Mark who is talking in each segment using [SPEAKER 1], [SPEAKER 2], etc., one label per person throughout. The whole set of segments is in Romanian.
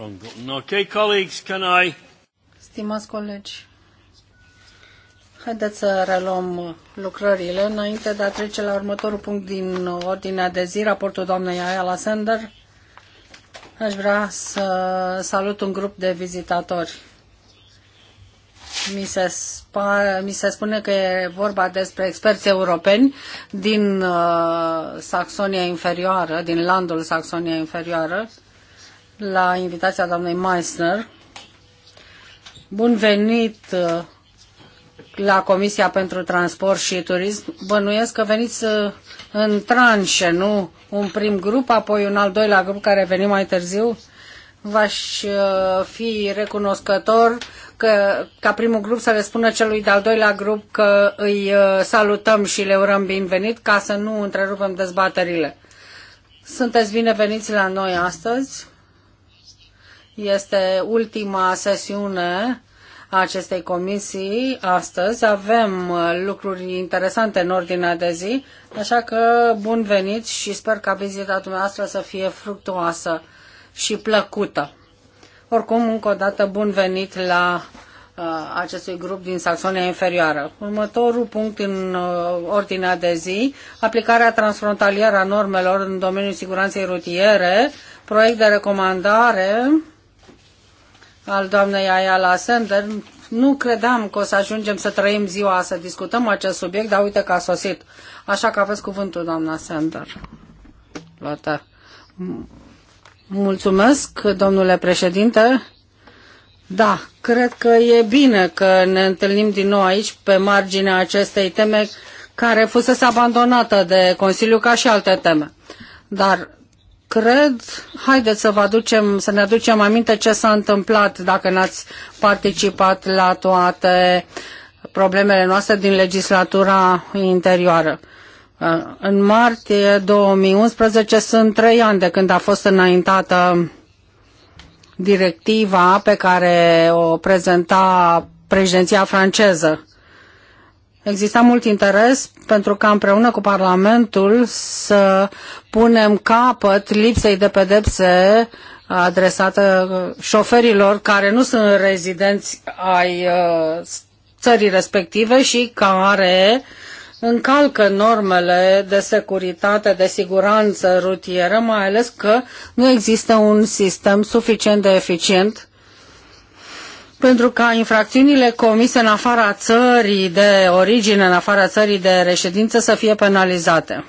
[SPEAKER 1] Wrong button. Okay, colleagues, can I...
[SPEAKER 2] Stimați colegi, haideți să reluăm lucrările înainte de a trece la următorul punct din ordinea de zi, raportul doamnei Ayala Sender. Aș vrea să salut un grup de vizitatori. Mi se, spa, mi se spune că e vorba despre experți europeni din uh, Saxonia Inferioară, din landul Saxonia Inferioară, la invitația doamnei Meissner. Bun venit uh, la Comisia pentru Transport și Turism. Bănuiesc că veniți uh, în tranșe, nu? Un prim grup, apoi un al doilea grup care veni mai târziu. V-aș uh, fi recunoscător că, ca primul grup să le spună celui de-al doilea grup că îi salutăm și le urăm binevenit ca să nu întrerupem dezbaterile. Sunteți bineveniți la noi astăzi. Este ultima sesiune a acestei comisii astăzi. Avem uh, lucruri interesante în ordinea de zi, așa că bun venit și sper ca vizita dumneavoastră să fie fructuoasă și plăcută. Oricum, încă o dată, bun venit la uh, acestui grup din Saxonia Inferioară. Următorul punct în uh, ordinea de zi, aplicarea transfrontalieră a normelor în domeniul siguranței rutiere, proiect de recomandare al doamnei Ayala Sender. Nu credeam că o să ajungem să trăim ziua, să discutăm acest subiect, dar uite că a sosit. Așa că aveți cuvântul, doamna Sender. Luată. Mulțumesc, domnule președinte. Da, cred că e bine că ne întâlnim din nou aici pe marginea acestei teme care fusese abandonată de Consiliu ca și alte teme. Dar cred, haideți să vă aducem, să ne aducem aminte ce s-a întâmplat dacă n-ați participat la toate problemele noastre din legislatura interioară. Uh, în martie 2011 sunt trei ani de când a fost înaintată directiva pe care o prezenta președinția franceză. Exista mult interes pentru ca împreună cu Parlamentul să punem capăt lipsei de pedepse adresată șoferilor care nu sunt rezidenți ai uh, țării respective și care încalcă normele de securitate, de siguranță rutieră, mai ales că nu există un sistem suficient de eficient pentru ca infracțiunile comise în afara țării de origine, în afara țării de reședință să fie penalizate.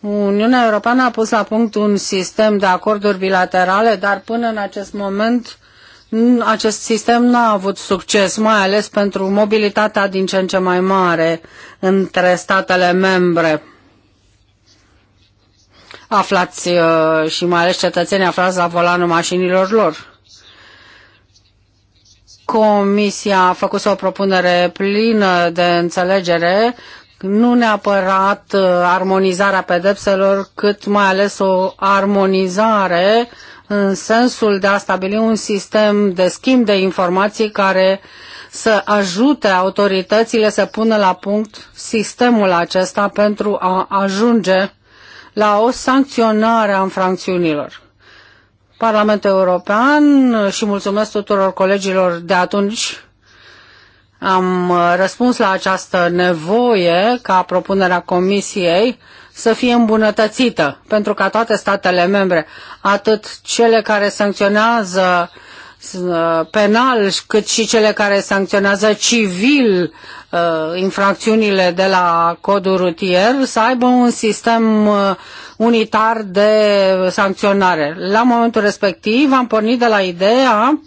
[SPEAKER 2] Uniunea Europeană a pus la punct un sistem de acorduri bilaterale, dar până în acest moment acest sistem nu a avut succes, mai ales pentru mobilitatea din ce în ce mai mare între statele membre aflați uh, și mai ales cetățenii aflați la volanul mașinilor lor. Comisia a făcut o propunere plină de înțelegere, nu neapărat uh, armonizarea pedepselor, cât mai ales o armonizare în sensul de a stabili un sistem de schimb de informații care să ajute autoritățile să pună la punct sistemul acesta pentru a ajunge la o sancționare a infracțiunilor. Parlamentul European și mulțumesc tuturor colegilor de atunci am răspuns la această nevoie ca propunerea Comisiei să fie îmbunătățită pentru ca toate statele membre, atât cele care sancționează uh, Uh, penal, cât și cele care sancționează civil uh, infracțiunile de la codul rutier, să aibă un sistem uh, unitar de sancționare. La momentul respectiv am pornit de la ideea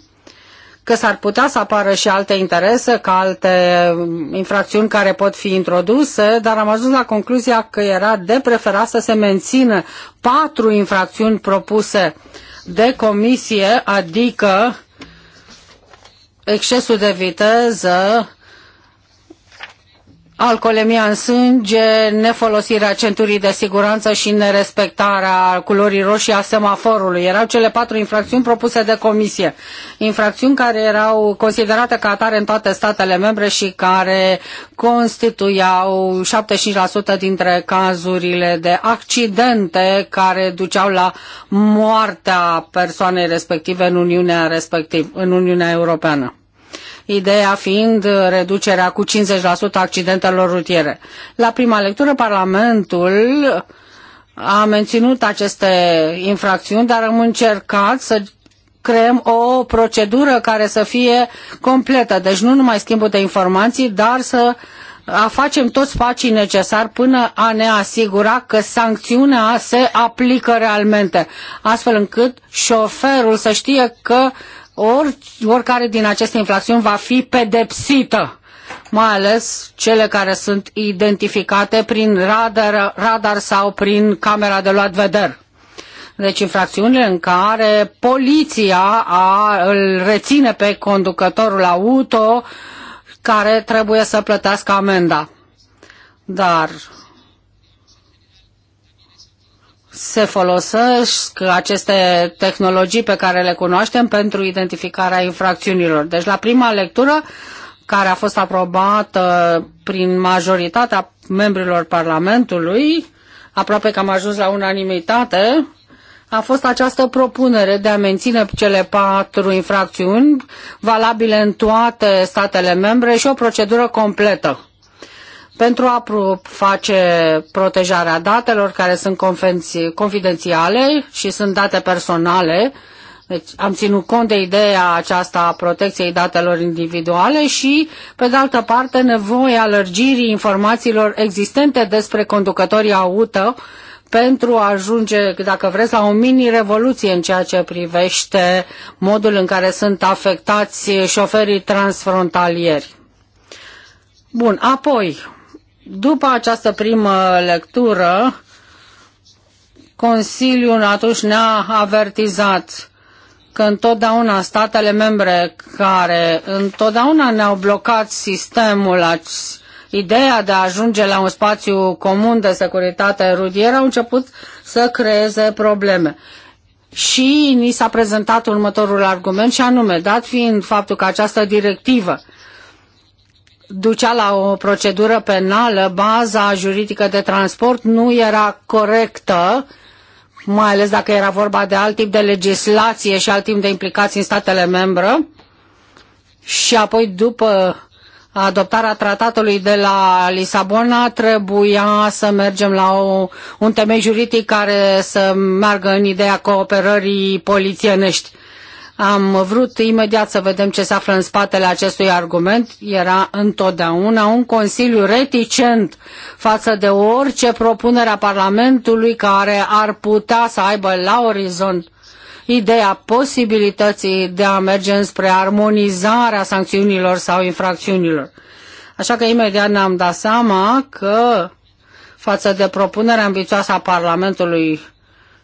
[SPEAKER 2] că s-ar putea să apară și alte interese, ca alte um, infracțiuni care pot fi introduse, dar am ajuns la concluzia că era de preferat să se mențină patru infracțiuni propuse uh, de comisie, adică excesul de viteză alcoolemia în sânge, nefolosirea centurii de siguranță și nerespectarea culorii roșii a semaforului. Erau cele patru infracțiuni propuse de comisie. Infracțiuni care erau considerate ca atare în toate statele membre și care constituiau 75% dintre cazurile de accidente care duceau la moartea persoanei respective în Uniunea, respectiv, în Uniunea Europeană ideea fiind reducerea cu 50% accidentelor rutiere. La prima lectură, Parlamentul a menținut aceste infracțiuni, dar am încercat să creăm o procedură care să fie completă. Deci nu numai schimbul de informații, dar să a facem toți pașii necesari până a ne asigura că sancțiunea se aplică realmente, astfel încât șoferul să știe că Or, oricare din aceste infracțiuni va fi pedepsită, mai ales cele care sunt identificate prin radar, radar sau prin camera de luat vedere. Deci infracțiunile în care poliția a, îl reține pe conducătorul auto care trebuie să plătească amenda. Dar se folosesc aceste tehnologii pe care le cunoaștem pentru identificarea infracțiunilor. Deci la prima lectură, care a fost aprobată prin majoritatea membrilor Parlamentului, aproape că am ajuns la unanimitate, a fost această propunere de a menține cele patru infracțiuni valabile în toate statele membre și o procedură completă pentru a face protejarea datelor care sunt confidențiale și sunt date personale. Deci am ținut cont de ideea aceasta a protecției datelor individuale și, pe de altă parte, nevoia lărgirii informațiilor existente despre conducătorii auto pentru a ajunge, dacă vreți, la o mini-revoluție în ceea ce privește modul în care sunt afectați șoferii transfrontalieri. Bun, apoi, după această primă lectură, Consiliul atunci ne-a avertizat că întotdeauna statele membre care întotdeauna ne-au blocat sistemul, ideea de a ajunge la un spațiu comun de securitate rutieră, au început să creeze probleme. Și ni s-a prezentat următorul argument și anume, dat fiind faptul că această directivă ducea la o procedură penală, baza juridică de transport nu era corectă, mai ales dacă era vorba de alt tip de legislație și alt tip de implicații în statele membre. Și apoi, după adoptarea tratatului de la Lisabona, trebuia să mergem la o, un temei juridic care să meargă în ideea cooperării polițienești. Am vrut imediat să vedem ce se află în spatele acestui argument. Era întotdeauna un consiliu reticent față de orice propunere a Parlamentului care ar putea să aibă la orizont ideea posibilității de a merge spre armonizarea sancțiunilor sau infracțiunilor. Așa că imediat ne-am dat seama că față de propunerea ambițioasă a Parlamentului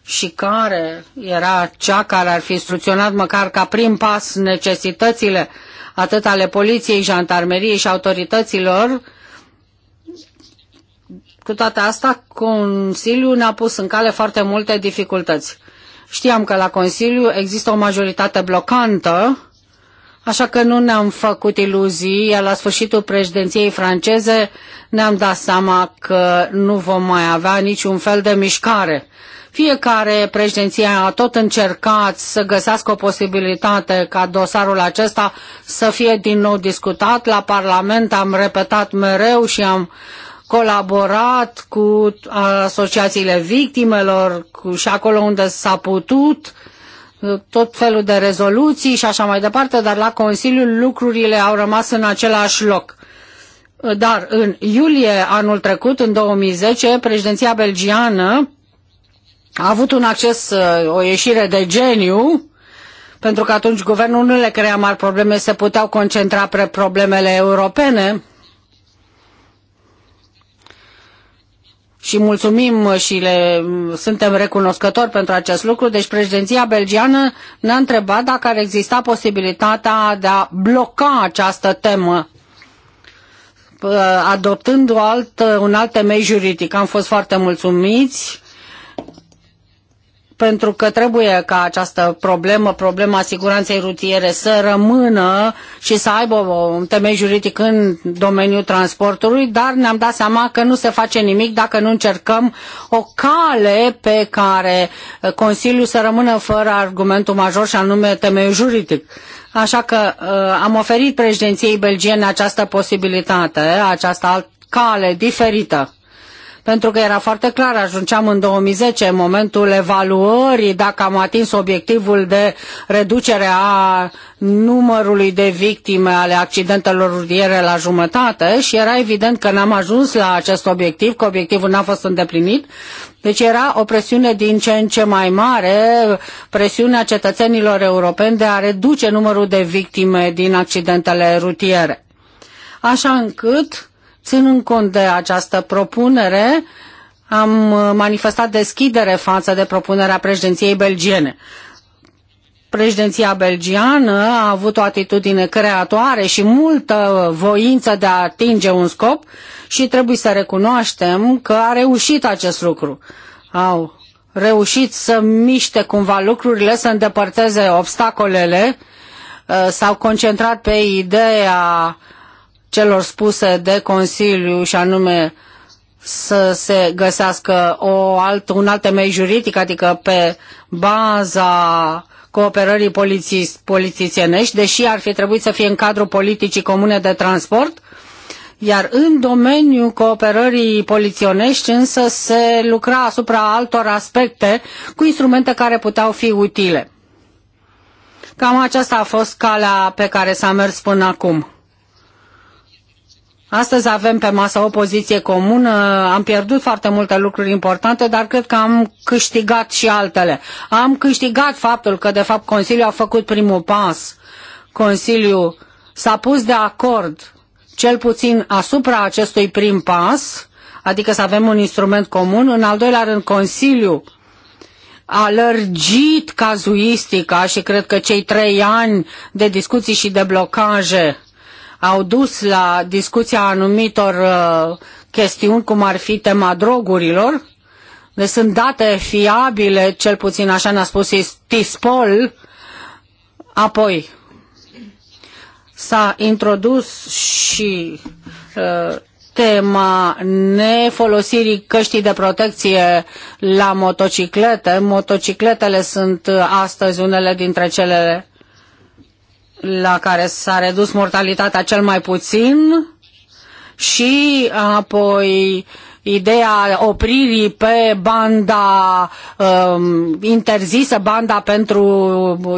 [SPEAKER 2] și care era cea care ar fi instrucționat măcar ca prim pas necesitățile atât ale poliției, jandarmeriei și autorităților, cu toate astea, Consiliul ne-a pus în cale foarte multe dificultăți. Știam că la Consiliu există o majoritate blocantă, așa că nu ne-am făcut iluzii, iar la sfârșitul președinției franceze ne-am dat seama că nu vom mai avea niciun fel de mișcare fiecare președinție a tot încercat să găsească o posibilitate ca dosarul acesta să fie din nou discutat. La Parlament am repetat mereu și am colaborat cu asociațiile victimelor cu, și acolo unde s-a putut tot felul de rezoluții și așa mai departe, dar la Consiliu lucrurile au rămas în același loc. Dar în iulie anul trecut, în 2010, președinția belgiană a avut un acces, uh, o ieșire de geniu, pentru că atunci guvernul nu le crea mari probleme, se puteau concentra pe problemele europene. Și mulțumim și le, suntem recunoscători pentru acest lucru. Deci președinția belgiană ne-a întrebat dacă ar exista posibilitatea de a bloca această temă uh, adoptând o alt, un alt temei juridic. Am fost foarte mulțumiți pentru că trebuie ca această problemă, problema siguranței rutiere, să rămână și să aibă un temei juridic în domeniul transportului, dar ne-am dat seama că nu se face nimic dacă nu încercăm o cale pe care Consiliul să rămână fără argumentul major și anume temeiul juridic. Așa că uh, am oferit președinției belgiene această posibilitate, această alt cale diferită pentru că era foarte clar, ajungeam în 2010, în momentul evaluării, dacă am atins obiectivul de reducere a numărului de victime ale accidentelor rutiere la jumătate și era evident că n-am ajuns la acest obiectiv, că obiectivul n-a fost îndeplinit. Deci era o presiune din ce în ce mai mare, presiunea cetățenilor europeni de a reduce numărul de victime din accidentele rutiere. Așa încât Ținând cont de această propunere, am manifestat deschidere față de propunerea președinției belgiene. Președinția belgiană a avut o atitudine creatoare și multă voință de a atinge un scop și trebuie să recunoaștem că a reușit acest lucru. Au reușit să miște cumva lucrurile, să îndepărteze obstacolele, uh, s-au concentrat pe ideea celor spuse de Consiliu și anume să se găsească o alt, un alt temei juridic, adică pe baza cooperării polițienești, deși ar fi trebuit să fie în cadrul politicii comune de transport, iar în domeniul cooperării polițienești însă se lucra asupra altor aspecte cu instrumente care puteau fi utile. Cam aceasta a fost calea pe care s-a mers până acum. Astăzi avem pe masă o poziție comună, am pierdut foarte multe lucruri importante, dar cred că am câștigat și altele. Am câștigat faptul că, de fapt, Consiliul a făcut primul pas. Consiliul s-a pus de acord, cel puțin asupra acestui prim pas, adică să avem un instrument comun. În al doilea rând, Consiliul a lărgit cazuistica și cred că cei trei ani de discuții și de blocaje au dus la discuția anumitor uh, chestiuni, cum ar fi tema drogurilor. Deci sunt date fiabile, cel puțin așa ne-a spus Tispol. Apoi s-a introdus și uh, tema nefolosirii căștii de protecție la motociclete. Motocicletele sunt uh, astăzi unele dintre cele la care s-a redus mortalitatea cel mai puțin și apoi uh, ideea opririi pe banda um, interzisă, banda pentru,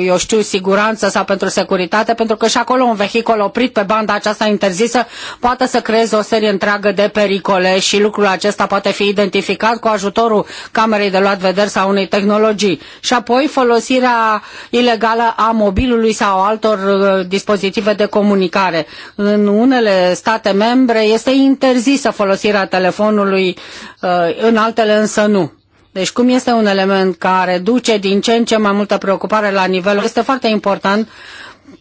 [SPEAKER 2] eu știu, siguranță sau pentru securitate, pentru că și acolo un vehicol oprit pe banda aceasta interzisă poate să creeze o serie întreagă de pericole și lucrul acesta poate fi identificat cu ajutorul camerei de luat vederi sau unei tehnologii. Și apoi folosirea ilegală a mobilului sau altor uh, dispozitive de comunicare. În unele state membre este interzisă folosirea telefonului mediului, uh, în altele însă nu. Deci cum este un element care duce din ce în ce mai multă preocupare la nivelul, este foarte important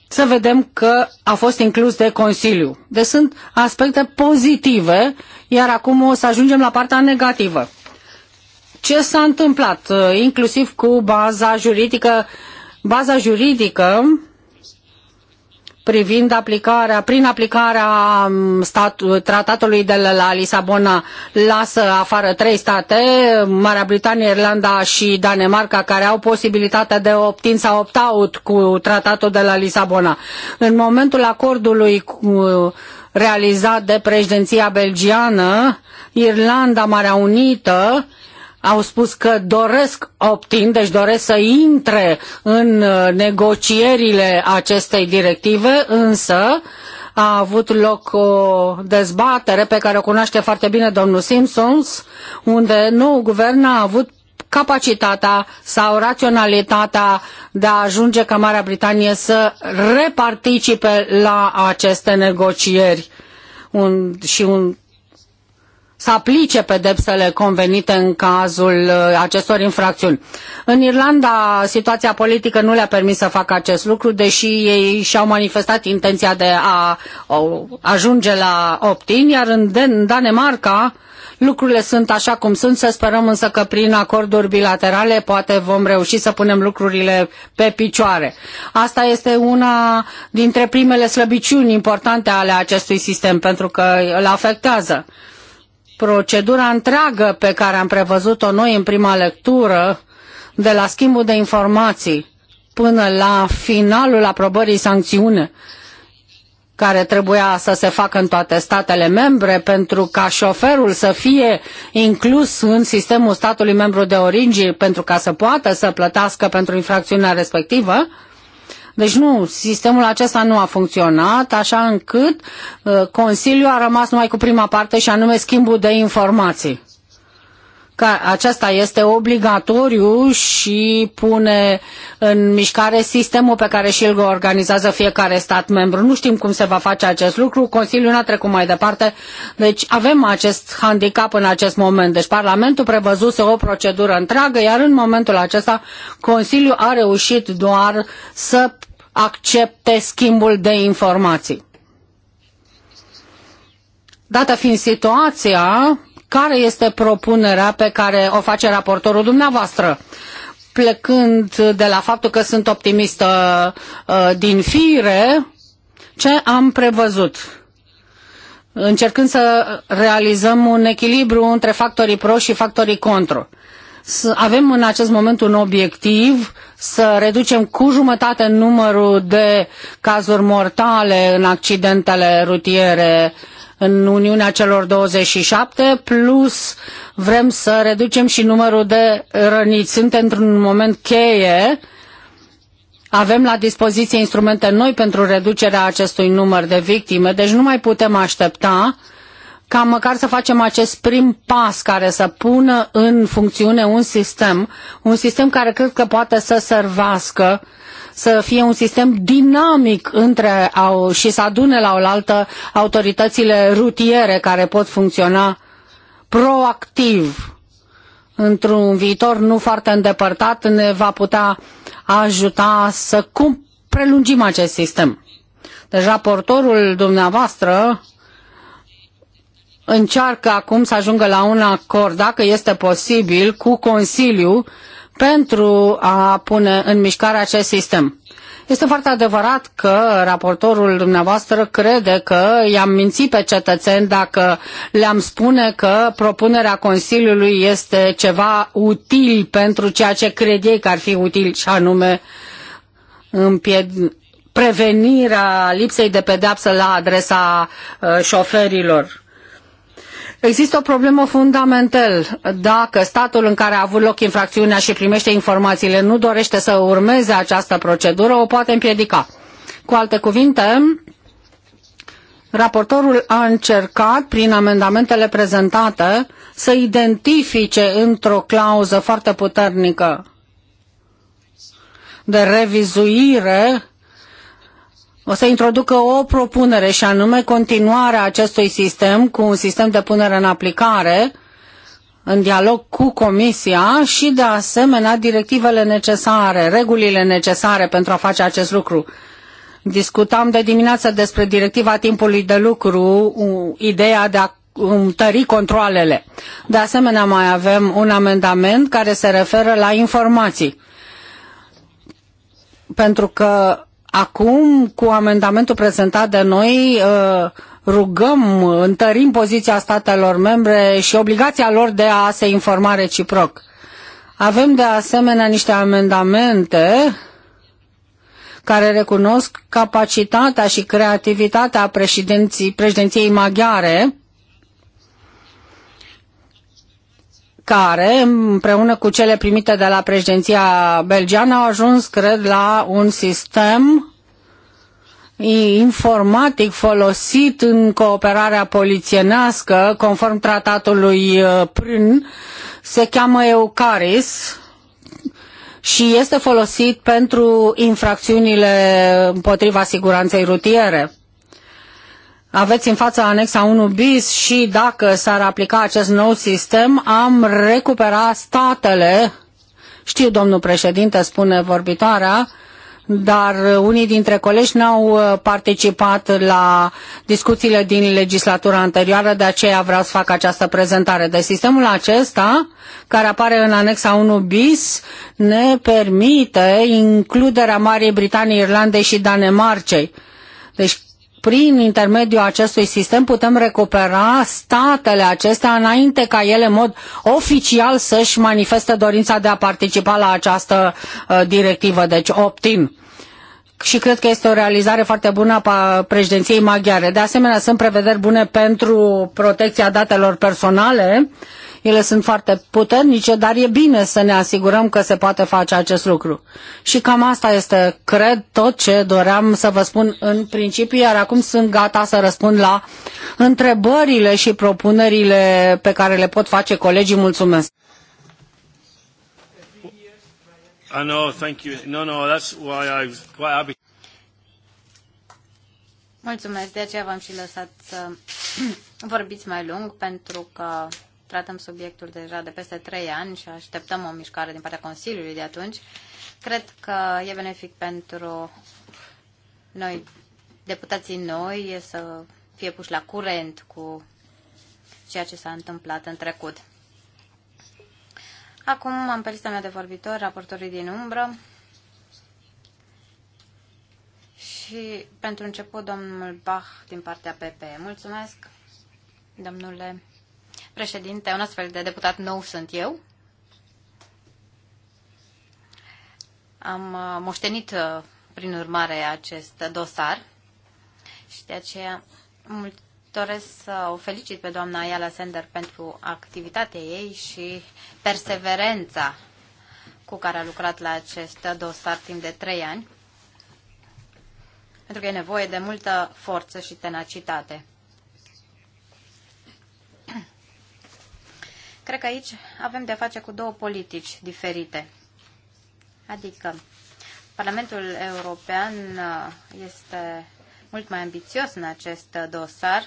[SPEAKER 2] să vedem că a fost inclus de Consiliu. Deci sunt aspecte pozitive, iar acum o să ajungem la partea negativă. Ce s-a întâmplat, uh, inclusiv cu baza juridică? Baza juridică privind aplicarea, prin aplicarea um, tratatului de la Lisabona lasă afară trei state, Marea Britanie, Irlanda și Danemarca, care au posibilitatea de opt-in sau opt-out cu tratatul de la Lisabona. În momentul acordului cu, uh, realizat de președinția belgiană, Irlanda, Marea Unită au spus că doresc opt-in, deci doresc să intre în uh, negocierile acestei directive, însă a avut loc o dezbatere pe care o cunoaște foarte bine domnul Simpsons, unde nou guvern a avut capacitatea sau raționalitatea de a ajunge ca Marea Britanie să reparticipe la aceste negocieri un, și un, să aplice pedepsele convenite în cazul uh, acestor infracțiuni. În Irlanda, situația politică nu le-a permis să facă acest lucru, deși ei și-au manifestat intenția de a ajunge la optin, iar în Danemarca lucrurile sunt așa cum sunt, să sperăm însă că prin acorduri bilaterale poate vom reuși să punem lucrurile pe picioare. Asta este una dintre primele slăbiciuni importante ale acestui sistem, pentru că îl afectează procedura întreagă pe care am prevăzut-o noi în prima lectură, de la schimbul de informații până la finalul aprobării sancțiune, care trebuia să se facă în toate statele membre pentru ca șoferul să fie inclus în sistemul statului membru de origine pentru ca să poată să plătească pentru infracțiunea respectivă, deci nu, sistemul acesta nu a funcționat, așa încât uh, Consiliul a rămas numai cu prima parte și anume schimbul de informații că acesta este obligatoriu și pune în mișcare sistemul pe care și îl organizează fiecare stat membru. Nu știm cum se va face acest lucru, Consiliul nu a trecut mai departe, deci avem acest handicap în acest moment. Deci Parlamentul prevăzuse o procedură întreagă, iar în momentul acesta Consiliul a reușit doar să accepte schimbul de informații. Dată fiind situația, care este propunerea pe care o face raportorul dumneavoastră? Plecând de la faptul că sunt optimistă uh, din fire, ce am prevăzut? Încercând să realizăm un echilibru între factorii pro și factorii contro să avem în acest moment un obiectiv să reducem cu jumătate numărul de cazuri mortale în accidentele rutiere în Uniunea celor 27, plus vrem să reducem și numărul de răniți. Suntem într-un moment cheie avem la dispoziție instrumente noi pentru reducerea acestui număr de victime, deci nu mai putem aștepta ca măcar să facem acest prim pas care să pună în funcțiune un sistem, un sistem care cred că poate să servească să fie un sistem dinamic între au, și să adune la oaltă autoritățile rutiere care pot funcționa proactiv într-un viitor nu foarte îndepărtat ne va putea ajuta să cum prelungim acest sistem. Deci raportorul dumneavoastră încearcă acum să ajungă la un acord, dacă este posibil, cu Consiliu pentru a pune în mișcare acest sistem. Este foarte adevărat că raportorul dumneavoastră crede că i-am mințit pe cetățeni dacă le-am spune că propunerea Consiliului este ceva util pentru ceea ce cred ei că ar fi util și anume prevenirea lipsei de pedeapsă la adresa uh, șoferilor. Există o problemă fundamental. Dacă statul în care a avut loc infracțiunea și primește informațiile nu dorește să urmeze această procedură, o poate împiedica. Cu alte cuvinte, raportorul a încercat, prin amendamentele prezentate, să identifice într-o clauză foarte puternică de revizuire o să introducă o propunere și anume continuarea acestui sistem cu un sistem de punere în aplicare în dialog cu Comisia și, de asemenea, directivele necesare, regulile necesare pentru a face acest lucru. Discutam de dimineață despre directiva timpului de lucru, ideea de a întări um, controlele. De asemenea, mai avem un amendament care se referă la informații. Pentru că Acum, cu amendamentul prezentat de noi, uh, rugăm, întărim poziția statelor membre și obligația lor de a se informa reciproc. Avem de asemenea niște amendamente care recunosc capacitatea și creativitatea președinției maghiare care, împreună cu cele primite de la președinția belgeană, au ajuns, cred, la un sistem informatic folosit în cooperarea polițienească, conform tratatului uh, PRIN, se cheamă Eucaris și este folosit pentru infracțiunile împotriva siguranței rutiere aveți în fața anexa 1 bis și dacă s-ar aplica acest nou sistem, am recupera statele, știu domnul președinte, spune vorbitoarea, dar unii dintre colegi n-au uh, participat la discuțiile din legislatura anterioară, de aceea vreau să fac această prezentare. De deci sistemul acesta, care apare în anexa 1 bis, ne permite includerea Marii Britanii, Irlandei și Danemarcei. Deci prin intermediul acestui sistem putem recupera statele acestea înainte ca ele în mod oficial să-și manifeste dorința de a participa la această uh, directivă, deci optim. și cred că este o realizare foarte bună a președinției maghiare. De asemenea, sunt prevederi bune pentru protecția datelor personale ele sunt foarte puternice, dar e bine să ne asigurăm că se poate face acest lucru. Și cam asta este, cred, tot ce doream să vă spun în principiu, iar acum sunt gata să răspund la întrebările și propunerile pe care le pot face colegii. Mulțumesc!
[SPEAKER 3] Mulțumesc, de aceea v-am și lăsat să vorbiți mai lung, pentru că tratăm subiectul deja de peste trei ani și așteptăm o mișcare din partea Consiliului de atunci. Cred că e benefic pentru noi, deputații noi, să fie puși la curent cu ceea ce s-a întâmplat în trecut. Acum am pe lista mea de vorbitori, raportorii din umbră. Și pentru început, domnul Bach din partea PP. Mulțumesc, domnule președinte, un astfel de deputat nou sunt eu. Am uh, moștenit, uh, prin urmare, acest dosar și de aceea doresc să o felicit pe doamna Ayala Sender pentru activitatea ei și perseverența cu care a lucrat la acest dosar timp de trei ani, pentru că e nevoie de multă forță și tenacitate. Cred că aici avem de face cu două politici diferite. Adică Parlamentul European uh, este mult mai ambițios în acest uh, dosar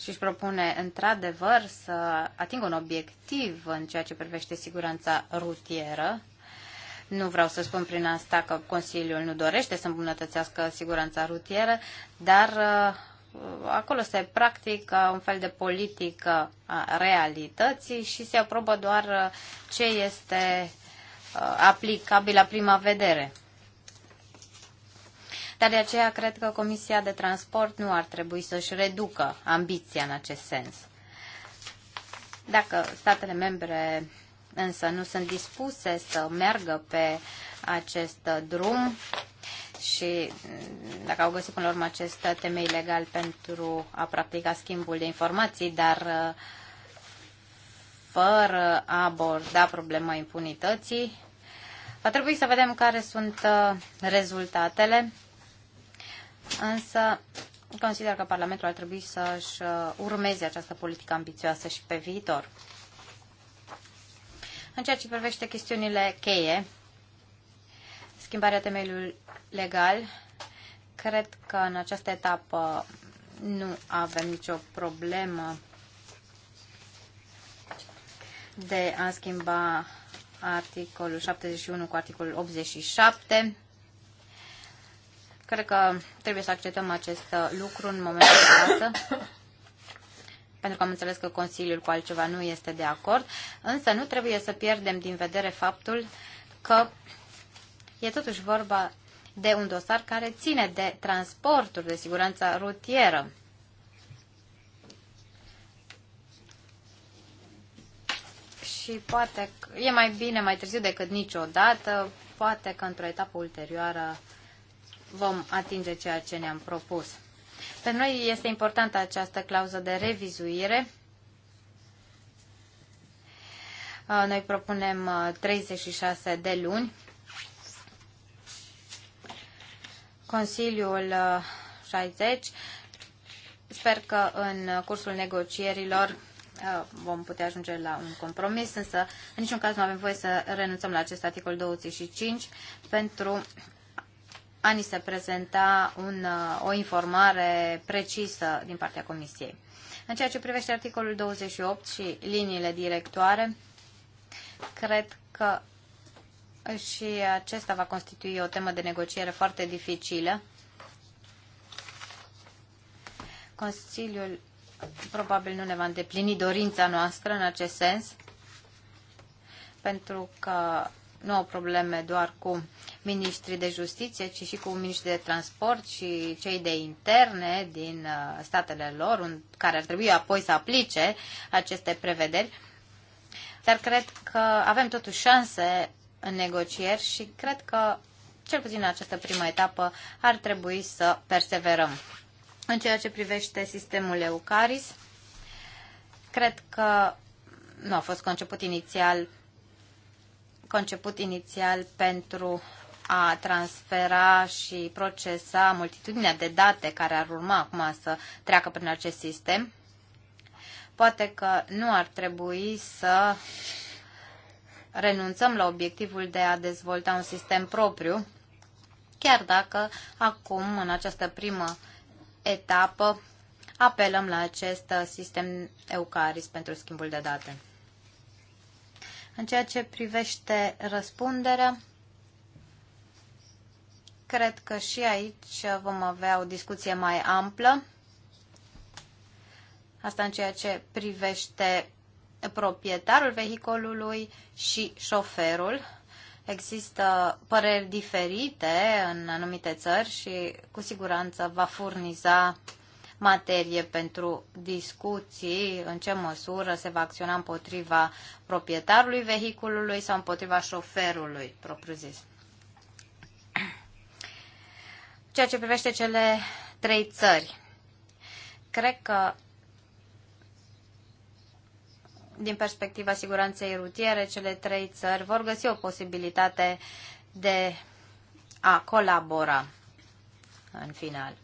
[SPEAKER 3] și își propune într-adevăr să atingă un obiectiv în ceea ce privește siguranța rutieră. Nu vreau să spun prin asta că Consiliul nu dorește să îmbunătățească siguranța rutieră, dar uh, acolo se practică un fel de politică a realității și se aprobă doar uh, ce este uh, aplicabil la prima vedere. Dar de aceea cred că Comisia de Transport nu ar trebui să-și reducă ambiția în acest sens. Dacă statele membre însă nu sunt dispuse să meargă pe acest drum, și mm, dacă au găsit până la urmă acest temei legal pentru a practica schimbul de informații, dar uh, fără a aborda problema impunității, va trebui să vedem care sunt uh, rezultatele, însă consider că Parlamentul ar trebui să-și uh, urmeze această politică ambițioasă și pe viitor. În ceea ce privește chestiunile cheie, schimbarea temeiului legal. Cred că în această etapă nu avem nicio problemă de a schimba articolul 71 cu articolul 87. Cred că trebuie să acceptăm acest uh, lucru în momentul de față, pentru că am înțeles că Consiliul cu altceva nu este de acord, însă nu trebuie să pierdem din vedere faptul că e totuși vorba de un dosar care ține de transporturi, de siguranța rutieră. Și poate e mai bine mai târziu decât niciodată, poate că într-o etapă ulterioară vom atinge ceea ce ne-am propus. Pentru noi este importantă această clauză de revizuire. Uh, noi propunem 36 uh, de luni Consiliul 60. Uh, Sper că în cursul negocierilor uh, vom putea ajunge la un compromis, însă în niciun caz nu avem voie să renunțăm la acest articol 25 pentru a ni se prezenta un, uh, o informare precisă din partea Comisiei. În ceea ce privește articolul 28 și liniile directoare, cred că și acesta va constitui o temă de negociere foarte dificilă. Consiliul probabil nu ne va îndeplini dorința noastră în acest sens, pentru că nu au probleme doar cu ministrii de justiție, ci și cu ministrii de transport și cei de interne din uh, statele lor, care ar trebui apoi să aplice aceste prevederi. Dar cred că avem totuși șanse în negocieri și cred că, cel puțin în această prima etapă, ar trebui să perseverăm. În ceea ce privește sistemul Eucaris, cred că nu a fost conceput inițial conceput inițial pentru a transfera și procesa multitudinea de date care ar urma acum să treacă prin acest sistem. Poate că nu ar trebui să renunțăm la obiectivul de a dezvolta un sistem propriu, chiar dacă acum, în această primă etapă, apelăm la acest sistem Eucaris pentru schimbul de date. În ceea ce privește răspunderea, cred că și aici vom avea o discuție mai amplă. Asta în ceea ce privește proprietarul vehiculului și șoferul. Există păreri diferite în anumite țări și cu siguranță va furniza materie pentru discuții în ce măsură se va acționa împotriva proprietarului vehiculului sau împotriva șoferului propriu-zis. Ceea ce privește cele trei țări, cred că din perspectiva siguranței rutiere, cele trei țări vor găsi o posibilitate de a colabora în final.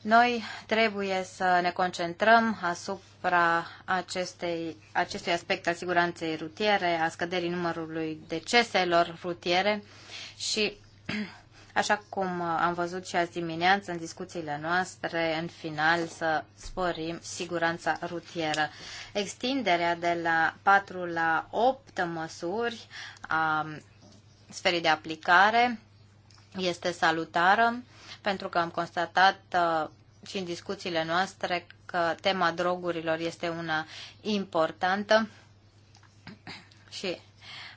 [SPEAKER 3] Noi trebuie să ne concentrăm asupra acestei, acestui aspect al siguranței rutiere, a scăderii numărului deceselor rutiere și așa cum uh, am văzut și azi dimineață în discuțiile noastre, în final să sporim siguranța rutieră. Extinderea de la 4 la 8 măsuri a sferii de aplicare este salutară pentru că am constatat uh, și în discuțiile noastre că tema drogurilor este una importantă și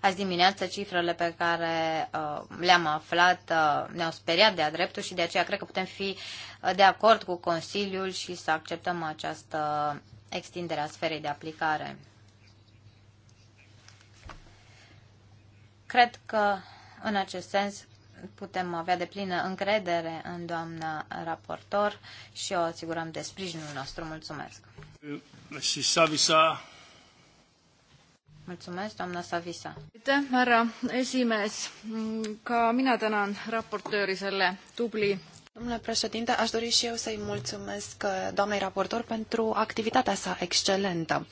[SPEAKER 3] Azi dimineață cifrele pe care uh, le-am aflat uh, ne-au speriat de-a dreptul și de aceea cred că putem fi uh, de acord cu Consiliul și să acceptăm această extindere a sferei de aplicare. Cred că în acest sens putem avea de plină încredere în doamna raportor și o asigurăm de sprijinul nostru. Mulțumesc! Și Mulțumesc, doamna Savisa. Aitäh, härra
[SPEAKER 4] esimees. Ca mina tänan raportööri selle tubli Domnule președinte, aș dori și eu să-i mulțumesc eh, doamnei raportor pentru activitatea sa excelentă.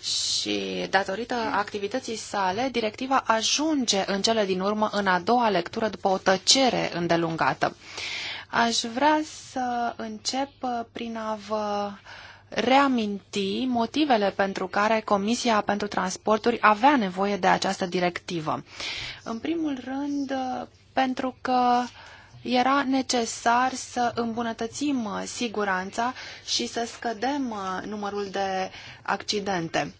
[SPEAKER 4] Și datorită activității sale, directiva ajunge în cele din urmă în a doua lectură după o tăcere îndelungată. Aș vrea să încep eh, prin a vă reaminti motivele pentru care Comisia pentru Transporturi avea nevoie de această directivă. În primul rând, pentru că era necesar să îmbunătățim siguranța și să scădem numărul de accidente.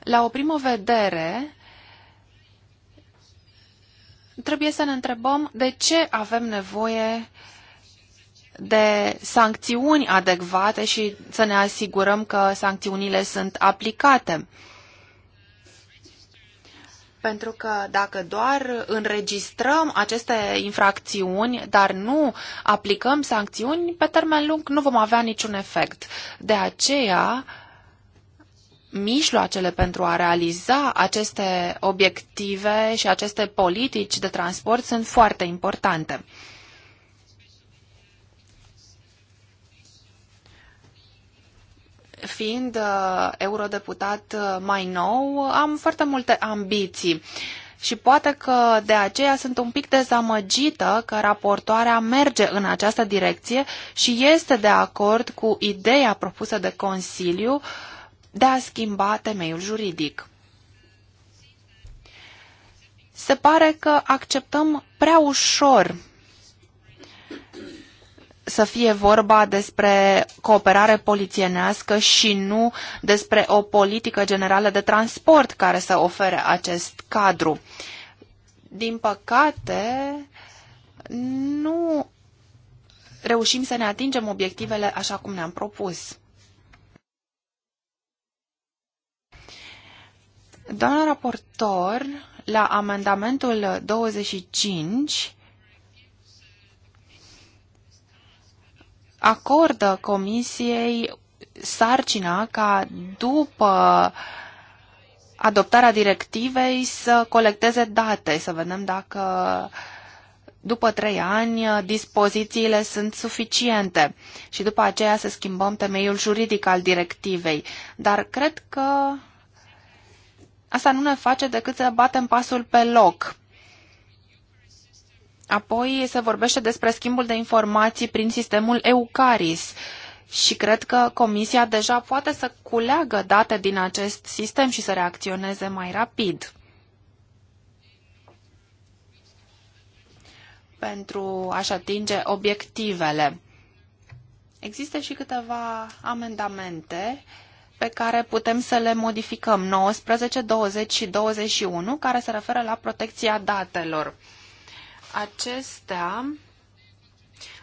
[SPEAKER 4] La o primă vedere, trebuie să ne întrebăm de ce avem nevoie de sancțiuni adecvate și să ne asigurăm că sancțiunile sunt aplicate. Pentru că dacă doar înregistrăm aceste infracțiuni, dar nu aplicăm sancțiuni, pe termen lung nu vom avea niciun efect. De aceea, mijloacele pentru a realiza aceste obiective și aceste politici de transport sunt foarte importante. Fiind uh, eurodeputat uh, mai nou, am foarte multe ambiții și poate că de aceea sunt un pic dezamăgită că raportoarea merge în această direcție și este de acord cu ideea propusă de Consiliu de a schimba temeiul juridic. Se pare că acceptăm prea ușor să fie vorba despre cooperare polițienească și nu despre o politică generală de transport care să ofere acest cadru. Din păcate, nu reușim să ne atingem obiectivele așa cum ne-am propus. Doamna raportor, la amendamentul 25, acordă Comisiei sarcina ca după adoptarea directivei să colecteze date, să vedem dacă după trei ani dispozițiile sunt suficiente și după aceea să schimbăm temeiul juridic al directivei. Dar cred că asta nu ne face decât să batem pasul pe loc. Apoi se vorbește despre schimbul de informații prin sistemul EUCARIS și cred că Comisia deja poate să culeagă date din acest sistem și să reacționeze mai rapid. pentru a-și atinge obiectivele. Există și câteva amendamente pe care putem să le modificăm, 19, 20 și 21, care se referă la protecția datelor acestea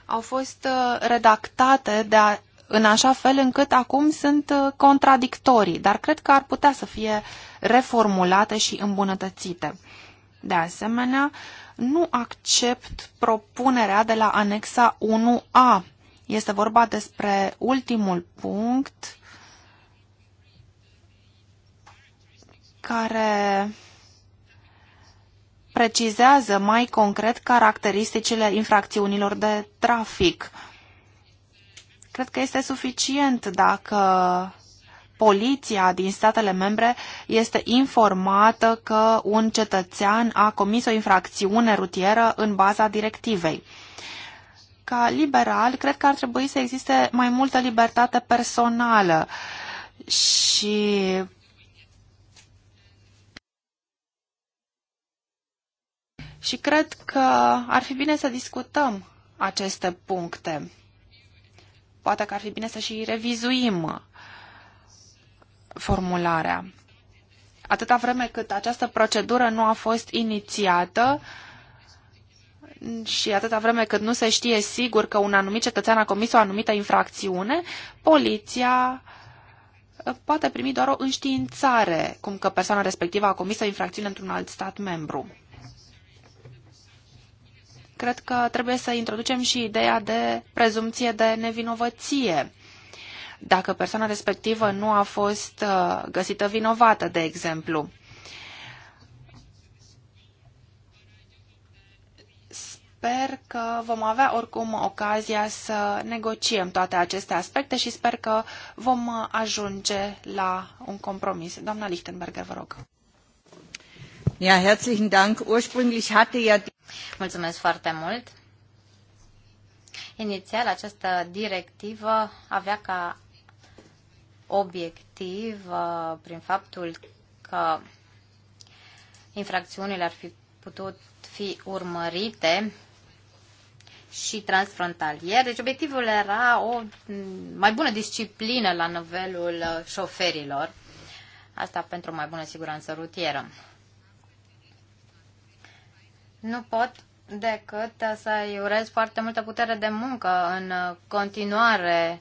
[SPEAKER 4] au fost uh, redactate de a, în așa fel încât acum sunt uh, contradictorii, dar cred că ar putea să fie reformulate și îmbunătățite. De asemenea, nu accept propunerea de la anexa 1A. Este vorba despre ultimul punct care precizează mai concret caracteristicile infracțiunilor de trafic. Cred că este suficient dacă poliția din statele membre este informată că un cetățean a comis o infracțiune rutieră în baza directivei. Ca liberal, cred că ar trebui să existe mai multă libertate personală și Și cred că ar fi bine să discutăm aceste puncte. Poate că ar fi bine să și revizuim formularea. Atâta vreme cât această procedură nu a fost inițiată, și atâta vreme cât nu se știe sigur că un anumit cetățean a comis o anumită infracțiune, poliția poate primi doar o înștiințare, cum că persoana respectivă a comis o infracțiune într-un alt stat membru. Cred că trebuie să introducem și ideea de prezumție de nevinovăție. Dacă persoana respectivă nu a fost uh, găsită vinovată, de exemplu. sper că vom avea oricum ocazia să negociem toate aceste aspecte și sper că vom ajunge la un compromis. Doamna Lichtenberger, vă rog.
[SPEAKER 3] Ja, herzlichen Dank. Ursprünglich hatte ja Mulțumesc foarte mult! Inițial, această directivă avea ca obiectiv, uh, prin faptul că infracțiunile ar fi putut fi urmărite și transfrontalier. Deci obiectivul era o mai bună disciplină la nivelul uh, șoferilor. Asta pentru o mai bună siguranță rutieră nu pot decât să-i urez foarte multă putere de muncă în continuare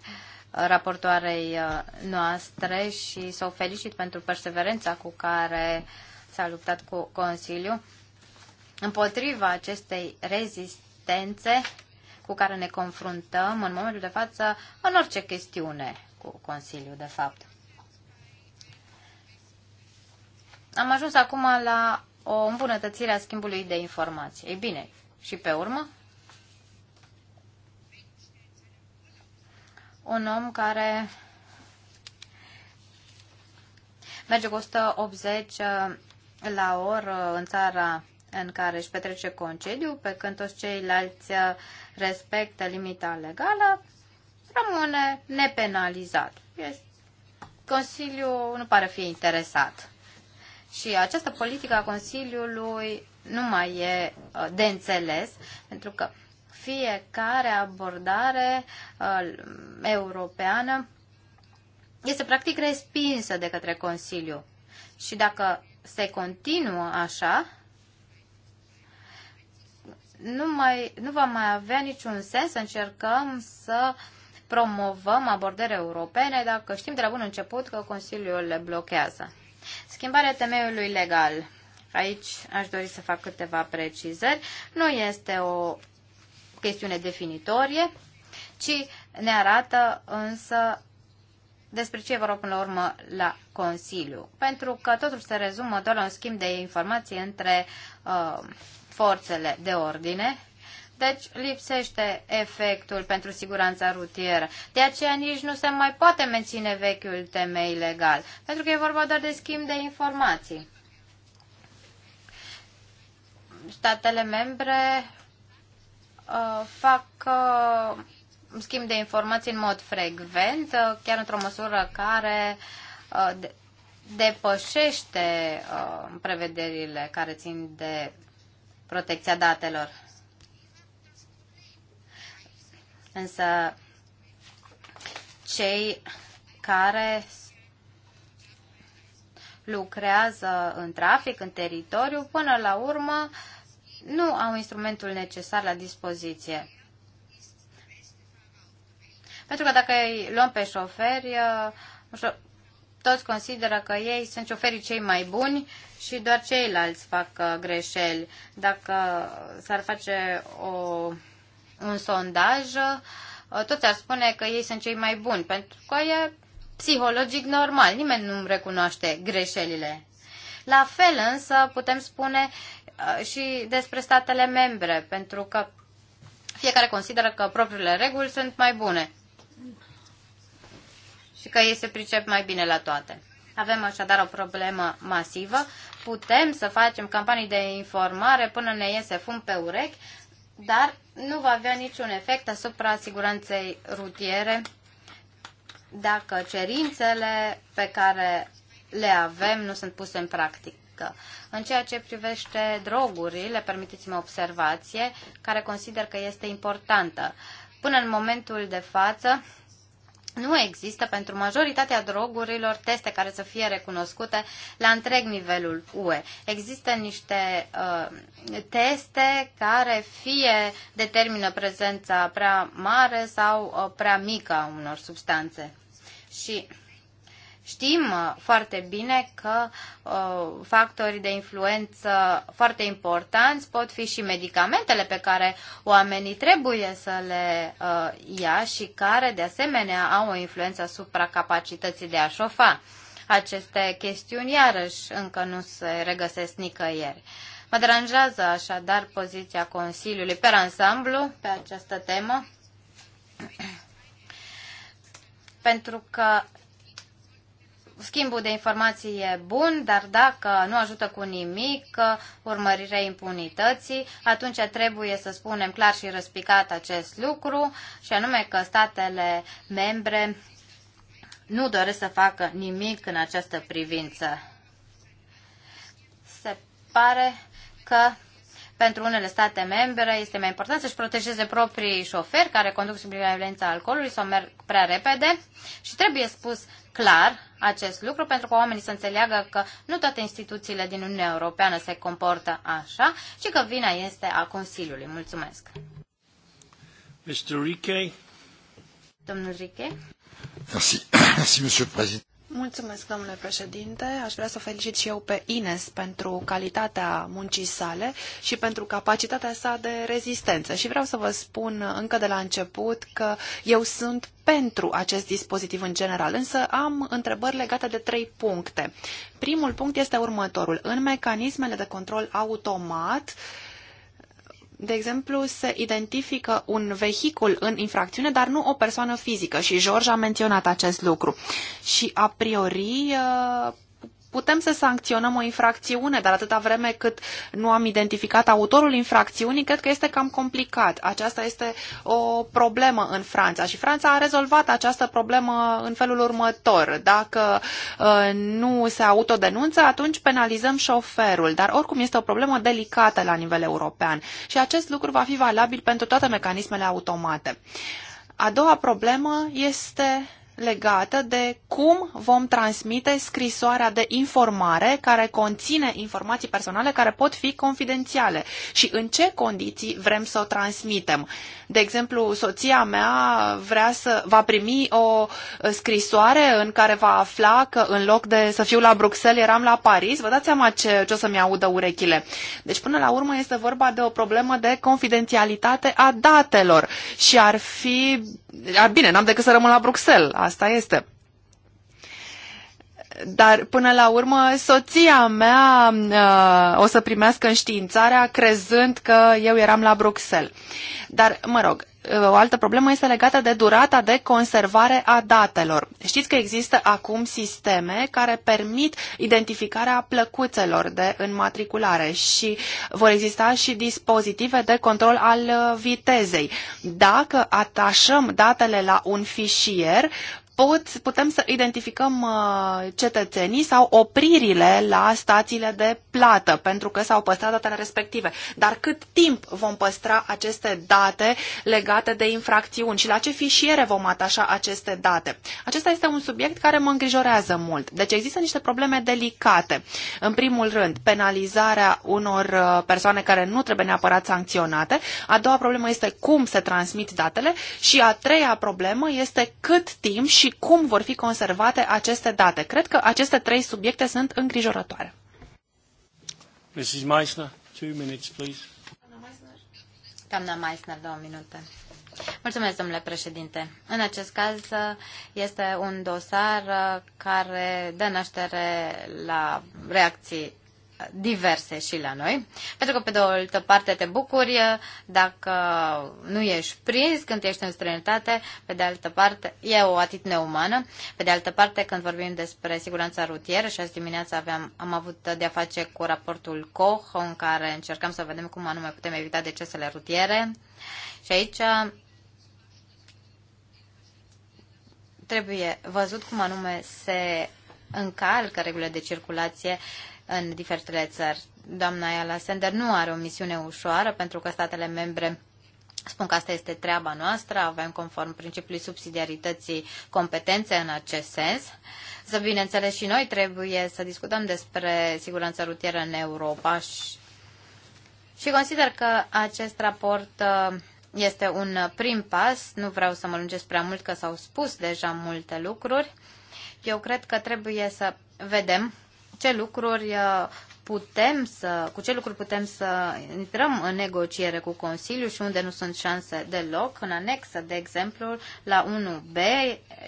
[SPEAKER 3] raportoarei uh, noastre și să o felicit pentru perseverența cu care s-a luptat cu Consiliu împotriva acestei rezistențe cu care ne confruntăm în momentul de față în orice chestiune cu Consiliu, de fapt. Am ajuns acum la o îmbunătățire a schimbului de informații. Ei bine, și pe urmă, un om care merge cu 180 uh, la oră în țara în care își petrece concediu, pe când toți ceilalți uh, respectă limita legală, rămâne nepenalizat. Consiliul nu pare fi interesat. Și această politică a Consiliului nu mai e uh, de înțeles, pentru că fiecare abordare uh, europeană este practic respinsă de către Consiliu. Și dacă se continuă așa, nu, mai, nu va mai avea niciun sens să încercăm să promovăm abordări europene dacă știm de la bun început că Consiliul le blochează. Schimbarea temeiului legal. Aici aș dori să fac câteva precizări. Nu este o chestiune definitorie, ci ne arată însă despre ce vorbim până la urmă la Consiliu. Pentru că totul se rezumă doar la un schimb de informații între uh, forțele de ordine deci lipsește efectul pentru siguranța rutieră. De aceea nici nu se mai poate menține vechiul temei legal, pentru că e vorba doar de schimb de informații. Statele membre uh, fac uh, schimb de informații în mod frecvent, uh, chiar într-o măsură care uh, de- depășește uh, prevederile care țin de protecția datelor. Însă cei care lucrează în trafic, în teritoriu, până la urmă nu au instrumentul necesar la dispoziție. Pentru că dacă îi luăm pe șoferi, uh, toți consideră că ei sunt șoferii cei mai buni și doar ceilalți fac uh, greșeli. Dacă s-ar face o un sondaj, uh, toți ar spune că ei sunt cei mai buni, pentru că e psihologic normal, nimeni nu recunoaște greșelile. La fel însă putem spune uh, și despre statele membre, pentru că fiecare consideră că propriile reguli sunt mai bune și că ei se pricep mai bine la toate. Avem așadar o problemă masivă. Putem să facem campanii de informare până ne iese fum pe urechi, dar nu va avea niciun efect asupra siguranței rutiere dacă cerințele pe care le avem nu sunt puse în practică. În ceea ce privește drogurile, permiteți-mă observație, care consider că este importantă. Până în momentul de față, nu există pentru majoritatea drogurilor teste care să fie recunoscute la întreg nivelul UE. Există niște uh, teste care fie determină prezența prea mare sau uh, prea mică a unor substanțe. Și Știm uh, foarte bine că uh, factorii de influență foarte importanți pot fi și medicamentele pe care oamenii trebuie să le uh, ia și care de asemenea au o influență asupra capacității de a șofa. Aceste chestiuni iarăși încă nu se regăsesc nicăieri. Mă deranjează așadar poziția Consiliului pe ansamblu pe această temă pentru că schimbul de informații e bun, dar dacă nu ajută cu nimic uh, urmărirea impunității, atunci trebuie să spunem clar și răspicat acest lucru, și anume că statele membre nu doresc să facă nimic în această privință. Se pare că pentru unele state membre este mai important să-și protejeze proprii șoferi care conduc sub influența alcoolului sau merg prea repede și trebuie spus clar acest lucru pentru că oamenii să înțeleagă că nu toate instituțiile din Uniunea Europeană se comportă așa, ci că vina este a Consiliului. Mulțumesc.
[SPEAKER 1] Mr. Rique.
[SPEAKER 3] Domnul Rique. Merci. Merci, Monsieur le Président.
[SPEAKER 4] Mulțumesc, domnule președinte. Aș vrea să felicit și eu pe Ines pentru calitatea muncii sale și pentru capacitatea sa de rezistență. Și vreau să vă spun încă de la început că eu sunt pentru acest dispozitiv în general, însă am întrebări legate de trei puncte. Primul punct este următorul. În mecanismele de control automat, uh, de exemplu, se identifică un vehicul în infracțiune, dar nu o persoană fizică și George a menționat acest lucru. Și a priori uh, Putem să sancționăm o infracțiune, dar atâta vreme cât nu am identificat autorul infracțiunii, cred că este cam complicat. Aceasta este o problemă în Franța și Franța a rezolvat această problemă în felul următor. Dacă uh, nu se autodenunță, atunci penalizăm șoferul, dar oricum este o problemă delicată la nivel european și acest lucru va fi valabil pentru toate mecanismele automate. A doua problemă este legată de cum vom transmite scrisoarea de informare care conține informații personale care pot fi confidențiale și în ce condiții vrem să o transmitem. De exemplu, soția mea vrea să va primi o scrisoare în care va afla că în loc de să fiu la Bruxelles eram la Paris. Vă dați seama ce, ce o să-mi audă urechile. Deci până la urmă este vorba de o problemă de confidențialitate a datelor și ar fi Ah, bine, n-am decât să rămân la Bruxelles, asta este. Dar până la urmă, soția mea uh, o să primească înștiințarea crezând că eu eram la Bruxelles. Dar, mă rog, o altă problemă este legată de durata de conservare a datelor. Știți că există acum sisteme care permit identificarea plăcuțelor de înmatriculare și vor exista și dispozitive de control al vitezei. Dacă atașăm datele la un fișier, pot, putem să identificăm uh, cetățenii sau opririle la stațiile de plată, pentru că s-au păstrat datele respective. Dar cât timp vom păstra aceste date legate de infracțiuni și la ce fișiere vom atașa aceste date? Acesta este un subiect care mă îngrijorează mult. Deci există niște probleme delicate. În primul rând, penalizarea unor uh, persoane care nu trebuie neapărat sancționate. A doua problemă este cum se transmit datele și a treia problemă este cât timp și cum vor fi conservate aceste date. Cred că aceste trei subiecte sunt îngrijorătoare.
[SPEAKER 1] Mrs. Meissner, two minutes, please.
[SPEAKER 3] Doamna Meissner, două minute. Mulțumesc, domnule președinte. În acest caz este un dosar care dă naștere la reacții diverse și la noi. Pentru că, pe de o altă parte, te bucuri dacă nu ești prins când ești în străinătate, pe de altă parte, e o atitudine umană. Pe de altă parte, când vorbim despre siguranța rutieră, și azi dimineața aveam, am avut de-a face cu raportul Koch, în care încercam să vedem cum anume putem evita decesele rutiere. Și aici trebuie văzut cum anume se încalcă regulile de circulație uh, în diferitele țări. Doamna Ayala Sender nu are o misiune ușoară pentru că statele membre spun că asta este treaba noastră, avem conform principiului subsidiarității competențe în acest sens. Să bineînțeles și noi trebuie să discutăm despre siguranța rutieră în Europa și, și consider că acest raport uh, este un prim pas, nu vreau să mă lungesc prea mult că s-au spus deja multe lucruri. Eu cred că trebuie să vedem ce lucruri uh, putem să, cu ce lucruri putem să intrăm în negociere cu Consiliul și unde nu sunt șanse deloc. În anexă, de exemplu, la 1B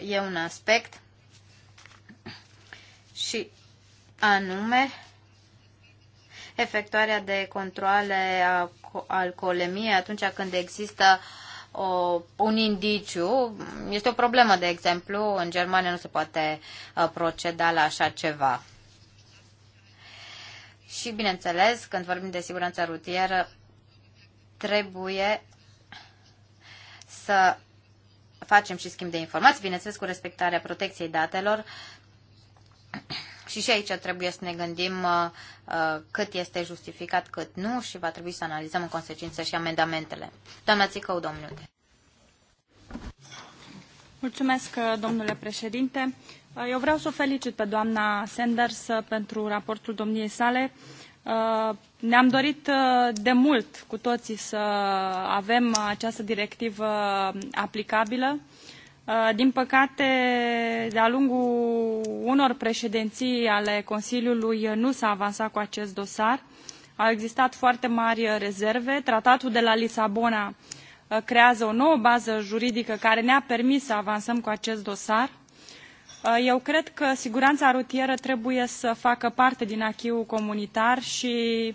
[SPEAKER 3] e un aspect și anume efectuarea de controle a alcoolemiei atunci când există o, un indiciu. Este o problemă, de exemplu, în Germania nu se poate uh, proceda la așa ceva. Și, bineînțeles, când vorbim de siguranță rutieră, trebuie să facem și schimb de informații, bineînțeles, cu respectarea protecției datelor. Și și aici trebuie să ne gândim uh, uh cât este justificat, cât nu și va trebui să analizăm în consecință și amendamentele. Doamna Țicău, domnule.
[SPEAKER 1] Mulțumesc, uh, domnule președinte. Uh, eu vreau să o felicit pe doamna Sanders uh, pentru raportul domniei sale. Uh, ne-am dorit de mult cu toții să avem această directivă aplicabilă. Din păcate, de-a lungul unor președinții ale Consiliului nu s-a avansat cu acest dosar. Au existat foarte mari rezerve. Tratatul de la Lisabona creează o nouă bază juridică care ne-a permis să avansăm cu acest dosar. Uh, eu cred că siguranța rutieră trebuie să facă parte din achiul comunitar și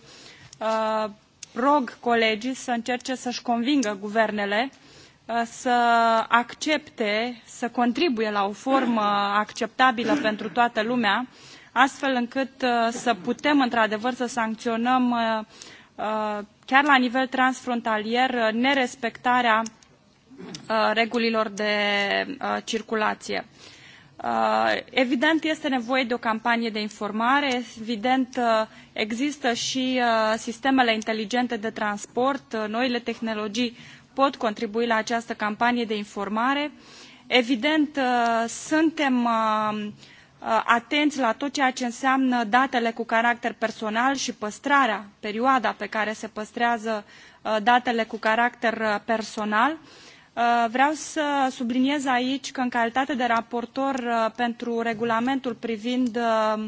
[SPEAKER 1] uh, rog colegii să încerce să-și convingă guvernele uh, să accepte, să contribuie la o formă acceptabilă pentru toată lumea, astfel încât să putem într-adevăr să sancționăm chiar la nivel transfrontalier nerespectarea regulilor de circulație. Uh, evident, este nevoie de o campanie de informare, evident, uh, există și uh, sistemele inteligente de transport, noile tehnologii pot contribui la această campanie de informare. Evident, suntem atenți la tot ceea ce înseamnă datele cu caracter personal și păstrarea, perioada pe care se păstrează datele cu caracter personal. Uh, vreau să subliniez aici că în calitate de raportor uh, pentru regulamentul privind uh,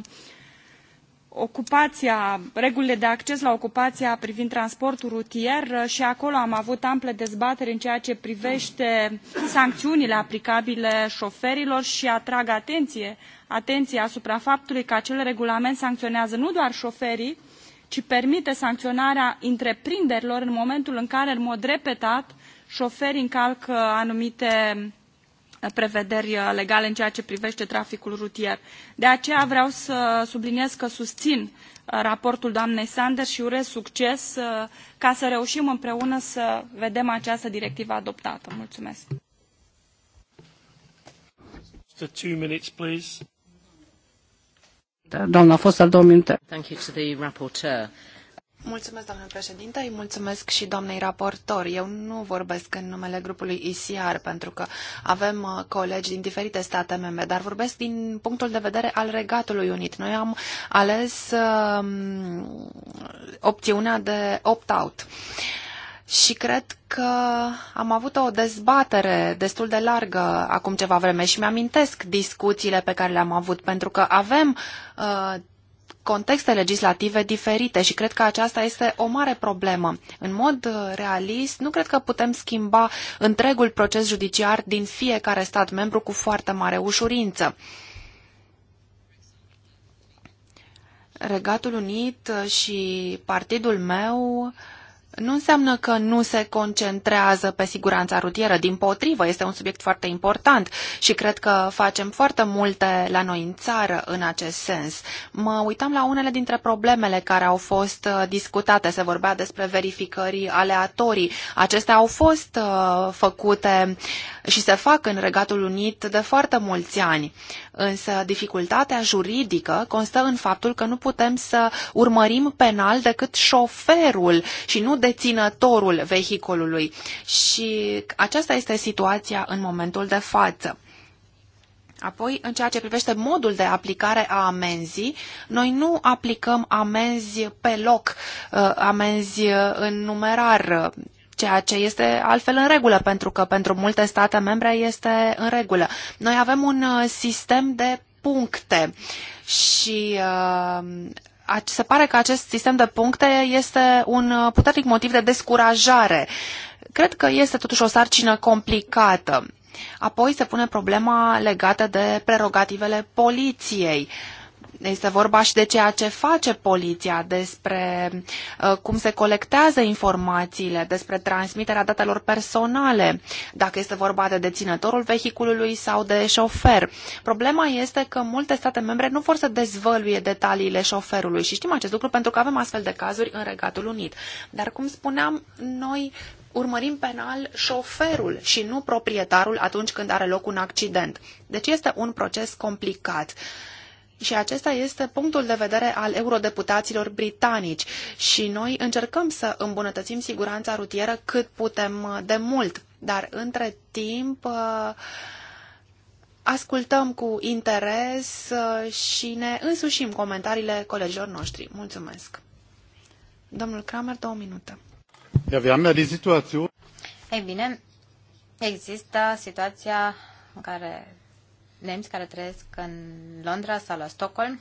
[SPEAKER 1] ocupația, regulile de acces la ocupația privind transportul rutier și acolo am avut ample dezbateri în ceea ce privește sancțiunile aplicabile șoferilor și atrag atenție, atenție asupra faptului că acel regulament sancționează nu doar șoferii, ci permite sancționarea întreprinderilor în momentul în care, în mod repetat, șoferi încalcă anumite uh, prevederi uh, legale în ceea ce privește traficul rutier. De aceea vreau să subliniez că susțin uh, raportul doamnei Sanders și urez succes ca să reușim împreună să vedem această directivă adoptată. Mulțumesc!
[SPEAKER 2] Da, doamna Foster, două minute.
[SPEAKER 1] Thank you to the rapporteur.
[SPEAKER 4] Mulțumesc, doamnă președinte, îi mulțumesc și doamnei raportor. Eu nu vorbesc în numele grupului ICR, pentru că avem uh, colegi din diferite state membre, dar vorbesc din punctul de vedere al Regatului Unit. Noi am ales uh, opțiunea de opt-out. Și cred că am avut o dezbatere destul de largă acum ceva vreme și mi-amintesc discuțiile pe care le-am avut, pentru că avem uh, contexte legislative diferite și cred că aceasta este o mare problemă. În mod uh, realist, nu cred că putem schimba întregul proces judiciar din fiecare stat membru cu foarte mare ușurință. Regatul Unit și partidul meu uh, nu înseamnă că nu se concentrează pe siguranța rutieră. Din potrivă, este un subiect foarte important și cred că facem foarte multe la noi în țară în acest sens. Mă uitam la unele dintre problemele care au fost uh, discutate. Se vorbea despre verificări aleatorii. Acestea au fost uh, făcute și se fac în Regatul Unit de foarte mulți ani. Însă dificultatea juridică constă în faptul că nu putem să urmărim penal decât șoferul și nu deținătorul vehiculului. Și aceasta este situația în momentul de față. Apoi, în ceea ce privește modul de aplicare a amenzii, noi nu aplicăm amenzi pe loc, uh, amenzi uh, în numerar uh, ceea ce este altfel în regulă, pentru că pentru multe state membre este în regulă. Noi avem un uh, sistem de puncte și uh, se pare că acest sistem de puncte este un uh, puternic motiv de descurajare. Cred că este totuși o sarcină complicată. Apoi se pune problema legată de prerogativele poliției. Uh, este vorba și de ceea ce face poliția, despre uh, cum se colectează informațiile, despre transmiterea datelor personale, dacă este vorba de deținătorul vehiculului sau de șofer. Problema este că multe state membre nu vor să dezvăluie detaliile șoferului și știm acest lucru pentru că avem astfel de cazuri în Regatul Unit. Dar, cum spuneam, noi urmărim penal șoferul și nu proprietarul atunci când are loc un accident. Deci este un proces complicat. Uh, și acesta este punctul de vedere al eurodeputaților britanici și noi încercăm să îmbunătățim siguranța rutieră cât putem de mult. Dar între timp uh, ascultăm cu interes uh, și ne însușim comentariile colegilor noștri. Mulțumesc.
[SPEAKER 3] Domnul Kramer, două minute. Ei bine, există situația în care nemți care trăiesc în Londra sau la Stockholm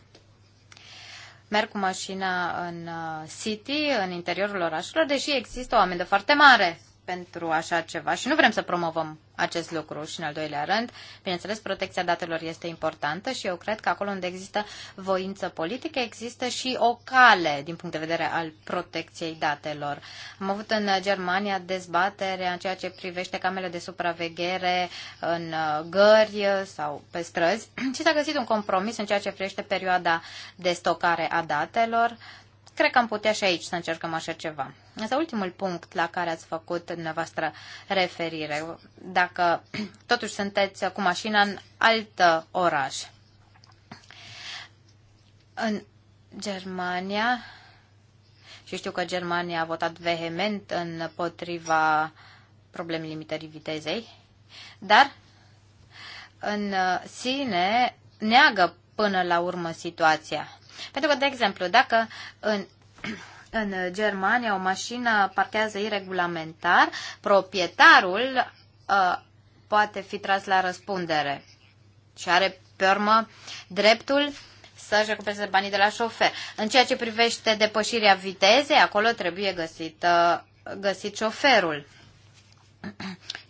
[SPEAKER 3] merg cu mașina în uh, city, în interiorul orașelor, deși există o amendă foarte mare pentru așa ceva și nu vrem să promovăm acest lucru. Și în al doilea rând, bineînțeles, protecția datelor este importantă și eu cred că acolo unde există voință politică, există și o cale din punct de vedere al protecției datelor. Am avut în Germania dezbatere în ceea ce privește camele de supraveghere în uh, gări sau pe străzi și s-a găsit un compromis în ceea ce privește perioada de stocare a datelor Cred că am putea și aici să încercăm așa ceva. Asta ultimul punct la care ați făcut dumneavoastră referire, dacă totuși sunteți cu mașina în alt oraș. În Germania, și știu că Germania a votat vehement împotriva problemei limitării vitezei, dar în sine neagă până la urmă situația. Pentru că, de exemplu, dacă în în Germania o mașină parchează iregulamentar, proprietarul uh, poate fi tras la răspundere și are, pe urmă, dreptul să-și recupereze banii de la șofer. În ceea ce privește depășirea vitezei, acolo trebuie găsit, uh, găsit șoferul.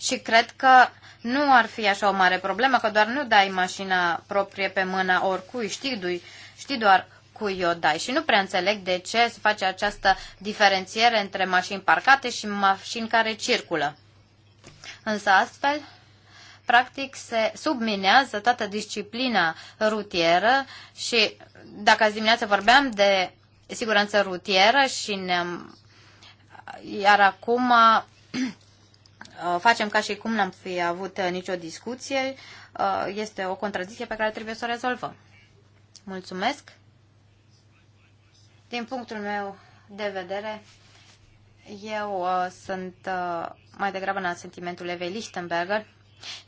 [SPEAKER 3] și cred că nu ar fi așa o mare problemă, că doar nu dai mașina proprie pe mâna oricui, știi, știi doar cu Iodai și nu prea înțeleg de ce se face această diferențiere între mașini parcate și mașini care circulă. Însă astfel, practic, se subminează toată disciplina rutieră și dacă azi dimineață vorbeam de siguranță rutieră și ne iar acum uh, facem ca și cum n-am fi avut nicio discuție, uh, este o contradicție pe care trebuie să o rezolvăm. Mulțumesc! Din punctul meu de vedere, eu uh, sunt uh, mai degrabă în sentimentul Evei Lichtenberger.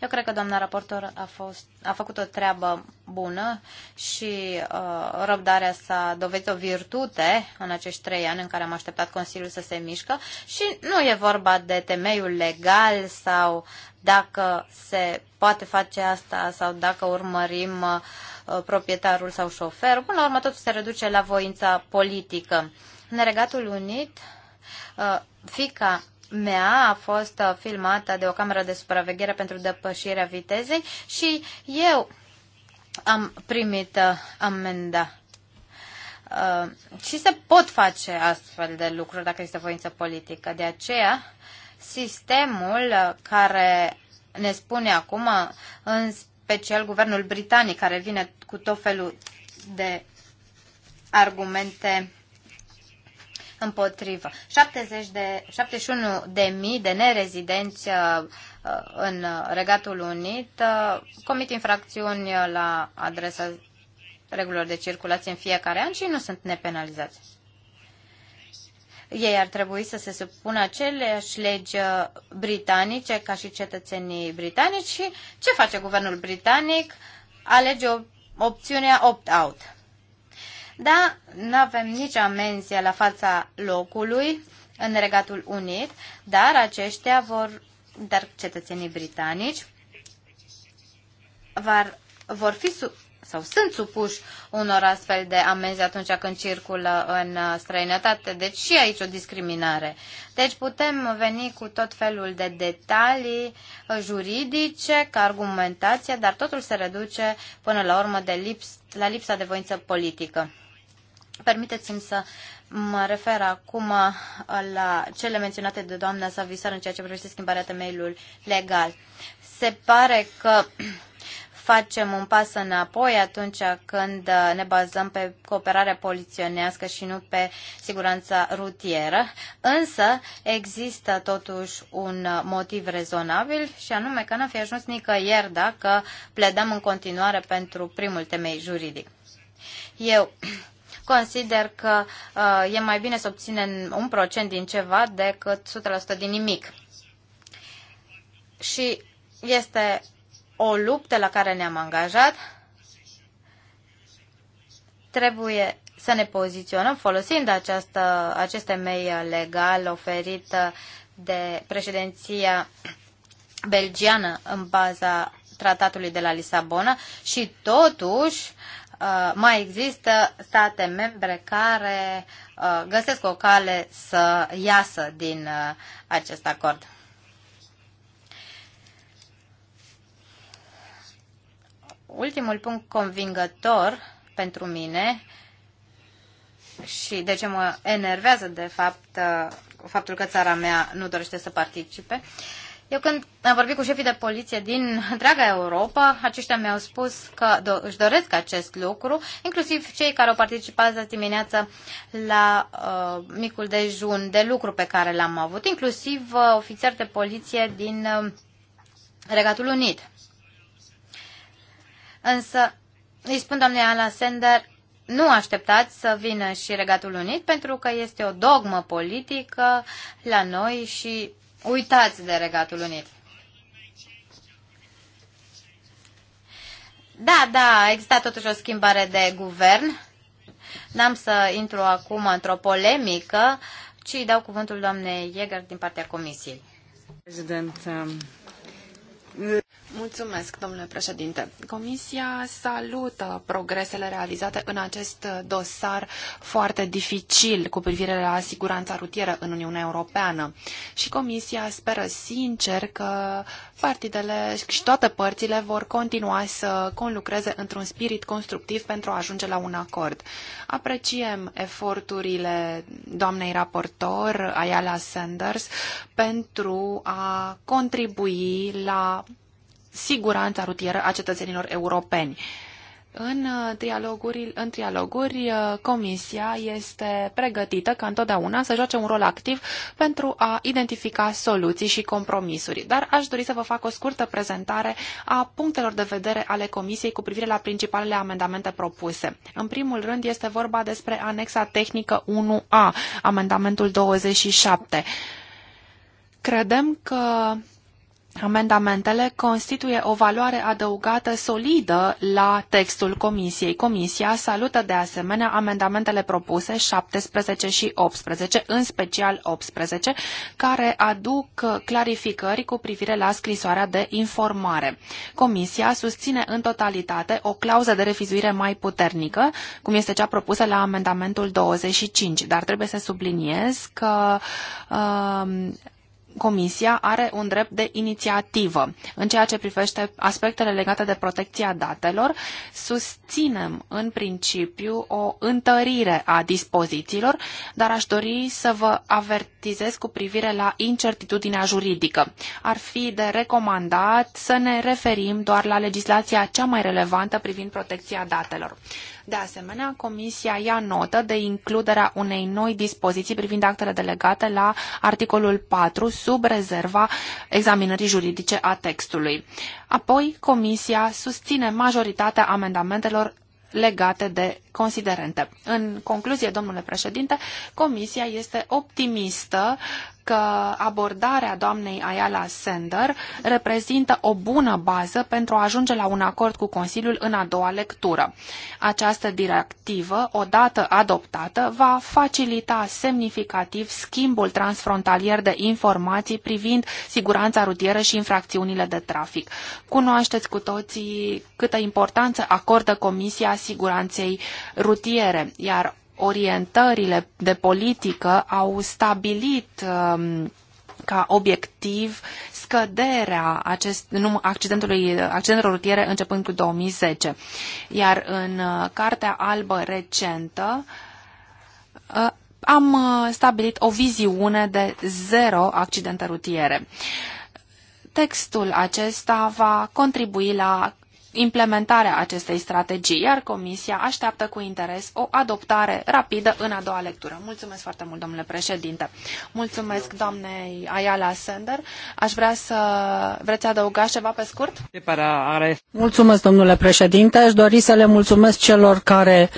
[SPEAKER 3] Eu cred că doamna raportor a, fost, a făcut o treabă bună și uh, răbdarea s-a dovedit o virtute în acești trei ani în care am așteptat Consiliul să se mișcă și nu e vorba de temeiul legal sau dacă se poate face asta sau dacă urmărim uh, proprietarul sau șoferul. Până la urmă totul se reduce la voința politică. În Regatul Unit, uh, fica mea a fost uh, filmată de o cameră de supraveghere pentru depășirea vitezei și eu am primit amenda. și se pot face astfel de lucruri dacă este voință politică. De aceea Sistemul care ne spune acum, în special guvernul britanic, care vine cu tot felul de argumente împotrivă. 70 de, 71 de mii de nerezidenți uh, în Regatul Unit uh, comit infracțiuni la adresa regulilor de circulație în fiecare an și nu sunt nepenalizați ei ar trebui să se supună aceleași legi uh, britanice ca și cetățenii britanici și ce face guvernul britanic? Alege opțiunea opt-out. Da, nu avem nici amenzi la fața locului în Regatul Unit, dar aceștia vor, dar cetățenii britanici var, vor fi sau sunt supuși unor astfel de amenzi atunci când circulă în străinătate. Deci și aici o discriminare. Deci putem veni cu tot felul de detalii juridice ca argumentație, dar totul se reduce până la urmă de lips, la lipsa de voință politică. Permiteți-mi să mă refer acum la cele menționate de doamna Savisar în ceea ce privește schimbarea temeiului legal. Se pare că facem un pas înapoi atunci când uh, ne bazăm pe cooperarea poliționească și nu pe siguranța rutieră, însă există totuși un uh, motiv rezonabil și anume că n-am fi ajuns nicăieri dacă pledăm în continuare pentru primul temei juridic. Eu consider că uh, e mai bine să obținem un procent din ceva decât 100% din nimic. Și este o luptă la care ne-am angajat, trebuie să ne poziționăm folosind această, acest temei legal oferit de președinția belgiană în baza tratatului de la Lisabona și totuși uh, mai există state membre care uh, găsesc o cale să iasă din uh, acest acord. ultimul punct convingător pentru mine și de ce mă enervează de fapt uh, faptul că țara mea nu dorește să participe. Eu când am vorbit cu șefii de poliție din întreaga Europa, aceștia mi-au spus că do- își doresc acest lucru, inclusiv cei care au participat azi dimineață la uh, micul dejun de lucru pe care l-am avut, inclusiv uh, ofițeri de poliție din uh, Regatul Unit. Însă îi spun doamnei Alan Sender, nu așteptați să vină și Regatul Unit pentru că este o dogmă politică la noi și uitați de Regatul Unit. Da, da, a existat totuși o schimbare de guvern. N-am să intru acum într-o polemică, ci dau cuvântul doamnei Jäger din partea Comisiei. President, um... Mulțumesc, domnule președinte. Comisia salută
[SPEAKER 4] progresele realizate în acest dosar foarte dificil cu privire la siguranța rutieră în Uniunea Europeană și Comisia speră sincer că partidele și toate părțile vor continua să conlucreze într-un spirit constructiv pentru a ajunge la un acord. Apreciem eforturile doamnei raportor Ayala Sanders pentru a contribui la siguranța rutieră a cetățenilor europeni. În uh, trialoguri, în trialoguri, uh, Comisia este pregătită ca întotdeauna să joace un rol activ pentru a identifica soluții și compromisuri. Dar aș dori să vă fac o scurtă prezentare a punctelor de vedere ale Comisiei cu privire la principalele amendamente propuse. În primul rând este vorba despre anexa tehnică 1A, amendamentul 27. Credem că Amendamentele constituie o valoare adăugată solidă la textul Comisiei. Comisia salută de asemenea amendamentele propuse 17 și 18, în special 18, care aduc clarificări cu privire la scrisoarea de informare. Comisia susține în totalitate o clauză de revizuire mai puternică, cum este cea propusă la amendamentul 25, dar trebuie să subliniez că uh, Comisia are un drept de inițiativă. În ceea ce privește aspectele legate de protecția datelor, susținem în principiu o întărire a dispozițiilor, dar aș dori să vă avertizez cu privire la incertitudinea juridică. Ar fi de recomandat să ne referim doar la legislația cea mai relevantă privind protecția datelor. De asemenea, Comisia ia notă de includerea unei noi dispoziții privind actele delegate la articolul 4 sub rezerva examinării juridice a textului. Apoi, Comisia susține majoritatea amendamentelor legate de considerente. În concluzie, domnule președinte, Comisia este optimistă că abordarea doamnei Ayala Sender reprezintă o bună bază pentru a ajunge la un acord cu Consiliul în a doua lectură. Această directivă, odată adoptată, va facilita semnificativ schimbul transfrontalier de informații privind siguranța rutieră și infracțiunile de trafic. Cunoașteți cu toții câtă importanță acordă Comisia Siguranței Rutiere, iar orientările de politică au stabilit um, ca obiectiv scăderea acest, num, accidentului, accidentelor rutiere începând cu 2010. Iar în uh, Cartea Albă recentă uh, am uh, stabilit o viziune de zero accidente rutiere. Textul acesta va contribui la implementarea acestei strategii, iar Comisia așteaptă cu interes o adoptare rapidă în a doua lectură. Mulțumesc foarte mult, domnule președinte. Mulțumesc, doamnei Ayala Sender. Aș vrea să... Vreți adăuga ceva pe scurt?
[SPEAKER 2] Mulțumesc, domnule președinte. Aș dori să le mulțumesc celor care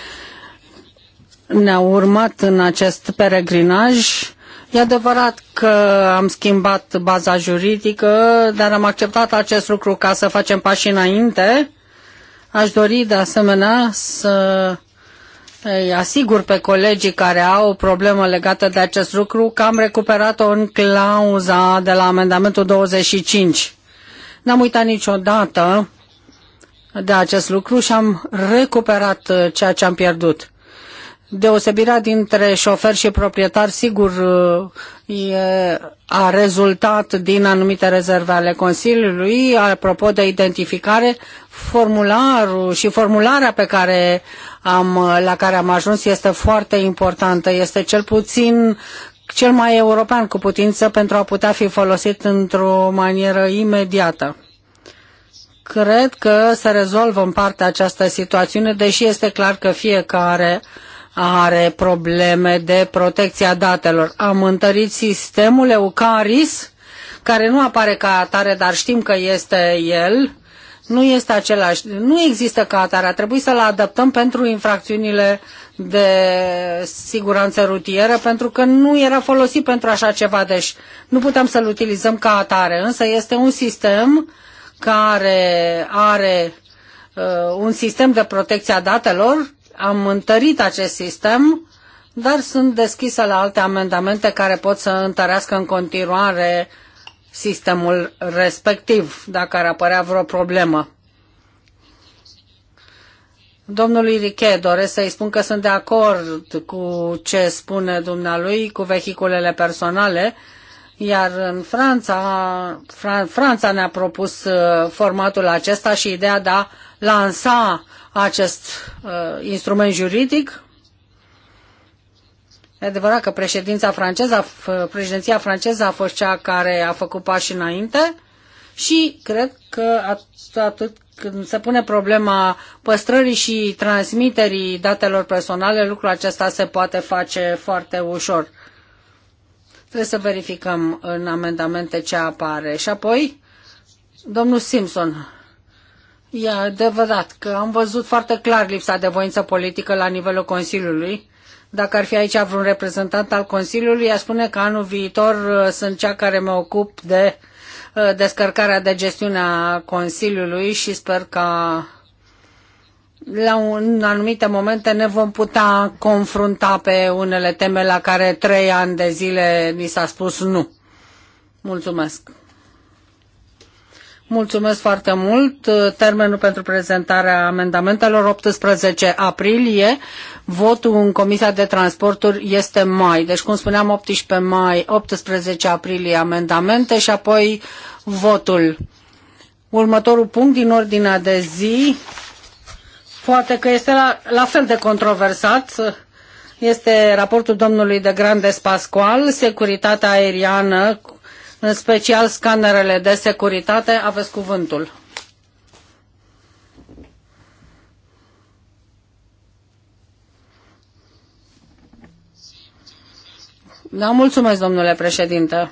[SPEAKER 2] ne-au urmat în acest peregrinaj E adevărat că am schimbat baza juridică, dar am acceptat acest lucru ca să facem pași înainte. Aș dori de asemenea să îi asigur pe colegii care au o problemă legată de acest lucru că am recuperat-o în clauza de la amendamentul 25. N-am uitat niciodată de acest lucru și am recuperat ceea ce am pierdut. Deosebirea dintre șofer și proprietar, sigur, e, a rezultat din anumite rezerve ale Consiliului. Apropo de identificare, formularul și formularea pe care am, la care am ajuns este foarte importantă. Este cel puțin cel mai european cu putință pentru a putea fi folosit într-o manieră imediată. Cred că se rezolvă în parte această situațiune, deși este clar că fiecare uh, are probleme de protecția datelor. Am întărit sistemul Eucaris, care nu apare ca atare, dar știm că este el, nu este același, nu există ca atare, a trebuit să-l adaptăm pentru infracțiunile de siguranță rutieră, pentru că nu era folosit pentru așa ceva, deci nu putem să-l utilizăm ca atare, însă este un sistem care are uh, un sistem de protecție a datelor am întărit acest sistem, dar sunt deschisă la alte amendamente care pot să întărească în continuare sistemul respectiv, dacă ar apărea vreo problemă. Domnului Riche, doresc să-i spun că sunt de acord cu ce spune dumnealui cu vehiculele personale, iar în Franța, Fran- Franța ne-a propus uh, formatul acesta și ideea de a lansa acest uh, instrument juridic. E adevărat că președința franceză, președinția franceză a fost cea care a făcut pași înainte și cred că atât, atât când se pune problema păstrării și transmiterii datelor personale, lucrul acesta se poate face foarte ușor. Trebuie să verificăm în amendamente ce apare. Și apoi, domnul Simpson, E adevărat că am văzut foarte clar lipsa de voință politică la nivelul Consiliului. Dacă ar fi aici vreun reprezentant al Consiliului, ea spune că anul viitor uh, sunt cea care mă ocup de uh, descărcarea de gestiune a Consiliului și sper că la un anumite momente ne vom putea confrunta pe unele teme la care trei ani de zile ni s-a spus nu. Mulțumesc! Mulțumesc foarte mult. Termenul pentru prezentarea amendamentelor 18 aprilie. Votul în Comisia de Transporturi este mai. Deci, cum spuneam, 18 mai, 18 aprilie amendamente și apoi votul. Următorul punct din ordinea de zi, poate că este la, la fel de controversat, este raportul domnului de Grandes Pascual, securitatea aeriană în special scanerele de securitate. Aveți cuvântul. Da, mulțumesc, domnule președinte.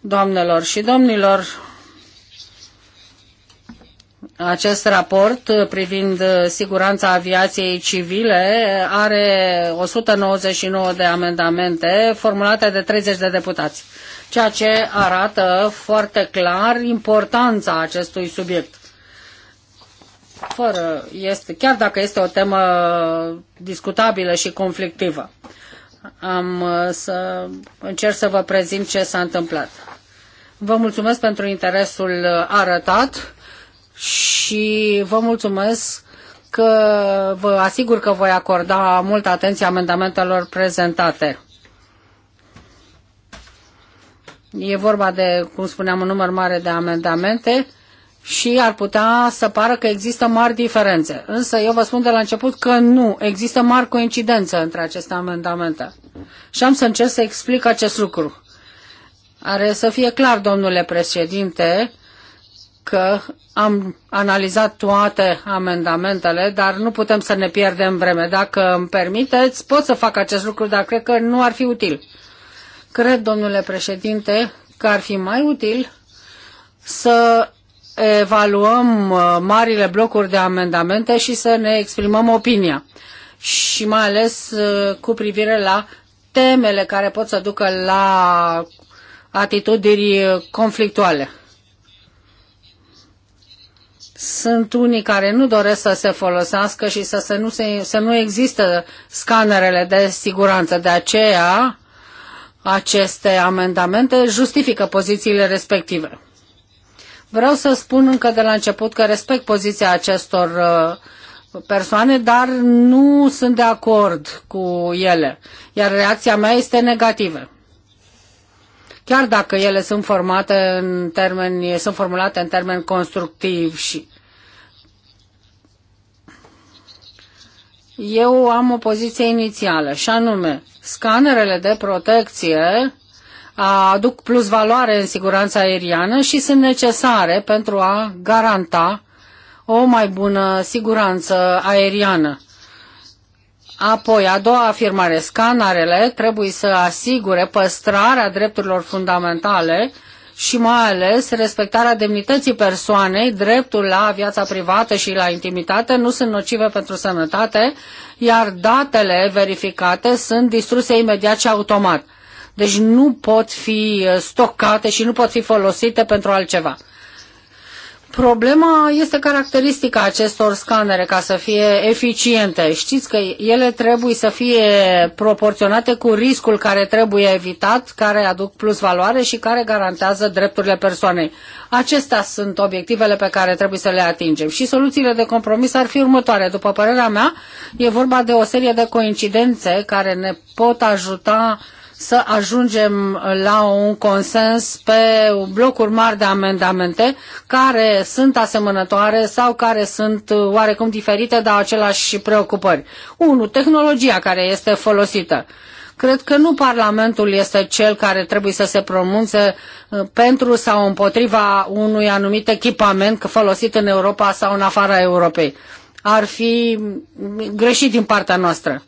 [SPEAKER 2] Doamnelor și domnilor, acest raport privind siguranța aviației civile are 199 de amendamente formulate de 30 de deputați ceea ce arată foarte clar importanța acestui subiect. Fără, este, chiar dacă este o temă discutabilă și conflictivă. Am uh, să încerc să vă prezint ce s-a întâmplat. Vă mulțumesc pentru interesul arătat și vă mulțumesc că vă asigur că voi acorda multă atenție amendamentelor prezentate. E vorba de, cum spuneam, un număr mare de amendamente și ar putea să pară că există mari diferențe. Însă eu vă spun de la început că nu, există mari coincidență între aceste amendamente. Și am să încerc să explic acest lucru. Are să fie clar, domnule președinte, că am analizat toate amendamentele, dar nu putem să ne pierdem vreme. Dacă îmi permiteți, pot să fac acest lucru, dar cred că nu ar fi util. Cred, domnule președinte, că ar fi mai util să evaluăm uh, marile blocuri de amendamente și să ne exprimăm opinia. Și mai ales uh, cu privire la temele care pot să ducă la atitudini conflictuale. Sunt unii care nu doresc să se folosească și să, se nu, se, să nu există scanerele de siguranță. De aceea, aceste amendamente justifică pozițiile respective. Vreau să spun încă de la început că respect poziția acestor uh, persoane, dar nu sunt de acord cu ele, iar reacția mea este negativă. Chiar dacă ele sunt formate în termeni, sunt formulate în termeni constructiv și eu am o poziție inițială și anume Scanerele de protecție aduc plus valoare în siguranța aeriană și sunt necesare pentru a garanta o mai bună siguranță aeriană. Apoi, a doua afirmare, scanarele trebuie să asigure păstrarea drepturilor fundamentale și mai ales respectarea demnității persoanei, dreptul la viața privată și la intimitate nu sunt nocive pentru sănătate, iar datele verificate sunt distruse imediat și automat. Deci nu pot fi stocate și nu pot fi folosite pentru altceva. Problema este caracteristica acestor scanere ca să fie eficiente. Știți că ele trebuie să fie proporționate cu riscul care trebuie evitat, care aduc plus valoare și care garantează drepturile persoanei. Acestea sunt obiectivele pe care trebuie să le atingem. Și soluțiile de compromis ar fi următoare. După părerea mea, e vorba de o serie de coincidențe care ne pot ajuta uh, să ajungem la un consens pe blocuri mari de amendamente care sunt asemănătoare sau care sunt oarecum diferite, dar același preocupări. 1. Tehnologia care este folosită. Cred că nu Parlamentul este cel care trebuie să se pronunțe uh, pentru sau împotriva unui anumit echipament folosit în Europa sau în afara Europei. Ar fi mm, greșit din partea noastră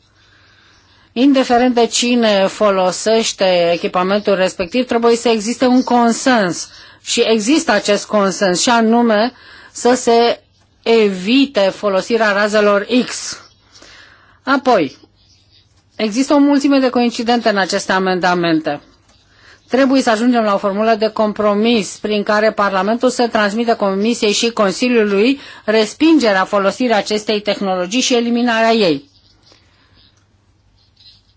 [SPEAKER 2] indiferent de cine folosește echipamentul respectiv, trebuie să existe un consens și există acest consens și anume să se evite folosirea razelor X. Apoi, există o mulțime de coincidente în aceste amendamente. Trebuie să ajungem la o formulă de compromis prin care Parlamentul să transmită Comisiei și Consiliului respingerea folosirii acestei tehnologii și eliminarea ei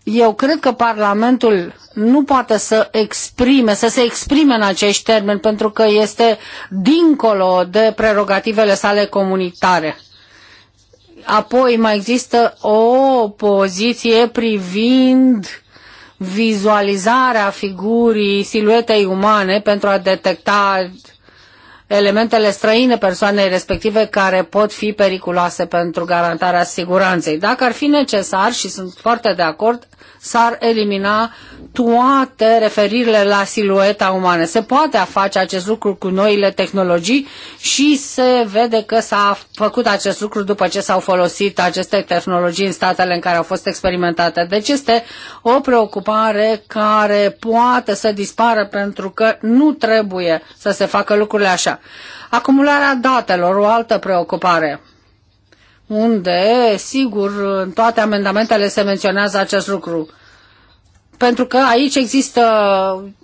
[SPEAKER 2] eu cred că Parlamentul nu poate să exprime, să se exprime în acești termeni, pentru că este dincolo de prerogativele sale comunitare. Apoi mai există o poziție privind vizualizarea figurii siluetei umane pentru a detecta uh, elementele străine persoanei respective care pot fi periculoase pentru garantarea siguranței. Dacă ar fi necesar, și sunt foarte de acord, s-ar elimina toate referirile la silueta umană. Se poate face acest lucru cu noile tehnologii și se vede că s-a făcut acest lucru după ce s-au folosit aceste tehnologii în statele în care au fost experimentate. Deci este o preocupare care poate să dispară pentru că nu trebuie să se facă lucrurile așa. Acumularea datelor, o altă preocupare unde, sigur, în toate amendamentele se menționează acest lucru. Pentru că aici există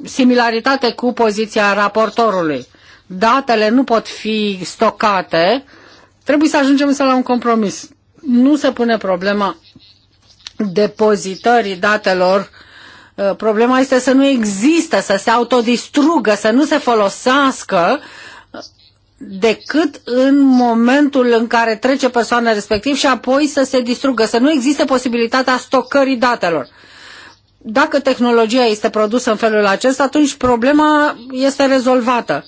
[SPEAKER 2] similaritate cu poziția raportorului. Datele nu pot fi stocate, trebuie să ajungem să la un compromis. Nu se pune problema depozitării datelor, problema este să nu există, să se autodistrugă, să nu se folosească uh, decât în momentul în care trece persoana respectiv și apoi să se distrugă, să nu existe posibilitatea stocării datelor. Dacă tehnologia este produsă în felul acesta, atunci problema este rezolvată.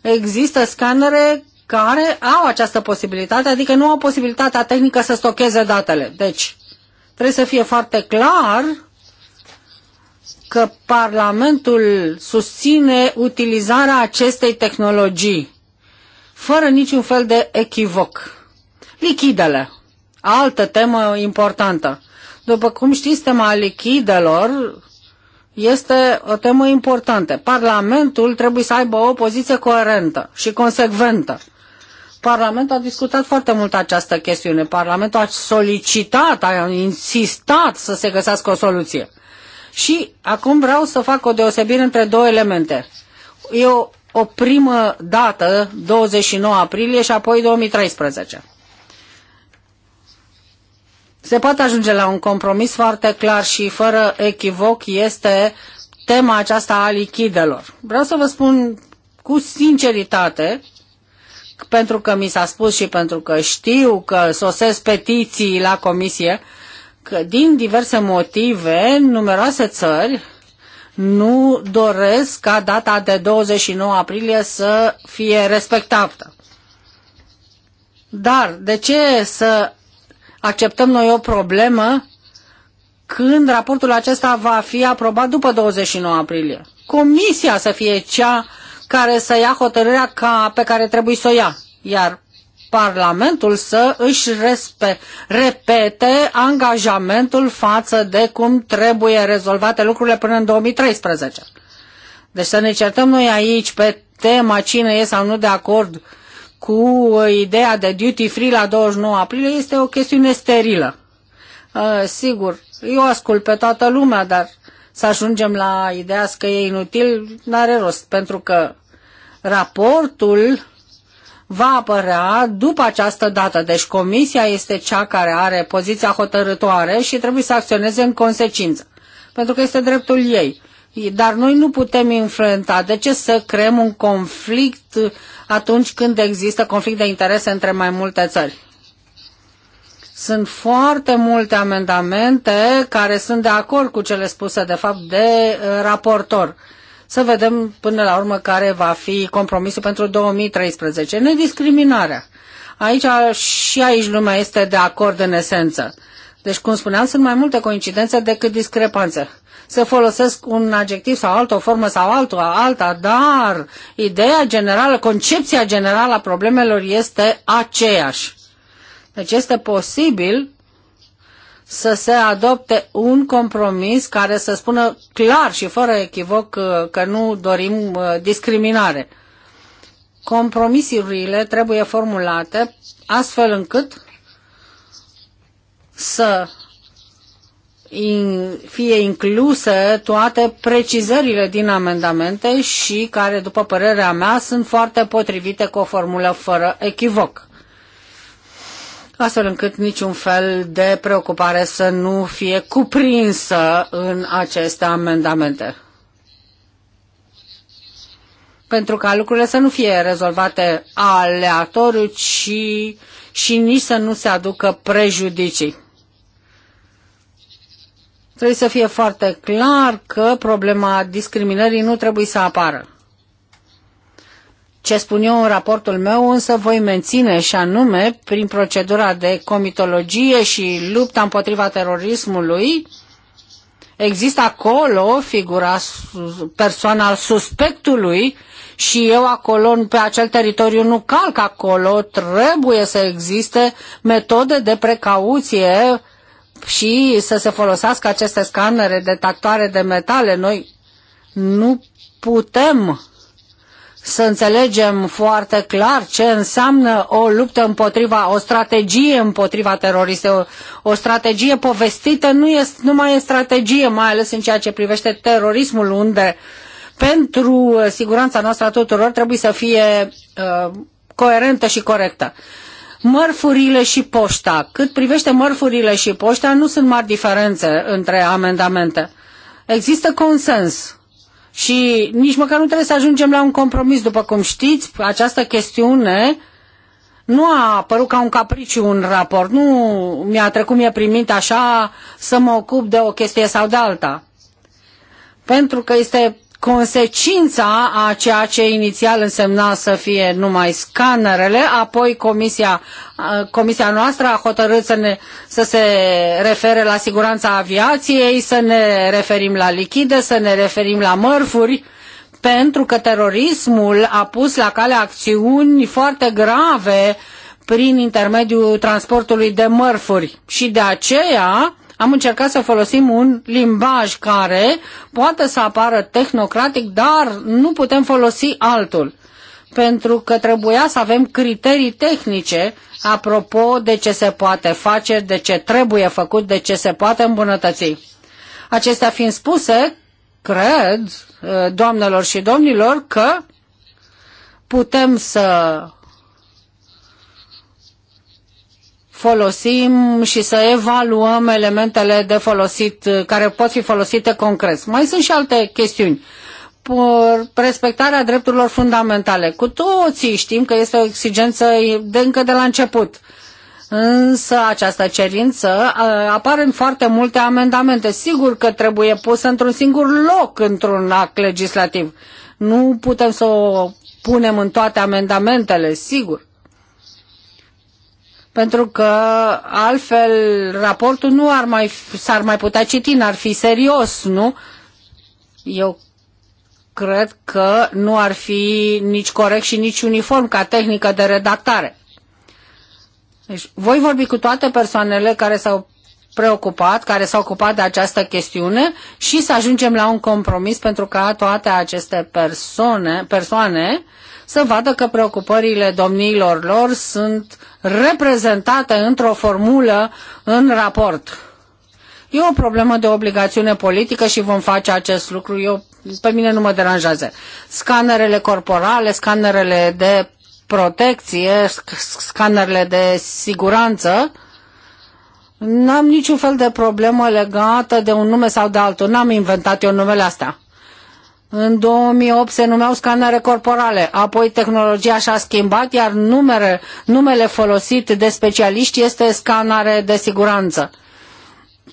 [SPEAKER 2] Există scanere care au această posibilitate, adică nu au posibilitatea tehnică să stocheze datele. Deci, trebuie să fie foarte clar că Parlamentul susține utilizarea acestei tehnologii fără niciun fel de echivoc. Lichidele. Altă temă importantă. După cum știți, tema lichidelor este o temă importantă. Parlamentul trebuie să aibă o poziție coerentă și consecventă. Parlamentul a discutat foarte mult această chestiune. Parlamentul a solicitat, a insistat să se găsească o soluție. Și acum vreau să fac o deosebire între două elemente. Eu o primă dată, 29 aprilie și apoi 2013. Se poate ajunge la un compromis foarte clar și fără echivoc este tema aceasta a lichidelor. Vreau să vă spun cu sinceritate, pentru că mi s-a spus și pentru că știu că sosesc petiții la comisie, că din diverse motive, numeroase țări, nu doresc ca data de 29 aprilie să fie respectată. Dar de ce să acceptăm noi o problemă când raportul acesta va fi aprobat după 29 aprilie? Comisia să fie cea care să ia hotărârea ca, pe care trebuie să o ia. Iar Parlamentul să își respe, repete angajamentul față de cum trebuie rezolvate lucrurile până în 2013. Deci să ne certăm noi aici pe tema cine e sau nu de acord cu ideea de duty free la 29 aprilie este o chestiune sterilă. Uh, sigur, eu ascult pe toată lumea, dar să ajungem la ideea că e inutil, n-are rost, pentru că raportul va apărea după această dată. Deci comisia este cea care are poziția hotărătoare și trebuie să acționeze în consecință, pentru că este dreptul ei. Dar noi nu putem influența. De ce să creăm un conflict atunci când există conflict de interese între mai multe țări? Sunt foarte multe amendamente care sunt de acord cu cele spuse, de fapt, de uh, raportor. Să vedem până la urmă care va fi compromisul pentru 2013. Nediscriminarea. Aici și aici lumea este de acord în esență. Deci, cum spuneam, sunt mai multe coincidențe decât discrepanțe. Să folosesc un adjectiv sau altă o formă sau alta, alta, dar ideea generală, concepția generală a problemelor este aceeași. Deci este posibil să se adopte un compromis care să spună clar și fără echivoc uh, că nu dorim uh, discriminare. Compromisurile trebuie formulate astfel încât să fie incluse toate precizările din amendamente și care, după părerea mea, sunt foarte potrivite cu o formulă fără echivoc astfel încât niciun fel de preocupare să nu fie cuprinsă în aceste amendamente. Pentru ca lucrurile să nu fie rezolvate aleatoriu, ci și nici să nu se aducă prejudicii. Trebuie să fie foarte clar că problema discriminării nu trebuie să apară. Ce spun eu în raportul meu însă voi menține și anume prin procedura de comitologie și lupta împotriva terorismului există acolo figura persoana suspectului și eu acolo, pe acel teritoriu nu calc acolo, trebuie să existe metode de precauție și să se folosească aceste scanere detectoare de metale. Noi nu putem să înțelegem foarte clar ce înseamnă o luptă împotriva, o strategie împotriva teroriste, o, o strategie povestită nu, este, nu mai e strategie, mai ales în ceea ce privește terorismul, unde pentru siguranța noastră a tuturor trebuie să fie uh, coerentă și corectă. Mărfurile și poșta. Cât privește mărfurile și poșta, nu sunt mari diferențe între amendamente. Există consens și nici măcar nu trebuie să ajungem la un compromis, după cum știți, această chestiune nu a apărut ca un capriciu un raport, nu mi-a trecut mie prin minte așa să mă ocup de o chestie sau de alta. Pentru că este consecința a ceea ce inițial însemna să fie numai scanerele, apoi comisia, comisia noastră a hotărât să, ne, să se refere la siguranța aviației, să ne referim la lichide, să ne referim la mărfuri, pentru că terorismul a pus la cale acțiuni foarte grave prin intermediul transportului de mărfuri și de aceea am încercat să folosim un limbaj care poate să apară tehnocratic, dar nu putem folosi altul pentru că trebuia să avem criterii tehnice apropo de ce se poate face, de ce trebuie făcut, de ce se poate îmbunătăți. Acestea fiind spuse, cred, eh, doamnelor și domnilor, că putem să folosim și să evaluăm elementele de folosit, care pot fi folosite concret. Mai sunt și alte chestiuni. Respectarea drepturilor fundamentale. Cu toții știm că este o exigență de încă de la început. Însă această cerință apare în foarte multe amendamente. Sigur că trebuie pusă într-un singur loc într-un act legislativ. Nu putem să o punem în toate amendamentele, sigur pentru că altfel raportul nu ar mai, s-ar mai putea citi, n-ar fi serios, nu? Eu cred că nu ar fi nici corect și nici uniform ca tehnică de redactare. Deci, voi vorbi cu toate persoanele care s-au preocupat, care s-au ocupat de această chestiune și să ajungem la un compromis pentru ca toate aceste persoane, persoane să vadă că preocupările domniilor lor sunt reprezentate într-o formulă în raport. E o problemă de obligațiune politică și vom face acest lucru. Eu, pe mine nu mă deranjează. Scanerele corporale, scanerele de protecție, scanerele de siguranță, n-am niciun fel de problemă legată de un nume sau de altul. N-am inventat eu numele astea. În 2008 se numeau scanere corporale, apoi tehnologia și-a schimbat, iar numere, numele folosit de specialiști este scanare de siguranță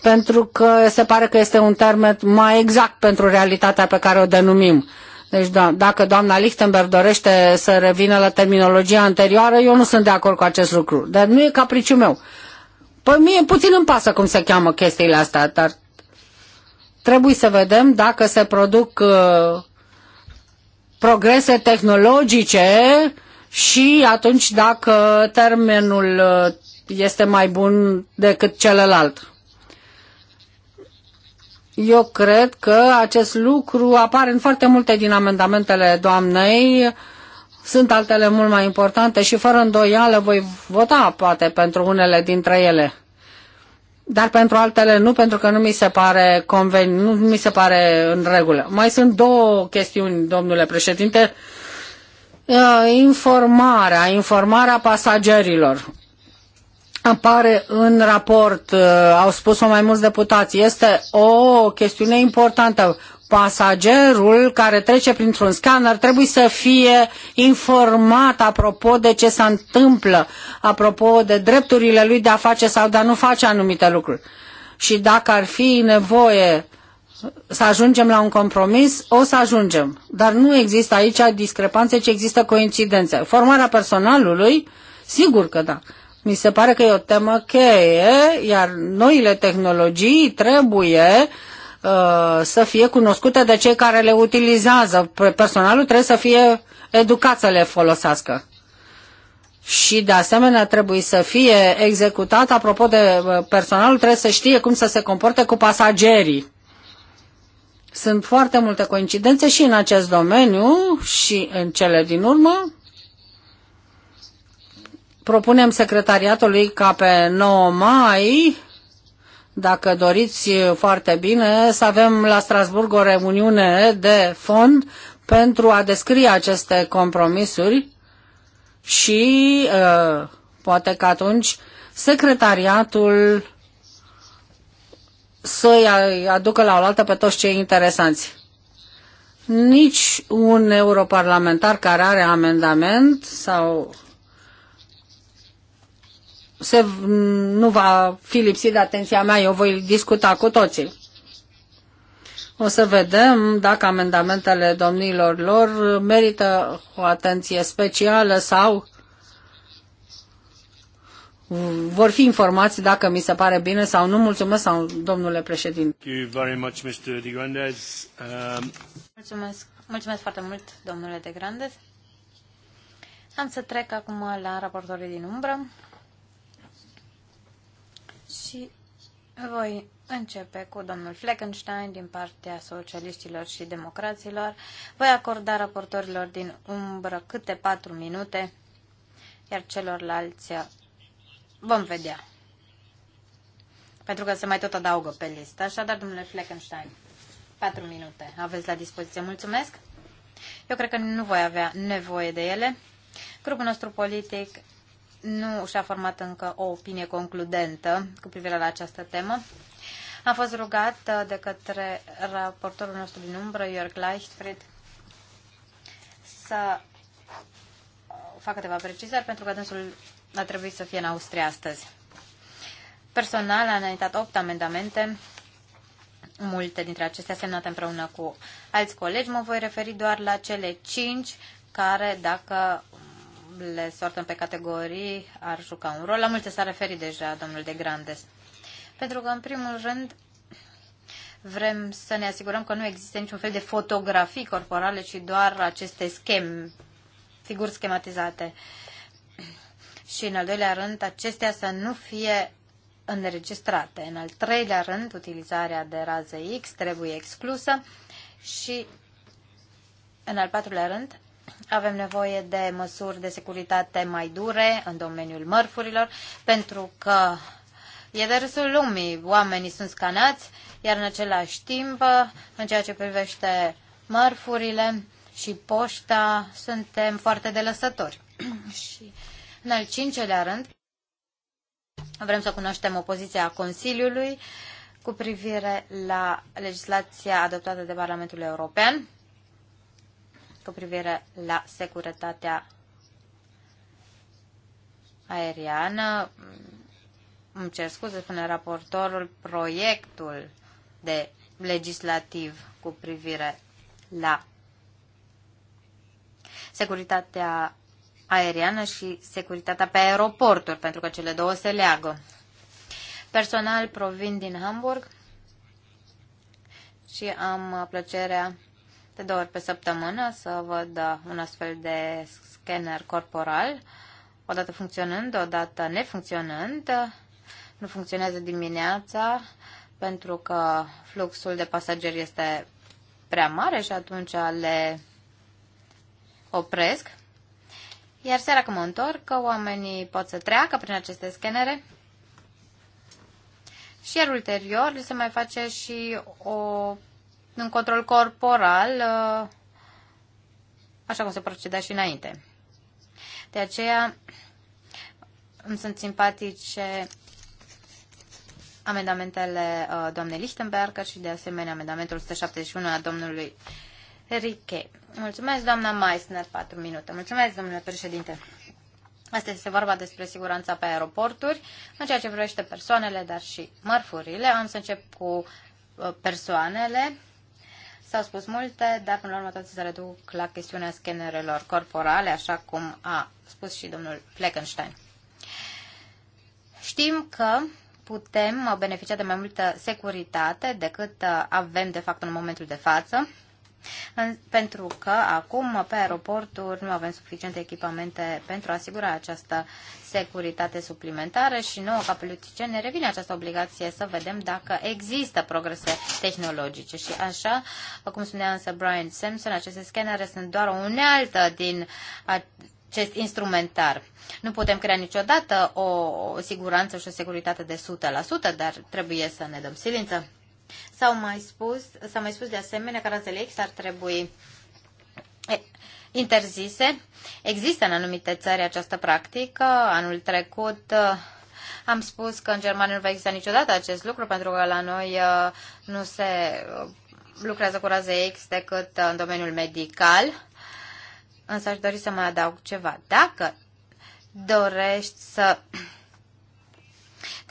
[SPEAKER 2] pentru că se pare că este un termen mai exact pentru realitatea pe care o denumim. Deci da, dacă doamna Lichtenberg dorește să revină la terminologia anterioară, eu nu sunt de acord cu acest lucru. Dar nu e capriciu meu. Păi mie puțin îmi pasă cum se cheamă chestiile astea, dar trebuie să vedem dacă se produc uh, progrese tehnologice și atunci dacă termenul uh, este mai bun decât celălalt. Eu cred că acest lucru apare în foarte multe din amendamentele doamnei. Sunt altele mult mai importante și fără îndoială voi vota poate pentru unele dintre ele dar pentru altele nu, pentru că nu mi se pare conven, nu mi se pare în regulă. Mai sunt două chestiuni, domnule președinte. Uh, informarea, informarea pasagerilor apare în raport, uh, au spus-o mai mulți deputați, este o chestiune importantă pasagerul care trece printr-un scanner trebuie să fie informat apropo de ce se întâmplă, apropo de drepturile lui de a face sau de a nu face anumite lucruri. Și dacă ar fi nevoie să ajungem la un compromis, o să ajungem. Dar nu există aici discrepanțe, ci există coincidențe. Formarea personalului, sigur că da. Mi se pare că e o temă cheie, iar noile tehnologii trebuie uh, Uh, să fie cunoscute de cei care le utilizează. Personalul trebuie să fie educat să le folosească. Și de asemenea trebuie să fie executat, apropo de uh, personalul, trebuie să știe cum să se comporte cu pasagerii. Sunt foarte multe coincidențe și în acest domeniu și în cele din urmă. Propunem secretariatului ca pe 9 mai dacă doriți foarte bine, să avem la Strasburg o reuniune de fond pentru a descrie aceste compromisuri și uh, poate că atunci secretariatul să-i aducă la oaltă pe toți cei interesanți. Nici un europarlamentar care are amendament sau se, nu va fi lipsit de atenția mea, eu voi discuta cu toții. O să vedem dacă amendamentele domnilor lor merită o atenție specială sau vor fi informați dacă mi se pare bine sau nu. Mulțumesc, sau, domnule președinte.
[SPEAKER 1] Um,
[SPEAKER 3] Mulțumesc. Mulțumesc foarte mult, domnule de Grandes. Am să trec acum la raportorii din umbră și voi începe cu domnul Fleckenstein din partea socialiștilor și democraților. Voi acorda raportorilor din umbră câte patru minute, iar celorlalți vom vedea. Pentru că se mai tot adaugă pe listă. Așadar, domnule Fleckenstein, patru minute aveți la dispoziție. Mulțumesc! Eu cred că nu voi avea nevoie de ele. Grupul nostru politic nu și-a format încă o opinie concludentă cu privire la această temă. Am fost rugat uh, de către raportorul nostru din umbră, Jörg Leichtfried, să uh, fac câteva precizări, pentru că dânsul a trebuit să fie în Austria astăzi. Personal a înaintat 8 amendamente, multe dintre acestea semnate împreună cu alți colegi. Mă voi referi doar la cele 5 care, dacă le sortăm pe categorii ar juca un rol. La multe s-a referit deja domnul de Grandes. Pentru că, în primul rând, vrem să ne asigurăm că nu există niciun fel de fotografii corporale, ci doar aceste schem, figuri schematizate. Și, în al doilea rând, acestea să nu fie înregistrate. În al treilea rând, utilizarea de raze X trebuie exclusă și, în al patrulea rând, avem nevoie de măsuri de securitate mai dure în domeniul mărfurilor, pentru că e de râsul lumii, oamenii sunt scanați, iar în același timp, în ceea ce privește mărfurile și poșta, suntem foarte delăsători. și în al cincelea rând, vrem să cunoaștem opoziția Consiliului cu privire la legislația adoptată de Parlamentul European cu privire la securitatea aeriană. Îmi cer scuze, spune raportorul, proiectul de legislativ cu privire la securitatea aeriană și securitatea pe aeroporturi, pentru că cele două se leagă. Personal provin din Hamburg și am plăcerea de două ori pe săptămână să văd uh, un astfel de scanner corporal, odată funcționând, odată nefuncționând. Nu funcționează dimineața pentru că fluxul de pasageri este prea mare și atunci le opresc. Iar seara când mă întorc, oamenii pot să treacă prin aceste scanere. Și iar ulterior li se mai face și o în control corporal, uh, așa cum se proceda și înainte. De aceea îmi sunt simpatice amendamentele uh, doamnei Lichtenberger și de asemenea amendamentul 171 a domnului Riche. Mulțumesc, doamna Meissner, 4 minute. Mulțumesc, domnule președinte. Astăzi este vorba despre siguranța pe aeroporturi, în ceea ce privește persoanele, dar și mărfurile. Am să încep cu uh, persoanele. S-au spus multe, dar până la urmă toate se reduc la chestiunea scanerelor corporale, așa cum a spus și domnul Fleckenstein. Știm că putem beneficia de mai multă securitate decât avem de fapt în momentul de față pentru că acum pe aeroporturi nu avem suficiente echipamente pentru a asigura această securitate suplimentară și nouă ca politicieni ne revine această obligație să vedem dacă există progrese tehnologice și așa, cum spunea însă Brian Simpson, aceste scanere sunt doar o unealtă din acest instrumentar. Nu putem crea niciodată o siguranță și o securitate de 100%, dar trebuie să ne dăm silință. S-au mai spus, s-a mai spus de asemenea că razele X ar trebui interzise. Există în anumite țări această practică. Anul trecut uh, am spus că în Germania nu va exista niciodată acest lucru pentru că la noi uh, nu se uh, lucrează cu raze X decât în domeniul medical. Însă aș dori să mai adaug ceva. Dacă dorești să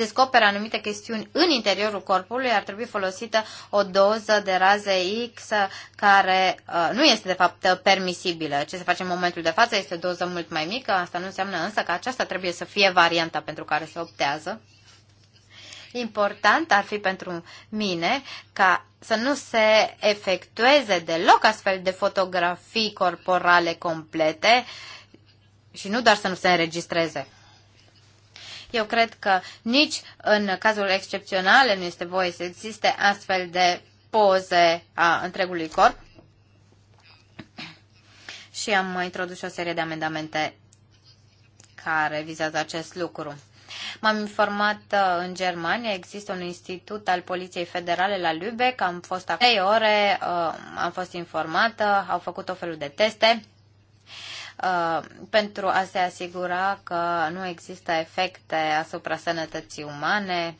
[SPEAKER 3] descoperă anumite chestiuni în interiorul corpului, ar trebui folosită o doză de raze X care uh, nu este de fapt permisibilă. Ce se face în momentul de față este o doză mult mai mică, asta nu înseamnă însă că aceasta trebuie să fie varianta pentru care se optează. Important ar fi pentru mine ca să nu se efectueze deloc astfel de fotografii corporale complete și nu doar să nu se înregistreze. Eu cred că nici în cazul excepționale nu este voie să existe astfel de poze a întregului corp. Și am introdus o serie de amendamente care vizează acest lucru. M-am informat uh, în Germania, există un institut al Poliției Federale la Lübeck, am fost acolo 3 ore, uh, am fost informată, au făcut o felul de teste Uh, pentru a se asigura că nu există efecte asupra sănătății umane.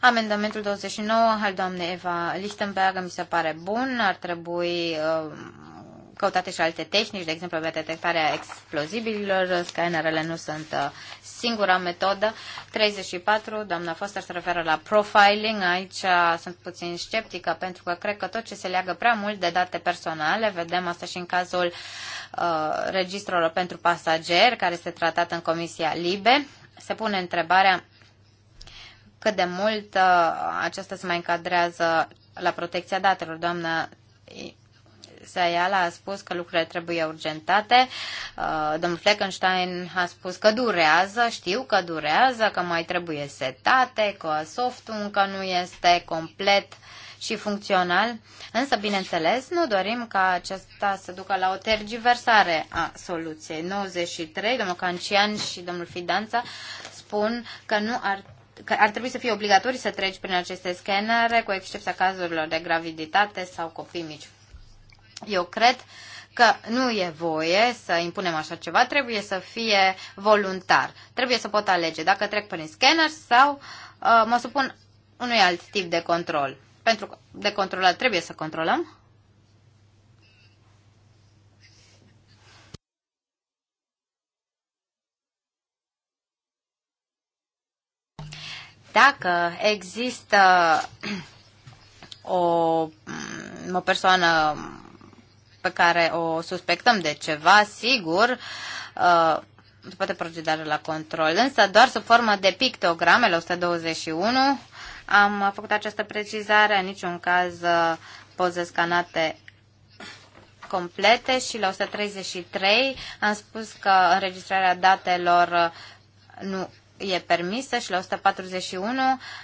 [SPEAKER 3] Amendamentul 29 al doamnei Eva Lichtenberg mi se pare bun, ar trebui uh, căutate și alte tehnici, de exemplu, pe detectarea explozibililor. Scanerele nu sunt uh, singura metodă. 34, doamna Foster se referă la profiling. Aici uh, sunt puțin sceptică pentru că cred că tot ce se leagă prea mult de date personale, vedem asta și în cazul uh, registrelor pentru pasageri, care este tratat în Comisia Libe, se pune întrebarea cât de mult uh, aceasta se mai încadrează la protecția datelor. Doamna Sayala a spus că lucrurile trebuie urgentate. Uh, domnul Fleckenstein a spus că durează, știu că durează, că mai trebuie setate, că softul încă nu este complet și funcțional, însă, bineînțeles, nu dorim ca acesta să ducă la o tergiversare a soluției. 93, domnul Cancian și domnul Fidanța spun că nu ar că ar trebui să fie obligatorii să treci prin aceste scanere, cu excepția cazurilor de graviditate sau copii mici. Eu cred că nu e voie să impunem așa ceva, trebuie să fie voluntar. Trebuie să pot alege dacă trec prin scanner sau uh, mă supun unui alt tip de control. Pentru că de controlat trebuie să controlăm. Dacă există o, mm, o persoană pe care o suspectăm de ceva, sigur, uh, poate proceda la control, însă doar sub formă de pictograme la 121 am făcut această precizare, în niciun caz uh, poze scanate complete și la 133 am spus că înregistrarea datelor uh, nu e permisă și la 141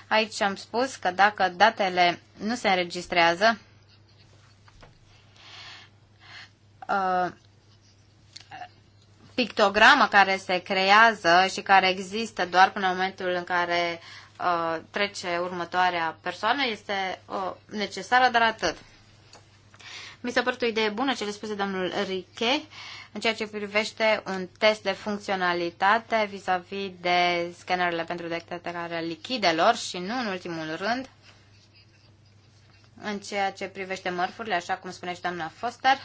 [SPEAKER 3] aici am spus că dacă datele nu se înregistrează, pictogramă uh, pictograma care se creează și care există doar până în momentul în care uh, trece următoarea persoană este uh, necesară, dar atât. Mi s-a părut o idee bună ce le spuse domnul Riche în ceea ce privește un test de funcționalitate vis-a-vis -vis de scanerele pentru detectarea lichidelor și nu în ultimul rând în ceea ce privește mărfurile, așa cum spune și doamna Foster,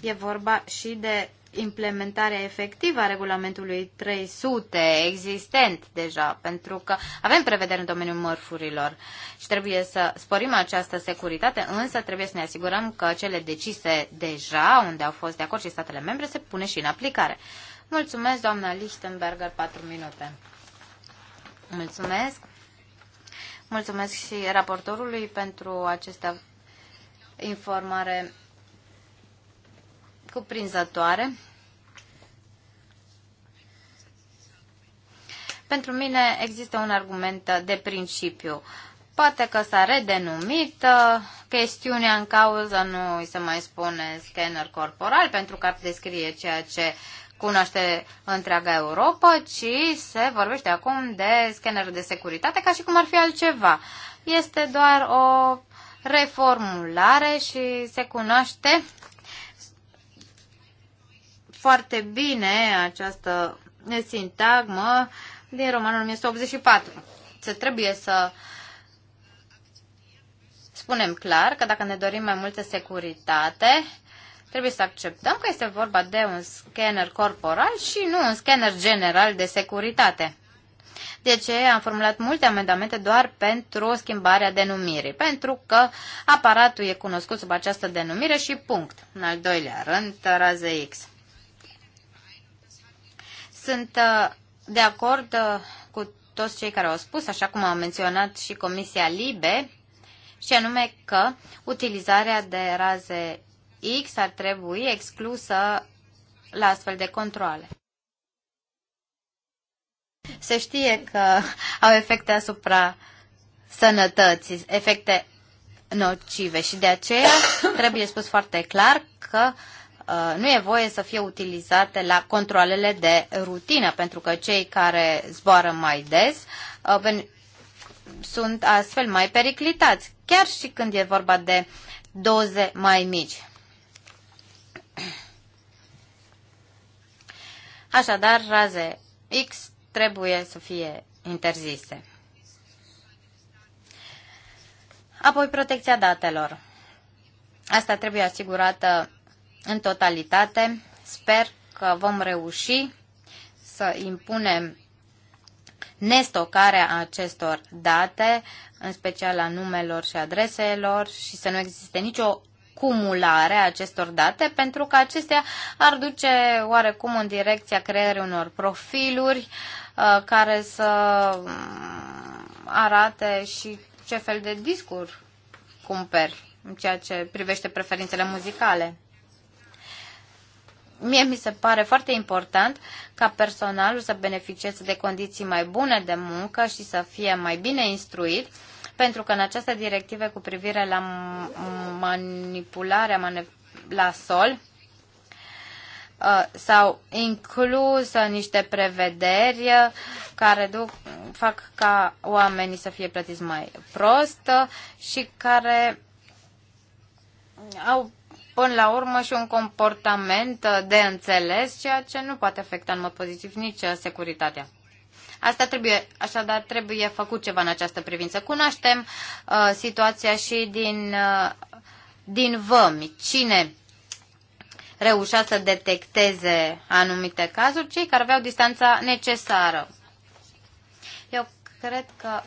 [SPEAKER 3] E vorba și de implementarea efectivă a regulamentului 300 existent deja, pentru că avem prevederi în domeniul mărfurilor și trebuie să sporim această securitate, însă trebuie să ne asigurăm că cele decise deja, unde au fost de acord și statele membre, se pune și în aplicare. Mulțumesc, doamna Lichtenberger, 4 minute. Mulțumesc. Mulțumesc și raportorului pentru această informare cuprinzătoare. Pentru mine există un argument de principiu. Poate că s-a redenumit uh, chestiunea în cauză, nu îi se mai spune scanner corporal, pentru că ar descrie ceea ce cunoaște întreaga Europa, ci se vorbește acum de scanner de securitate ca și cum ar fi altceva. Este doar o reformulare și se cunoaște foarte bine această sintagmă din romanul 1984. Se trebuie să spunem clar că dacă ne dorim mai multă securitate, trebuie să acceptăm că este vorba de un scanner corporal și nu un scanner general de securitate. De ce am formulat multe amendamente doar pentru schimbarea denumirii, pentru că aparatul e cunoscut sub această denumire și punct. În al doilea rând, raze X. Sunt uh, de acord uh, cu toți cei care au spus, așa cum a menționat și Comisia Libe, și anume că utilizarea de raze X ar trebui exclusă la astfel de controle. Se știe că au efecte asupra sănătății, efecte nocive și de aceea trebuie spus foarte clar că Uh, nu e voie să fie utilizate la controlele de rutină, pentru că cei care zboară mai des uh, sunt astfel mai periclitați, chiar și când e vorba de doze mai mici. Așadar, raze X trebuie să fie interzise. Apoi, protecția datelor. Asta trebuie asigurată în totalitate. Sper că vom reuși să impunem nestocarea acestor date, în special a numelor și adreselor și să nu existe nicio cumulare a acestor date, pentru că acestea ar duce oarecum în direcția creării unor profiluri uh, care să mm, arate și ce fel de discuri cumperi în ceea ce privește preferințele muzicale. Mie mi se pare foarte important ca personalul să beneficieze de condiții mai bune de muncă și să fie mai bine instruit, pentru că în această directivă cu privire la manipularea la sol uh, s-au inclus uh, niște prevederi uh, care duc, fac ca oamenii să fie plătiți mai prost și care au până la urmă și un comportament de înțeles, ceea ce nu poate afecta în mod pozitiv nici uh, securitatea. Asta trebuie, așadar, trebuie făcut ceva în această privință. Cunoaștem uh, situația și din, uh, din vămi. Cine reușea să detecteze anumite cazuri? Cei care aveau distanța necesară. Eu cred că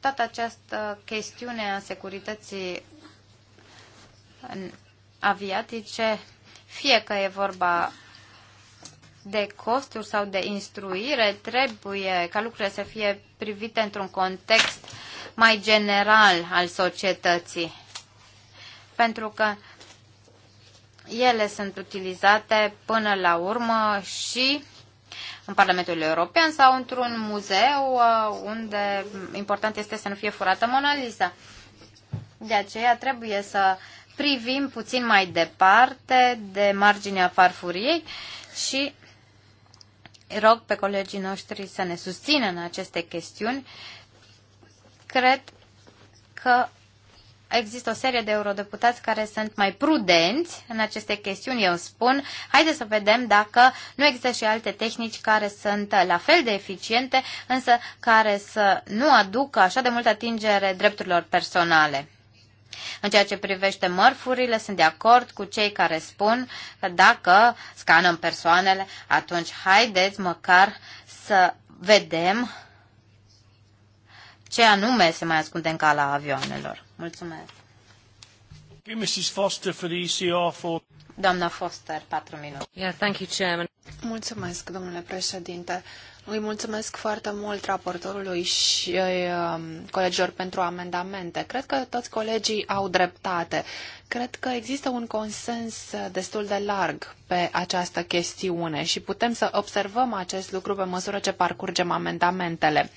[SPEAKER 3] toată această chestiune a securității aviatice, fie că e vorba de costuri sau de instruire, trebuie ca lucrurile să fie privite într-un context mai general al societății. Pentru că ele sunt utilizate până la urmă și în Parlamentul European sau într-un muzeu uh, unde important este să nu fie furată Mona Lisa. De aceea trebuie să privim puțin mai departe de marginea farfuriei și rog pe colegii noștri să ne susțină în aceste chestiuni. Cred că există o serie de eurodeputați care sunt mai prudenți în aceste chestiuni, eu spun, haideți să vedem dacă nu există și alte tehnici care sunt la fel de eficiente, însă care să nu aducă așa de multă atingere drepturilor personale. În ceea ce privește mărfurile, sunt de acord cu cei care spun că dacă scanăm persoanele, atunci haideți măcar să vedem ce anume se mai ascunde în cala avioanelor. Mulțumesc. Mrs. Foster for the ECR for... Doamna Foster, patru minute. Yeah, thank you, Chairman.
[SPEAKER 4] Mulțumesc, domnule președinte. Îi mulțumesc foarte mult raportorului și um, colegilor pentru amendamente. Cred că toți colegii au dreptate. Cred că există un consens destul de larg pe această chestiune și putem să observăm acest lucru pe măsură ce parcurgem amendamentele.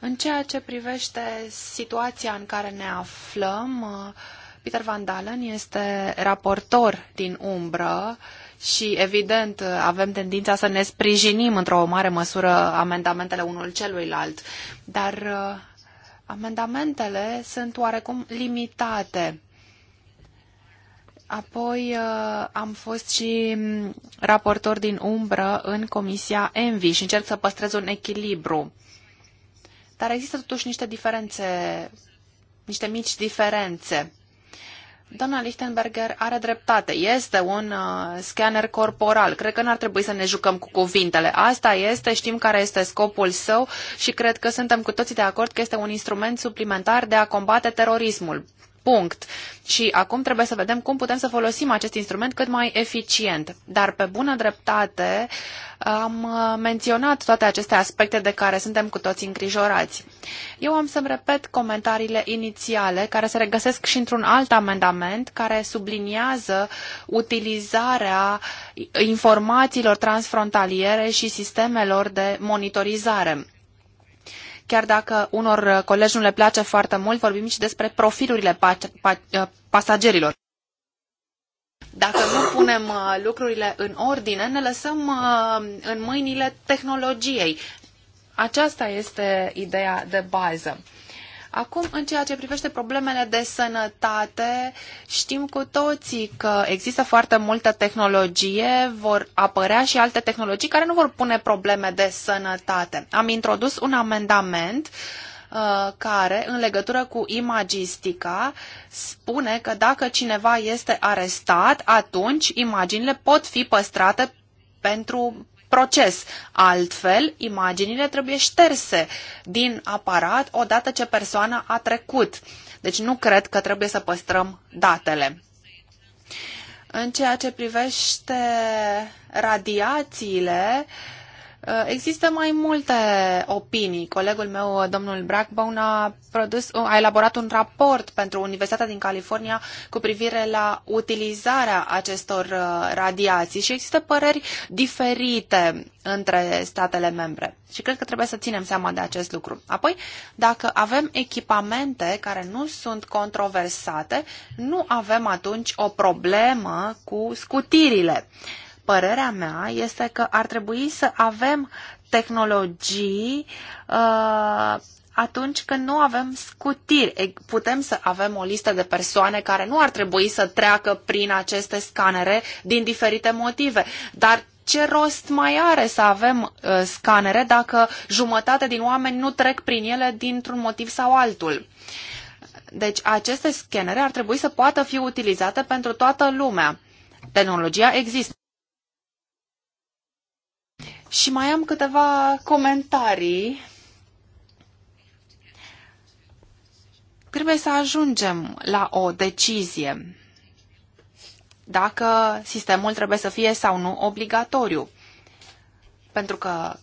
[SPEAKER 4] În ceea ce privește situația în care ne aflăm, uh, Peter Van Dalen este raportor din umbră uh, și, evident, avem tendința să ne sprijinim într-o mare măsură amendamentele unul celuilalt, dar uh, amendamentele sunt oarecum limitate. Apoi uh, am fost și raportor din umbră în Comisia Envi și încerc să păstrez un echilibru. Dar există totuși niște diferențe, niște mici diferențe. Doamna Lichtenberger are dreptate. Este un uh, scanner corporal. Cred că n-ar trebui să ne jucăm cu cuvintele. Asta este, știm care este scopul său și cred că suntem cu toții de acord că este un instrument suplimentar de a combate terorismul punct. Și acum trebuie să vedem cum putem să folosim acest instrument cât mai eficient. Dar pe bună dreptate am uh, menționat toate aceste aspecte de care suntem cu toți îngrijorați. Eu am să-mi repet comentariile inițiale care se regăsesc și într-un alt amendament care subliniază utilizarea informațiilor transfrontaliere și sistemelor de monitorizare chiar dacă unor colegi nu le place foarte mult, vorbim și despre profilurile pa pa eh, pasagerilor. Dacă nu punem eh, lucrurile în ordine, ne lăsăm eh, în mâinile tehnologiei. Aceasta este ideea de bază. Acum, în ceea ce privește problemele de sănătate, știm cu toții că există foarte multă tehnologie, vor apărea și alte tehnologii care nu vor pune probleme de sănătate. Am introdus un amendament uh, care, în legătură cu imagistica, spune că dacă cineva este arestat, atunci imaginile pot fi păstrate pentru proces. Altfel, imaginile trebuie șterse din aparat odată ce persoana a trecut. Deci nu cred că trebuie să păstrăm datele. În ceea ce privește radiațiile, uh, Uh, există mai multe opinii. Colegul meu, uh, domnul Brackbone, a, produs, uh, a elaborat un raport pentru Universitatea din California cu privire la utilizarea acestor radiații și există păreri diferite între statele membre. Și cred că trebuie să ținem seama de acest lucru. Apoi, dacă avem echipamente care nu sunt controversate, nu avem atunci o problemă cu scutirile. Părerea mea este că ar trebui să avem tehnologii uh, atunci când nu avem scutiri. Putem să avem o listă de persoane care nu ar trebui să treacă prin aceste scanere din diferite motive, dar ce rost mai are să avem uh, scanere dacă jumătate din oameni nu trec prin ele dintr-un motiv sau altul? Deci aceste scanere ar trebui să poată fi utilizate pentru toată lumea. Tehnologia există. Și mai am câteva comentarii. Trebuie să ajungem la o decizie dacă sistemul trebuie să fie sau nu obligatoriu. Pentru că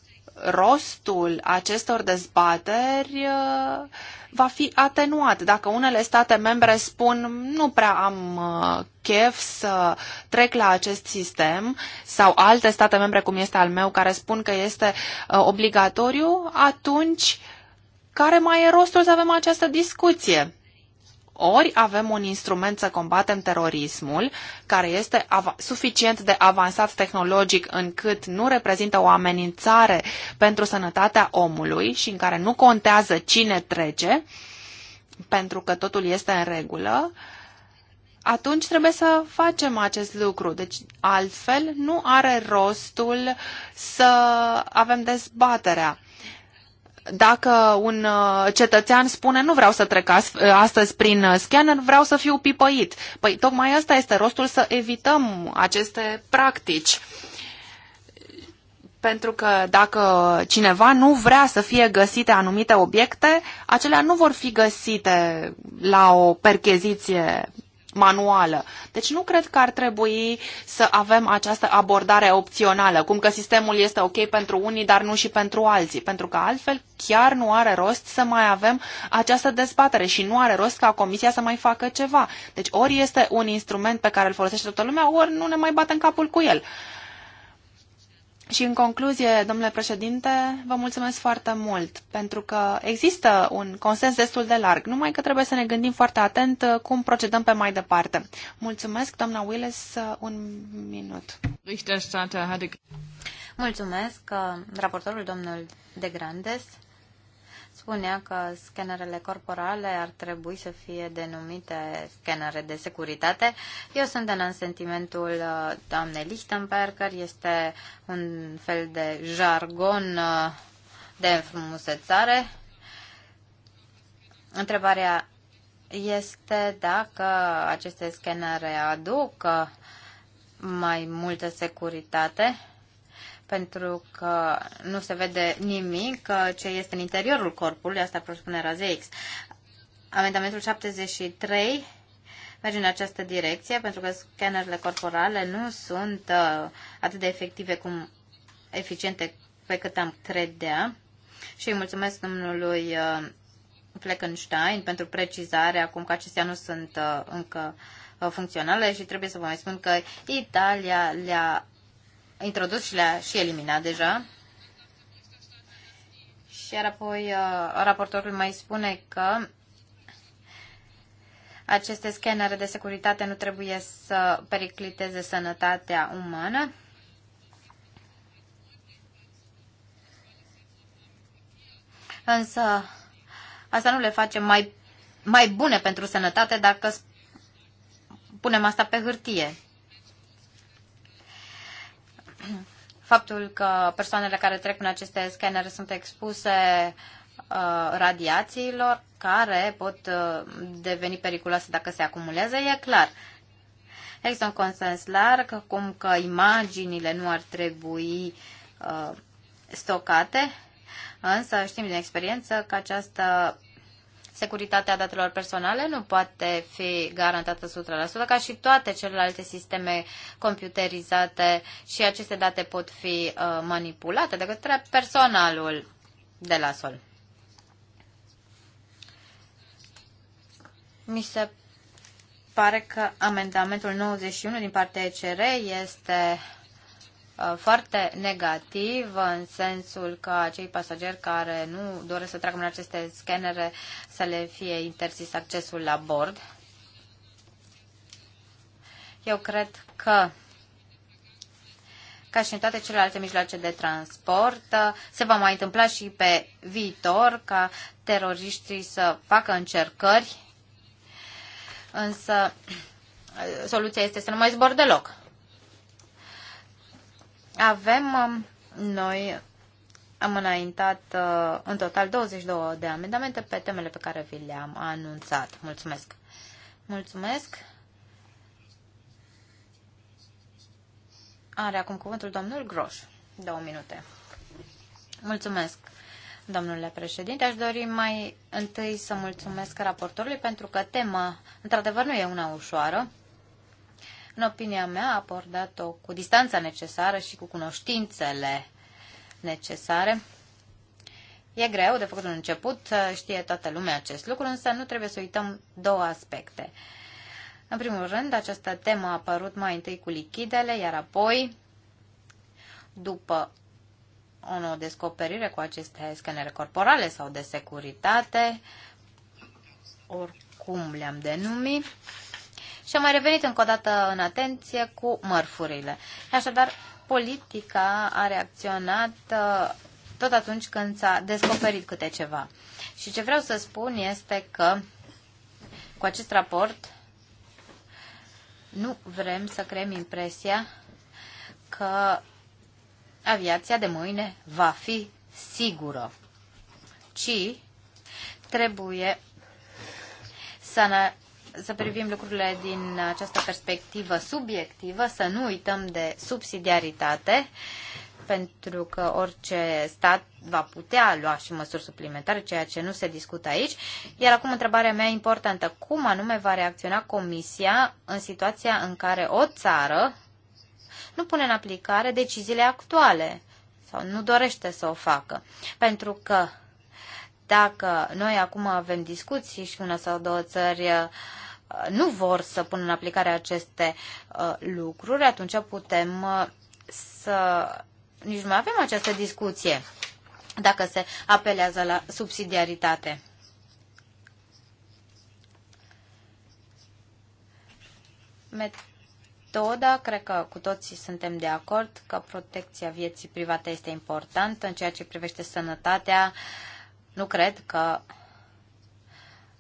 [SPEAKER 4] rostul acestor dezbateri uh, va fi atenuat. Dacă unele state membre spun nu prea am uh, chef să trec la acest sistem sau alte state membre cum este al meu care spun că este uh, obligatoriu, atunci care mai e rostul să avem această discuție? Ori avem un instrument să combatem terorismul, care este suficient de avansat tehnologic încât nu reprezintă o amenințare pentru sănătatea omului și în care nu contează cine trece, pentru că totul este în regulă, atunci trebuie să facem acest lucru. Deci, altfel, nu are rostul să avem dezbaterea dacă un uh, cetățean spune nu vreau să trec astăzi prin uh, scanner, vreau să fiu pipăit. Păi tocmai asta este rostul să evităm aceste practici. Pentru că dacă cineva nu vrea să fie găsite anumite obiecte, acelea nu vor fi găsite la o percheziție manuală. Deci nu cred că ar trebui să avem această abordare opțională, cum că sistemul este ok pentru unii, dar nu și pentru alții, pentru că altfel chiar nu are rost să mai avem această dezbatere și nu are rost ca Comisia să mai facă ceva. Deci ori este un instrument pe care îl folosește toată lumea, ori nu ne mai batem capul cu el. Și în concluzie, domnule președinte, vă mulțumesc foarte mult, pentru că există un consens destul de larg, numai că trebuie să ne gândim foarte atent uh, cum procedăm pe mai departe. Mulțumesc, doamna Willis, uh, un minut.
[SPEAKER 3] Mulțumesc, uh, raportorul domnul De Grandes spunea că scanerele corporale ar trebui să fie denumite scanere de securitate. Eu sunt în sentimentul uh, doamnei Lichtenberger, este un fel de jargon uh, de înfrumusețare. Întrebarea este dacă aceste scanere aduc uh, mai multă securitate pentru că nu se vede nimic uh, ce este în interiorul corpului, asta propune raze X. Amendamentul 73 merge în această direcție pentru că scannerele corporale nu sunt uh, atât de efective cum eficiente pe cât am credea. Și îi mulțumesc domnului uh, Fleckenstein pentru precizare, acum că acestea nu sunt încă funcționale și trebuie să vă mai spun că Italia le-a introdus și le-a și eliminat deja. Și iar apoi uh, raportorul mai spune că aceste scanere de securitate nu trebuie să pericliteze sănătatea umană. Însă asta nu le face mai, mai bune pentru sănătate dacă punem asta pe hârtie. faptul că persoanele care trec prin aceste scanere sunt expuse uh, radiațiilor care pot uh, deveni periculoase dacă se acumulează, e clar. Există un consens larg cum că imaginile nu ar trebui uh, stocate, însă știm din experiență că această Securitatea datelor personale nu poate fi garantată 100%, ca și toate celelalte sisteme computerizate și aceste date pot fi uh, manipulate de către personalul de la sol. Mi se pare că amendamentul 91 din partea ECR este Uh, foarte negativ uh, în sensul că acei pasageri care nu doresc să treacă în aceste scanere să le fie interzis accesul la bord. Eu cred că ca și în toate celelalte mijloace de transport, uh, se va mai întâmpla și pe viitor ca teroriștii să facă încercări, însă soluția este să nu mai zbor deloc. Avem um, noi am înaintat uh, în total 22 de amendamente pe temele pe care vi le-am anunțat. Mulțumesc! Mulțumesc! Are acum cuvântul domnul Groș. Două minute. Mulțumesc, domnule președinte. Aș dori mai întâi să mulțumesc raportorului pentru că tema, într-adevăr, nu e una ușoară. În opinia mea, a abordat-o cu distanța necesară și cu cunoștințele necesare. E greu, de făcut în început, știe toată lumea acest lucru, însă nu trebuie să uităm două aspecte. În primul rând, această temă a apărut mai întâi cu lichidele, iar apoi, după o nouă descoperire cu aceste scanere corporale sau de securitate, oricum le-am denumit, și am mai revenit încă o dată în atenție cu mărfurile. Așadar, politica a reacționat uh, tot atunci când s-a descoperit câte ceva. Și ce vreau să spun este că cu acest raport nu vrem să creăm impresia că aviația de mâine va fi sigură, ci trebuie să ne să privim lucrurile din această perspectivă subiectivă, să nu uităm de subsidiaritate, pentru că orice stat va putea lua și măsuri suplimentare, ceea ce nu se discută aici. Iar acum întrebarea mea importantă, cum anume va reacționa Comisia în situația în care o țară nu pune în aplicare deciziile actuale sau nu dorește să o facă? Pentru că dacă noi acum avem discuții și una sau două țări uh, nu vor să pună în aplicare aceste uh, lucruri, atunci putem uh, să nici nu mai avem această discuție dacă se apelează la subsidiaritate. Metoda, cred că cu toții suntem de acord că protecția vieții private este importantă în ceea ce privește sănătatea, uh, nu cred că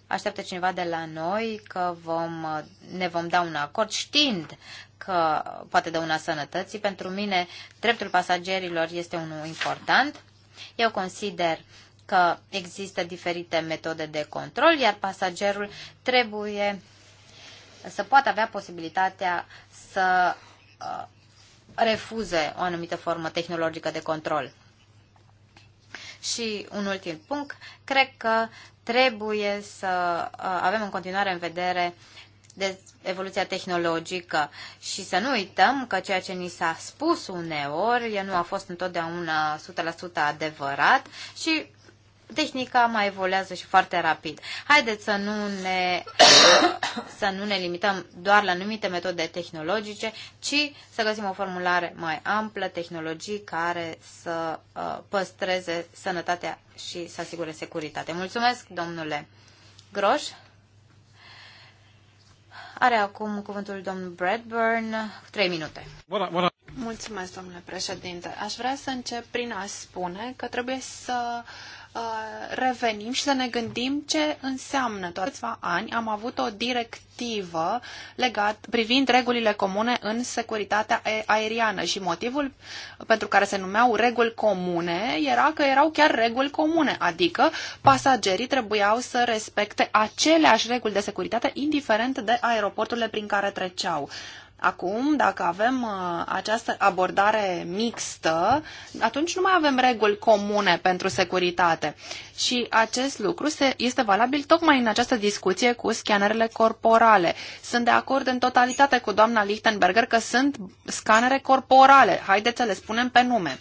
[SPEAKER 3] așteaptă cineva de la noi că vom, ne vom da un acord știind că poate dăuna sănătății. Pentru mine, dreptul pasagerilor este unul important. Eu consider că există diferite metode de control, iar pasagerul trebuie să poată avea posibilitatea să uh, refuze o anumită formă tehnologică de control. Și un ultim punct, cred că trebuie să uh, avem în continuare în vedere de evoluția tehnologică și să nu uităm că ceea ce ni s-a spus uneori nu a fost întotdeauna 100% adevărat și tehnica mai evoluează și foarte rapid. Haideți să nu ne, să nu ne limităm doar la anumite metode tehnologice, ci să găsim o formulare mai amplă, tehnologii care să uh, păstreze sănătatea și să asigure securitate. Mulțumesc, domnule Groș. Are acum cuvântul domnul Bradburn, trei minute. Mulțumesc, domnule
[SPEAKER 4] președinte. Aș vrea să încep prin a spune că trebuie să uh, Uh, revenim și să ne gândim ce înseamnă. Toți câțiva ani am avut o directivă legat, privind regulile comune în securitatea aeriană și motivul pentru care se numeau reguli comune era că erau chiar reguli comune, adică pasagerii trebuiau să respecte aceleași reguli de securitate indiferent de aeroporturile prin care treceau. Acum, dacă avem uh, această abordare mixtă, atunci nu mai avem reguli comune pentru securitate. Și acest lucru este valabil tocmai în această discuție cu scanerele corporale. Sunt de acord în totalitate cu doamna Lichtenberger că sunt scanere corporale. Haideți să le spunem pe nume.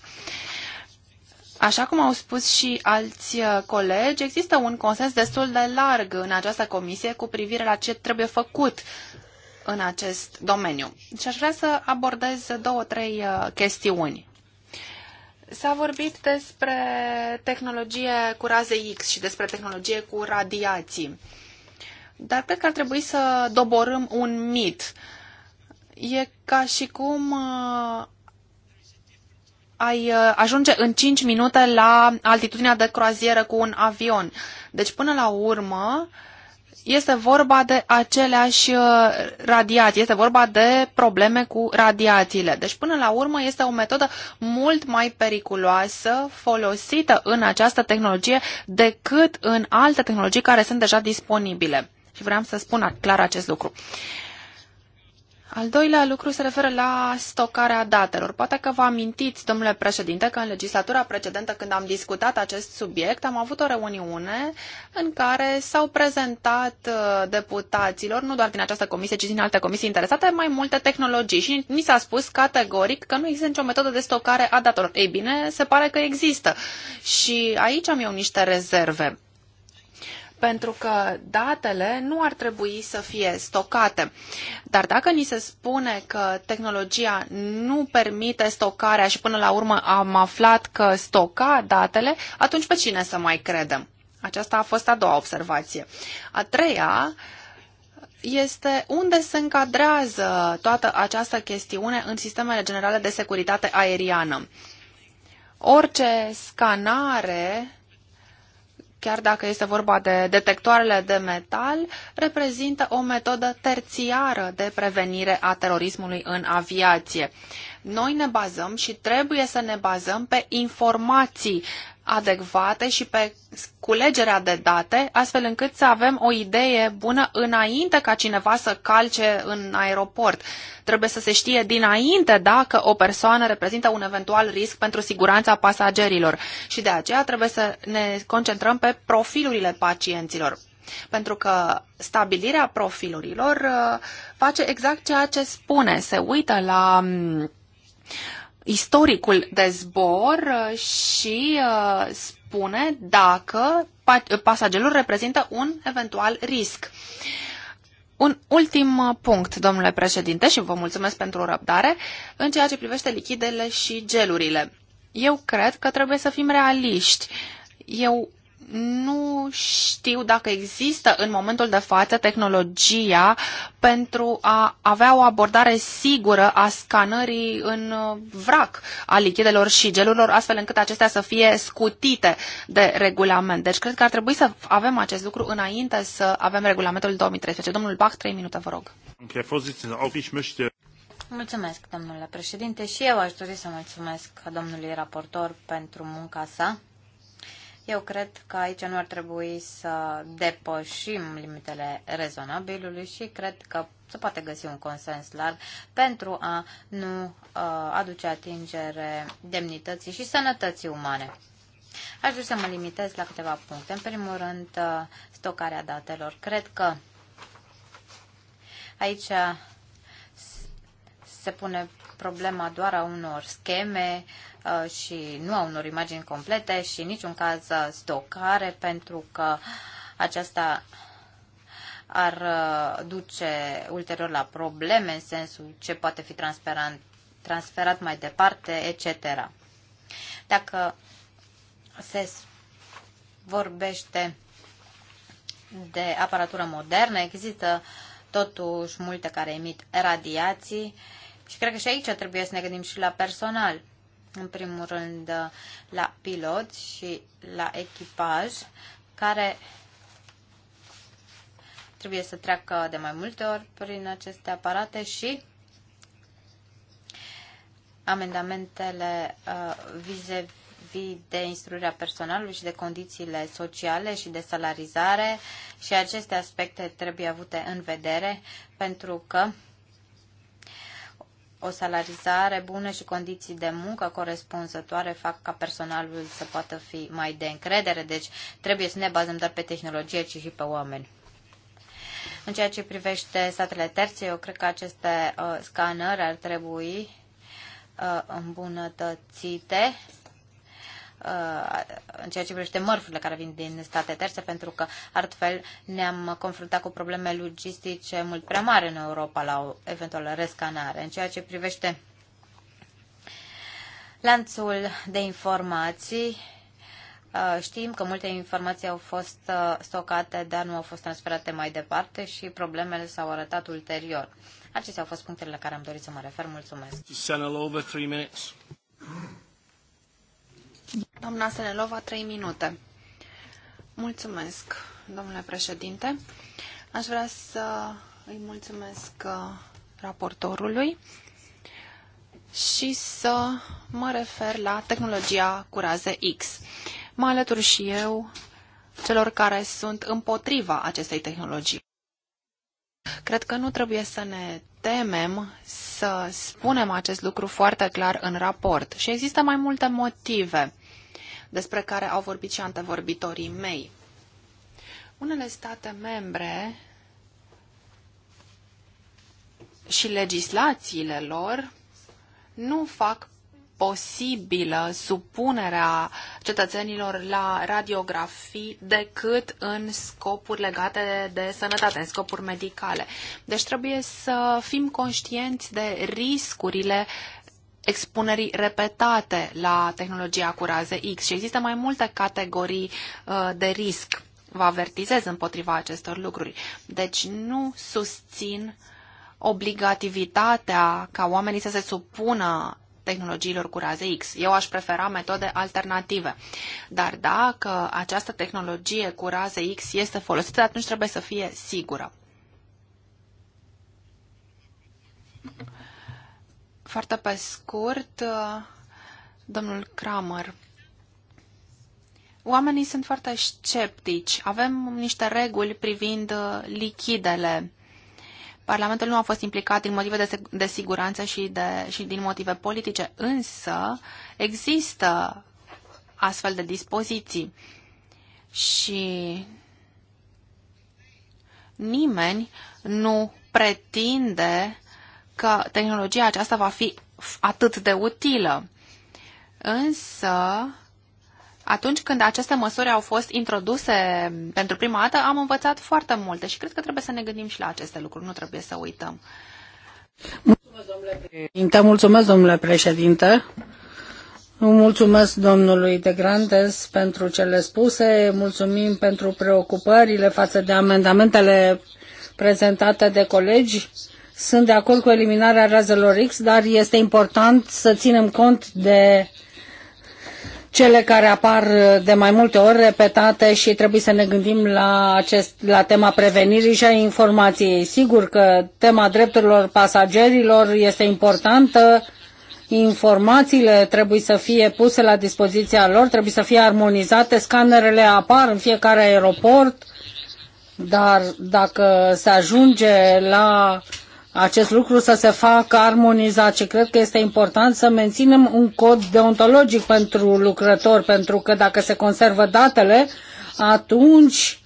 [SPEAKER 4] Așa cum au spus și alți uh, colegi, există un consens destul de larg în această comisie cu privire la ce trebuie făcut în acest domeniu. Și aș vrea să abordez două, trei uh, chestiuni. S-a vorbit despre tehnologie cu raze X și despre tehnologie cu radiații. Dar cred că ar trebui să doborâm un mit. E ca și cum uh, ai uh, ajunge în 5 minute la altitudinea de croazieră cu un avion. Deci, până la urmă, uh, este vorba de aceleași uh, radiații, este vorba de probleme cu radiațiile. Deci, până la urmă, este o metodă mult mai periculoasă folosită în această tehnologie decât în alte tehnologii care sunt deja disponibile. Și vreau să spun clar acest lucru. Uh, al doilea lucru se referă la stocarea datelor. Poate că vă amintiți, domnule președinte, că în legislatura precedentă, când am discutat acest subiect, am avut o reuniune în care s-au prezentat uh, deputaților, nu doar din această comisie, ci din alte comisii interesate, mai multe tehnologii și ni s-a spus categoric că nu există nicio metodă de stocare a datelor. Ei bine, se pare că există. Și aici am eu niște rezerve pentru că datele nu ar trebui să fie stocate. Dar dacă ni se spune că tehnologia nu permite stocarea și până la urmă am aflat că stoca datele, atunci pe cine să mai credem? Aceasta a fost a doua observație. A treia este unde se încadrează toată această chestiune în sistemele generale de securitate aeriană. Orice scanare chiar dacă este vorba de detectoarele de metal, reprezintă o metodă terțiară de prevenire a terorismului în aviație. Noi ne bazăm și trebuie să ne bazăm pe informații adecvate și pe culegerea de date, astfel încât să avem o idee bună înainte ca cineva să calce în aeroport. Trebuie să se știe dinainte dacă o persoană reprezintă un eventual risc pentru siguranța pasagerilor și de aceea trebuie să ne concentrăm pe profilurile pacienților. Pentru că stabilirea profilurilor uh, face exact ceea ce spune, se uită la mm, istoricul de zbor uh, și uh, spune dacă pasagerul reprezintă un eventual risc. Un ultim uh, punct, domnule președinte, și vă mulțumesc pentru răbdare, în ceea ce privește lichidele și gelurile. Eu cred că trebuie să fim realiști. Eu nu știu dacă există în momentul de față tehnologia pentru a avea o abordare sigură a scanării în vrac a lichidelor și gelurilor, astfel încât acestea să fie scutite de regulament. Deci cred că ar trebui să avem acest lucru înainte să avem regulamentul 2013. Domnul Bach, trei minute, vă rog.
[SPEAKER 3] Mulțumesc, domnule președinte, și eu aș dori să mulțumesc domnului raportor pentru munca sa eu cred că aici nu ar trebui să depășim limitele rezonabilului și cred că se poate găsi un consens larg pentru a nu uh, aduce atingere demnității și sănătății umane. Aș vrea să mă limitez la câteva puncte. În primul rând, uh, stocarea datelor. Cred că aici se pune problema doar a unor scheme uh, și nu a unor imagini complete și în niciun caz stocare, pentru că aceasta ar uh, duce ulterior la probleme în sensul ce poate fi transferat, mai departe, etc. Dacă se vorbește de aparatură modernă, există totuși multe care emit radiații și cred că și aici trebuie să ne gândim și la personal. În primul rând la pilot și la echipaj, care trebuie să treacă de mai multe ori prin aceste aparate și amendamentele uh, vis-a-vis uh, de instruirea personalului și de condițiile sociale și de salarizare și aceste aspecte trebuie avute în vedere pentru că o salarizare bună și condiții de muncă corespunzătoare fac ca personalul să poată fi mai de încredere, deci trebuie să ne bazăm doar pe tehnologie, ci și pe oameni. În ceea ce privește statele terțe, eu cred că aceste uh, scanări ar trebui uh, îmbunătățite Uh, în ceea ce privește mărfurile care vin din state terțe, pentru că altfel ne-am confruntat cu probleme logistice mult prea mari în Europa la o eventuală rescanare. În ceea ce privește lanțul de informații, uh, Știm că multe informații au fost uh, stocate, dar nu au fost transferate mai departe și problemele s-au arătat ulterior. Acestea au fost punctele la care am dorit să mă refer. Mulțumesc. Doamna Senelova, trei minute.
[SPEAKER 4] Mulțumesc, domnule președinte. Aș vrea să îi mulțumesc uh, raportorului și să mă refer la tehnologia cu raze X. Mă alătur și eu celor care sunt împotriva acestei tehnologii. Cred că nu trebuie să ne temem să spunem acest lucru foarte clar în raport și există mai multe motive despre care au vorbit și antevorbitorii mei. Unele state membre și legislațiile lor nu fac posibilă supunerea cetățenilor la radiografii decât în scopuri legate de sănătate, în scopuri medicale. Deci trebuie să fim conștienți de riscurile expunerii repetate la tehnologia cu raze X și există mai multe categorii uh, de risc. Vă avertizez împotriva acestor lucruri. Deci nu susțin obligativitatea ca oamenii să se supună tehnologiilor cu raze X. Eu aș prefera metode alternative. Dar dacă această tehnologie cu raze X este folosită, atunci trebuie să fie sigură. Foarte pe scurt, uh, domnul Kramer. Oamenii sunt foarte sceptici. Avem niște reguli privind uh, lichidele. Parlamentul nu a fost implicat din motive de, de siguranță și, de, și din motive politice, însă există astfel de dispoziții și nimeni nu pretinde că tehnologia aceasta va fi atât de utilă. Însă, atunci când aceste măsuri au fost introduse pentru prima dată, am învățat foarte multe și cred că trebuie să ne gândim și la aceste lucruri, nu trebuie să uităm.
[SPEAKER 2] Mulțumesc, domnule președinte. Mulțumesc, domnului de Grandes pentru cele spuse, mulțumim pentru preocupările față de amendamentele prezentate de colegi sunt de acord cu eliminarea razelor X, dar este important să ținem cont de cele care apar de mai multe ori repetate și trebuie să ne gândim la, acest, la tema prevenirii și a informației. Sigur că tema drepturilor pasagerilor este importantă, informațiile trebuie să fie puse la dispoziția lor, trebuie să fie armonizate, scanerele apar în fiecare aeroport, dar dacă se ajunge la uh, acest lucru să se facă armonizat și cred că este important să menținem un cod deontologic pentru lucrători, pentru că dacă se conservă datele, atunci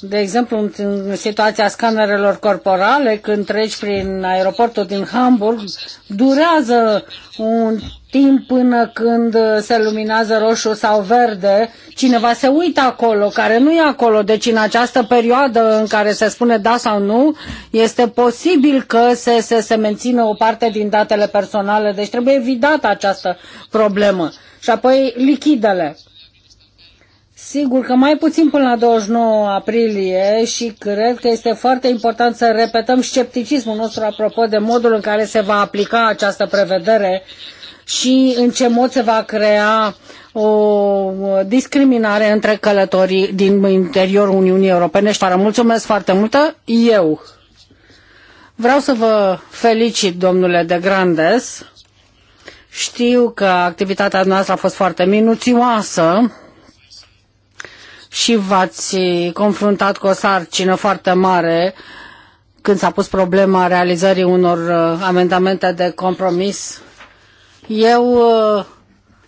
[SPEAKER 2] de exemplu, în situația scanerelor corporale, când treci prin aeroportul din Hamburg, durează un timp până când se luminează roșu sau verde. Cineva se uită acolo, care nu e acolo. Deci în această perioadă în care se spune da sau nu, este posibil că se, se, se mențină o parte din datele personale. Deci trebuie evitată această problemă. Și apoi lichidele. Sigur că mai puțin până la 29 aprilie și cred că este foarte important să repetăm scepticismul nostru apropo de modul în care se va aplica această prevedere și în ce mod se va crea o discriminare între călătorii din interiorul Uniunii Europene și Mulțumesc foarte mult. Eu vreau să vă felicit, domnule de Grandes. Știu că activitatea noastră a fost foarte minuțioasă și v-ați confruntat cu o sarcină foarte mare când s-a pus problema realizării unor uh, amendamente de compromis. Eu uh,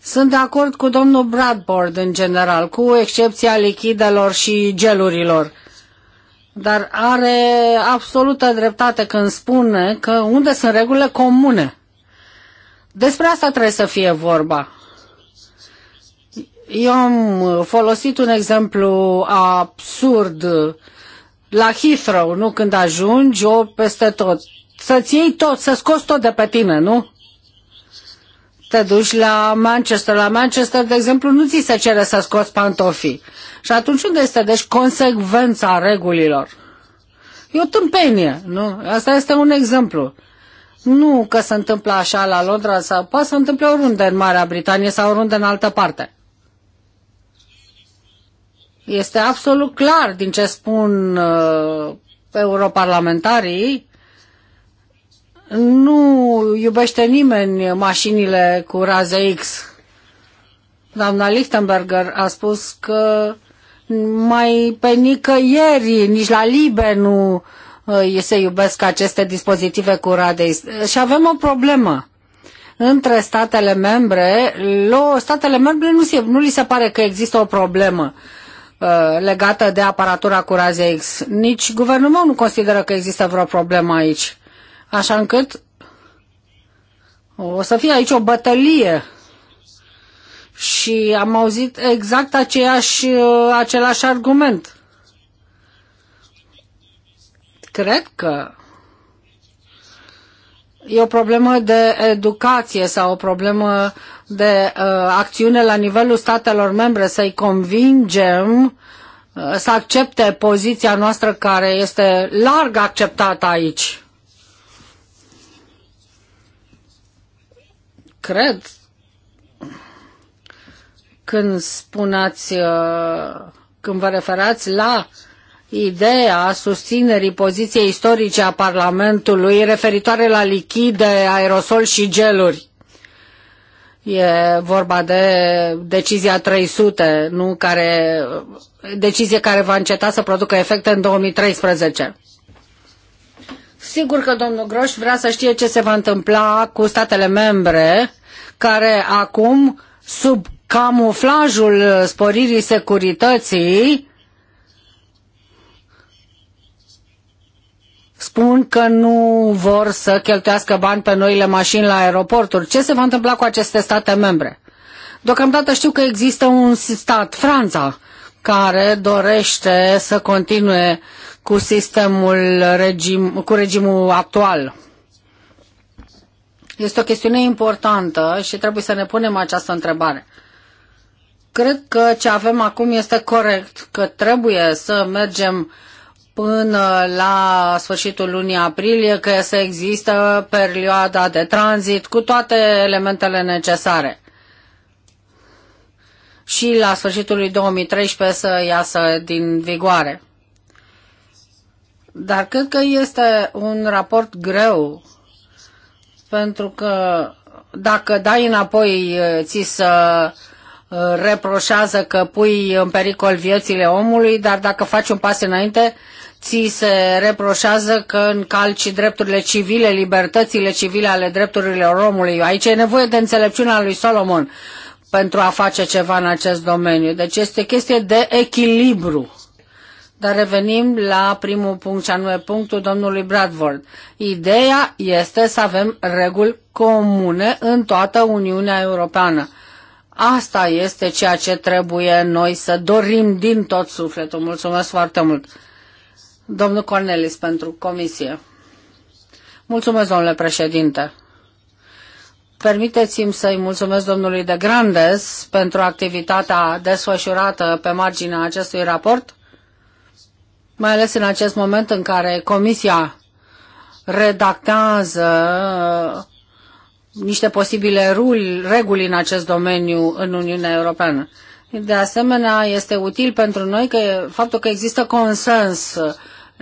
[SPEAKER 2] sunt de acord cu domnul Bradford în general, cu excepția lichidelor și gelurilor. Dar are absolută dreptate când spune că unde sunt regulile comune. Despre asta trebuie să fie vorba. Eu am folosit un exemplu absurd la Heathrow, nu? Când ajungi, o peste tot. Să-ți iei tot, să scoți tot de pe tine, nu? Te duci la Manchester. La Manchester, de exemplu, nu ți se cere să scoți pantofii. Și atunci unde este, deci, consecvența regulilor? E o tâmpenie, nu? Asta este un exemplu. Nu că se întâmplă așa la Londra, sau poate să întâmple oriunde în Marea Britanie sau oriunde în altă parte. Este absolut clar din ce spun uh, europarlamentarii. Nu iubește nimeni mașinile cu raze X. Doamna Lichtenberger a spus că mai pe nicăieri, nici la Libe nu uh, se iubesc aceste dispozitive cu raze X. Și avem o problemă între statele membre, lo, statele membre nu, se, nu li se pare că există o problemă. Uh, legată de aparatura cu raze X. Nici guvernul meu nu consideră că există vreo problemă aici. Așa încât o să fie aici o bătălie și am auzit exact aceeași, uh, același argument. Cred că E o problemă de educație sau o problemă de uh, acțiune la nivelul statelor membre, să-i convingem uh, să accepte poziția noastră care este larg acceptată aici. Cred când spuneați, uh, când vă referați la uh, ideea susținerii poziției istorice a Parlamentului referitoare la lichide, aerosol și geluri. E vorba de decizia 300, nu care, decizie care va înceta să producă efecte în 2013. Sigur că domnul Groș vrea să știe ce se va întâmpla cu statele membre care acum, sub camuflajul sporirii securității, spun că nu vor să cheltuiască bani pe noile mașini la aeroporturi. Ce se va întâmpla cu aceste state membre? Deocamdată știu că există un stat, Franța, care dorește să continue cu sistemul regim, cu regimul actual. Este o chestiune importantă și trebuie să ne punem această întrebare. Cred că ce avem acum este corect, că trebuie să mergem uh, până la sfârșitul lunii aprilie că să există perioada de tranzit cu toate elementele necesare. Și la sfârșitul lui 2013 să iasă din vigoare. Dar cred că este un raport greu, pentru că dacă dai înapoi, ți să uh, reproșează că pui în pericol viețile omului, dar dacă faci un pas înainte, ți se reproșează că încalci drepturile civile, libertățile civile ale drepturilor omului. Aici e nevoie de înțelepciunea lui Solomon pentru a face ceva în acest domeniu. Deci este chestie de echilibru. Dar revenim la primul punct, și anume punctul domnului Bradford. Ideea este să avem reguli comune în toată Uniunea Europeană. Asta este ceea ce trebuie noi să dorim din tot sufletul. Mulțumesc foarte mult! Domnul Cornelis pentru comisie. Mulțumesc, domnule președinte. Permiteți-mi să-i mulțumesc domnului de Grandes pentru activitatea desfășurată pe marginea acestui raport, mai ales în acest moment în care Comisia redactează uh, niște posibile ruli, reguli în acest domeniu în Uniunea Europeană. De asemenea, este util pentru noi că faptul că există consens uh,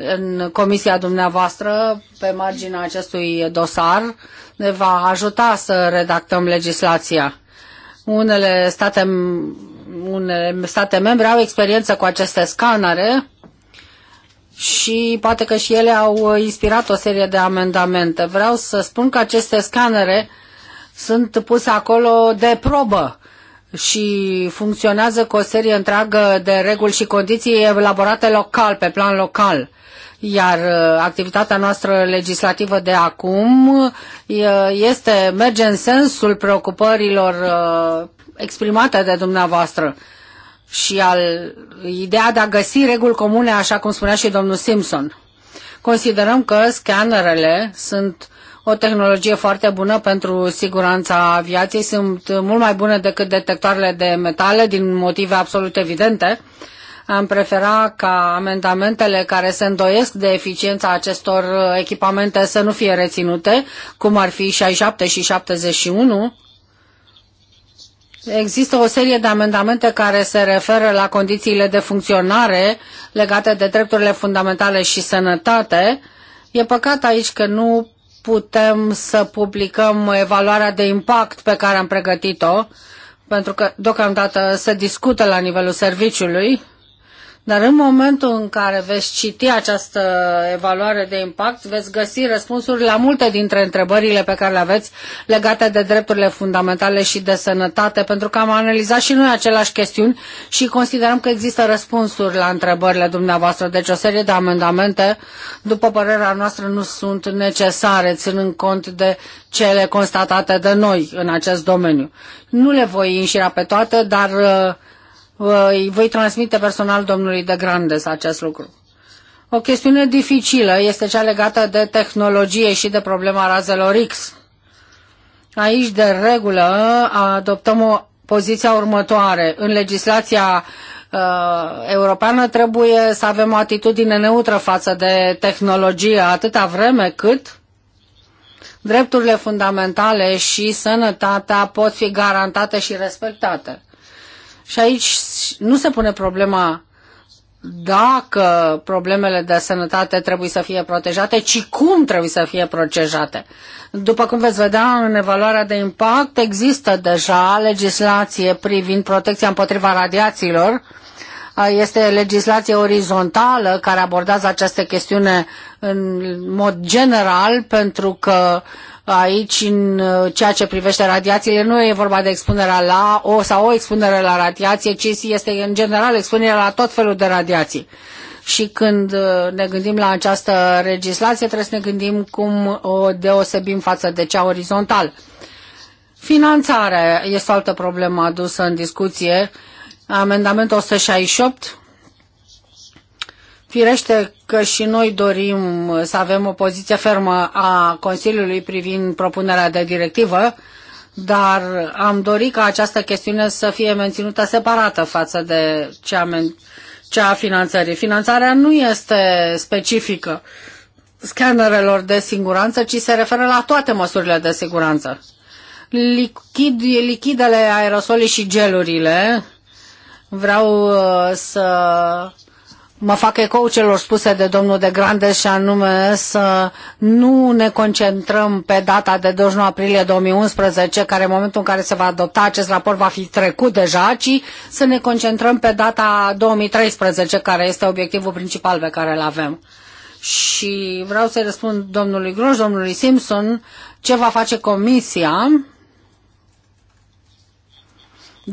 [SPEAKER 2] în comisia dumneavoastră pe marginea acestui dosar ne va ajuta să redactăm legislația. Unele state, unele state membre au experiență cu aceste scanere și poate că și ele au inspirat o serie de amendamente. Vreau să spun că aceste scanere sunt puse acolo de probă și funcționează cu o serie întreagă de reguli și condiții elaborate local, pe plan local. Iar uh, activitatea noastră legislativă de acum uh, este, merge în sensul preocupărilor uh, exprimate de dumneavoastră și al ideea de a găsi reguli comune, așa cum spunea și domnul Simpson. Considerăm că scanerele sunt o tehnologie foarte bună pentru siguranța aviației, sunt mult mai bune decât detectoarele de metale, din motive absolut evidente. Am prefera ca amendamentele care se îndoiesc de eficiența acestor echipamente să nu fie reținute, cum ar fi 67 și 71, Există o serie de amendamente care se referă la condițiile de funcționare legate de drepturile fundamentale și sănătate. E păcat aici că nu putem să publicăm evaluarea de impact pe care am pregătit-o, pentru că deocamdată se discută la nivelul serviciului dar în momentul în care veți citi această evaluare de impact, veți găsi răspunsuri la multe dintre întrebările pe care le aveți legate de drepturile fundamentale și de sănătate, pentru că am analizat și noi aceleași chestiuni și considerăm că există răspunsuri la întrebările dumneavoastră. Deci o serie de amendamente, după părerea noastră, nu sunt necesare, ținând cont de cele constatate de noi în acest domeniu. Nu le voi înșira pe toate, dar uh, voi, voi transmite personal domnului de Grandes acest lucru. O chestiune dificilă este cea legată de tehnologie și de problema razelor X. Aici, de regulă, adoptăm o poziția următoare. În legislația uh, europeană trebuie să avem o atitudine neutră față de tehnologie atâta vreme cât drepturile fundamentale și sănătatea pot fi garantate și respectate. Și aici nu se pune problema dacă problemele de sănătate trebuie să fie protejate, ci cum trebuie să fie protejate. După cum veți vedea în evaluarea de impact, există deja legislație privind protecția împotriva radiațiilor. Este legislație orizontală care abordează această chestiune în mod general pentru că aici în uh, ceea ce privește radiațiile, nu e vorba de expunerea la o sau o expunere la radiație, ci este în general expunerea la tot felul de radiații. Și când uh, ne gândim la această legislație, trebuie să ne gândim cum o deosebim față de cea orizontală. Finanțarea este o altă problemă adusă în discuție. Amendamentul 168 Firește că și noi dorim să avem o poziție fermă a Consiliului privind propunerea de directivă, dar am dorit ca această chestiune să fie menținută separată față de cea, men- cea a finanțării. Finanțarea nu este specifică scanerelor de siguranță, ci se referă la toate măsurile de siguranță. Lichid, lichidele, aerosolii și gelurile, vreau uh, să mă fac ecou celor spuse de domnul de Grande și anume să nu ne concentrăm pe data de 29 aprilie 2011, care în momentul în care se va adopta acest raport va fi trecut deja, ci să ne concentrăm pe data 2013, care este obiectivul principal pe care îl avem. Și vreau să-i răspund domnului Groș, domnului Simpson, ce va face comisia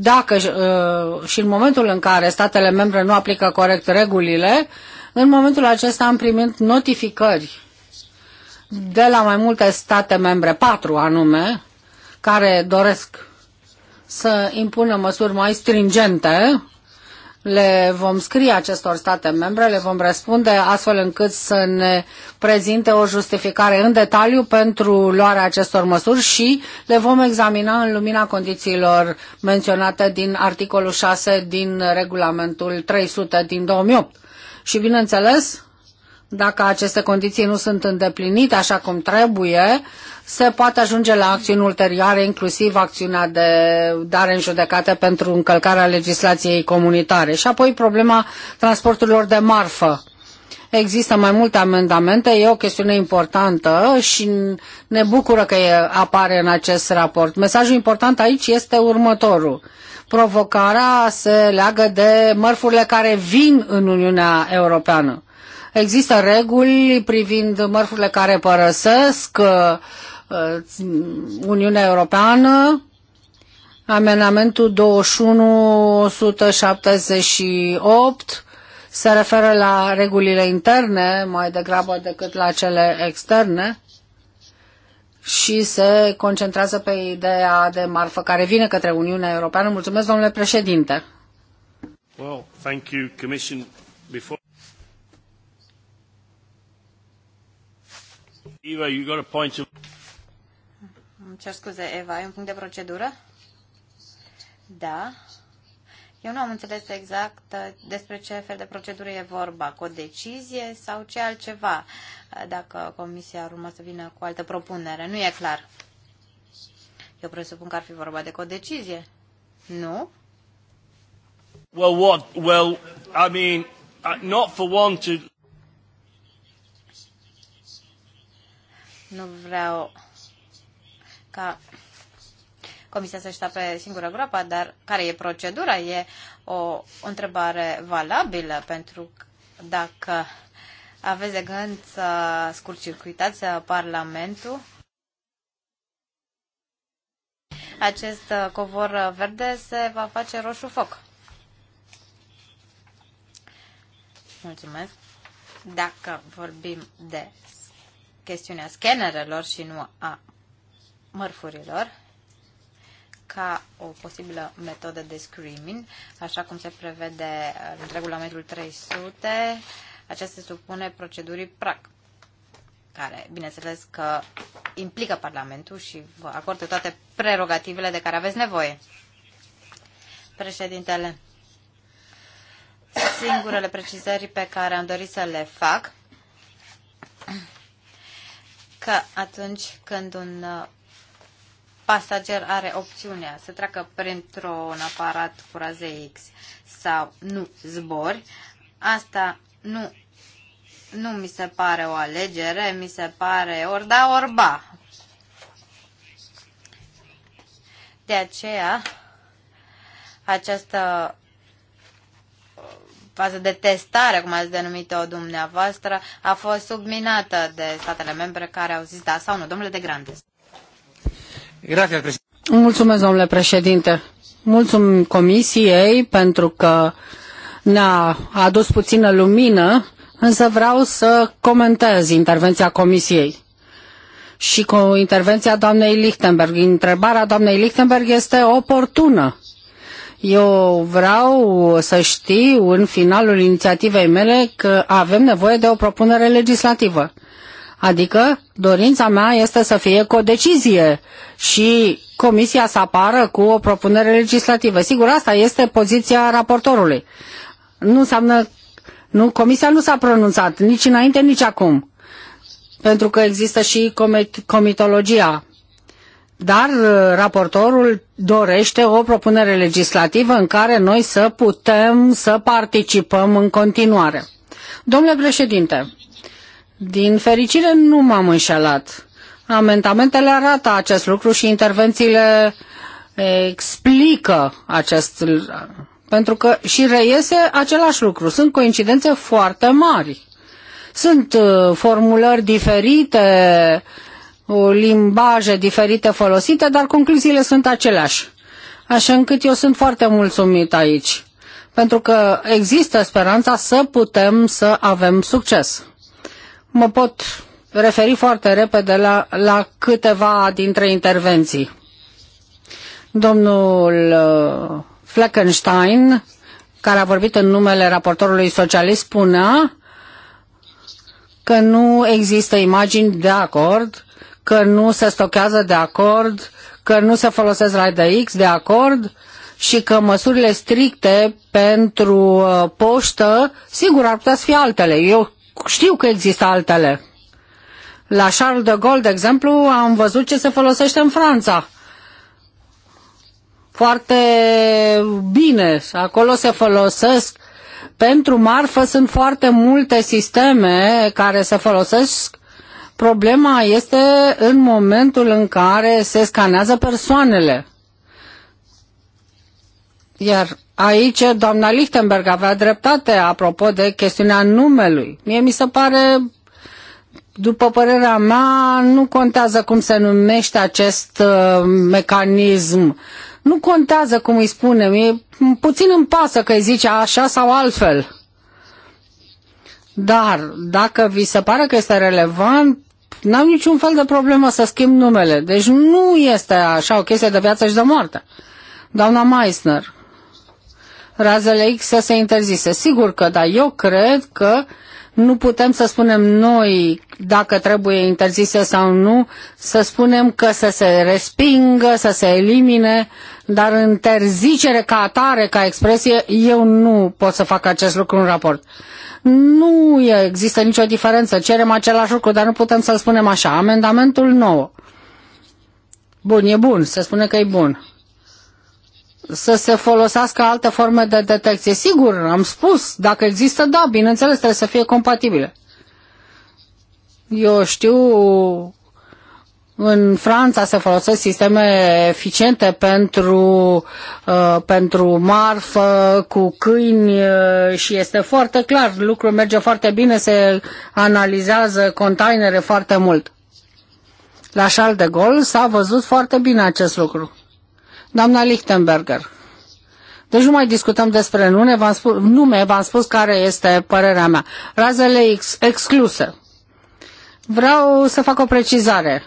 [SPEAKER 2] dacă uh, și în momentul în care statele membre nu aplică corect regulile, în momentul acesta am primit notificări de la mai multe state membre, patru anume, care doresc să impună măsuri mai stringente le vom scrie acestor state membre, le vom răspunde astfel încât să ne prezinte o justificare în detaliu pentru luarea acestor măsuri și le vom examina în lumina condițiilor menționate din articolul 6 din regulamentul 300 din 2008. Și bineînțeles, dacă aceste condiții nu sunt îndeplinite așa cum trebuie, se poate ajunge la acțiuni ulterioare, inclusiv acțiunea de dare în judecată pentru încălcarea legislației comunitare. Și apoi problema transporturilor de marfă. Există mai multe amendamente, e o chestiune importantă și ne bucură că apare în acest raport. Mesajul important aici este următorul. Provocarea se leagă de mărfurile care vin în Uniunea Europeană. Există reguli privind mărfurile care părăsesc uh, uh, Uniunea Europeană. Amenamentul 21178 se referă la regulile interne mai degrabă decât la cele externe și se concentrează pe ideea de marfă care vine către Uniunea Europeană. Mulțumesc, domnule președinte.
[SPEAKER 1] Well, thank you, Commission. Before... Eva, you got a point to...
[SPEAKER 3] Îmi cer scuze, Eva, ai un punct de procedură? Da. Eu nu am înțeles exact uh, despre ce fel de procedură e vorba, cu o decizie sau ce altceva, uh, dacă comisia ar urma să vină cu altă propunere. Nu e clar. Eu presupun că ar fi vorba de o decizie. Nu? Well, what? Well, I mean, uh, not for one to... Nu vreau ca comisia să-și tape singură groapa, dar care e procedura? E o întrebare valabilă pentru dacă aveți de gând să scurcircuitați Parlamentul? Acest covor verde se va face roșu foc. Mulțumesc. Dacă vorbim de chestiunea scanerelor și nu a mărfurilor ca o posibilă metodă de screening, așa cum se prevede în regulamentul 300, aceasta se supune procedurii PRAC, care, bineînțeles, că implică Parlamentul și vă acordă toate prerogativele de care aveți nevoie. Președintele, singurele precizări pe care am dorit să le fac că atunci când un uh, pasager are opțiunea să treacă printr-un aparat cu raze X sau nu zbori, asta nu, nu mi se pare o alegere, mi se pare ori da, ori ba. De aceea, această fază de testare, cum ați denumit-o dumneavoastră, a fost subminată de statele membre care au zis da sau nu. Domnule de Grande.
[SPEAKER 2] Mulțumesc, domnule președinte. Mulțumim comisiei pentru că ne-a adus puțină lumină, însă vreau să comentez intervenția comisiei și cu intervenția doamnei Lichtenberg. Întrebarea doamnei Lichtenberg este oportună eu vreau să știu în finalul inițiativei mele că avem nevoie de o propunere legislativă. Adică dorința mea este să fie codecizie și comisia să apară cu o propunere legislativă. Sigur, asta este poziția raportorului. Nu înseamnă, nu, comisia nu s-a pronunțat nici înainte, nici acum. Pentru că există și comitologia dar uh, raportorul dorește o propunere legislativă în care noi să putem să participăm în continuare. Domnule președinte, din fericire nu m-am înșelat. Amendamentele arată acest lucru și intervențiile explică acest pentru că și reiese același lucru. Sunt coincidențe foarte mari. Sunt uh, formulări diferite o limbaje diferite folosite, dar concluziile sunt aceleași. Așa încât eu sunt foarte mulțumit aici, pentru că există speranța să putem să avem succes. Mă pot referi foarte repede la, la câteva dintre intervenții. Domnul uh, Fleckenstein, care a vorbit în numele raportorului socialist, spunea că nu există imagini de acord că nu se stochează de acord, că nu se folosesc RAID X de acord și că măsurile stricte pentru uh, poștă, sigur, ar putea să fie altele. Eu știu că există altele. La Charles de Gaulle, de exemplu, am văzut ce se folosește în Franța. Foarte bine. Acolo se folosesc. Pentru marfă sunt foarte multe sisteme care se folosesc Problema este în momentul în care se scanează persoanele. Iar aici doamna Lichtenberg avea dreptate apropo de chestiunea numelui. Mie mi se pare, după părerea mea, nu contează cum se numește acest uh, mecanism. Nu contează cum îi spunem, e puțin îmi pasă că îi zice așa sau altfel. Dar dacă vi se pare că este relevant, n au niciun fel de problemă să schimb numele. Deci nu este așa o chestie de viață și de moarte. Doamna Meissner, razele X să se interzise. Sigur că da, eu cred că nu putem să spunem noi dacă trebuie interzise sau nu, să spunem că să se respingă, să se elimine, dar interzicere ca atare, ca expresie, eu nu pot să fac acest lucru în raport. Nu există nicio diferență. Cerem același lucru, dar nu putem să-l spunem așa. Amendamentul 9. Bun, e bun. Se spune că e bun. Să se folosească alte forme de detecție. Sigur, am spus. Dacă există, da, bineînțeles, trebuie să fie compatibile. Eu știu în Franța se folosesc sisteme eficiente pentru, uh, pentru marfă, cu câini uh, și este foarte clar, lucrul merge foarte bine, se analizează containere foarte mult. La Charles de Gaulle s-a văzut foarte bine acest lucru. Doamna Lichtenberger. Deci nu mai discutăm despre nume, v-am spus, nume, v-am spus care este părerea mea. Razele ex- excluse. Vreau să fac o precizare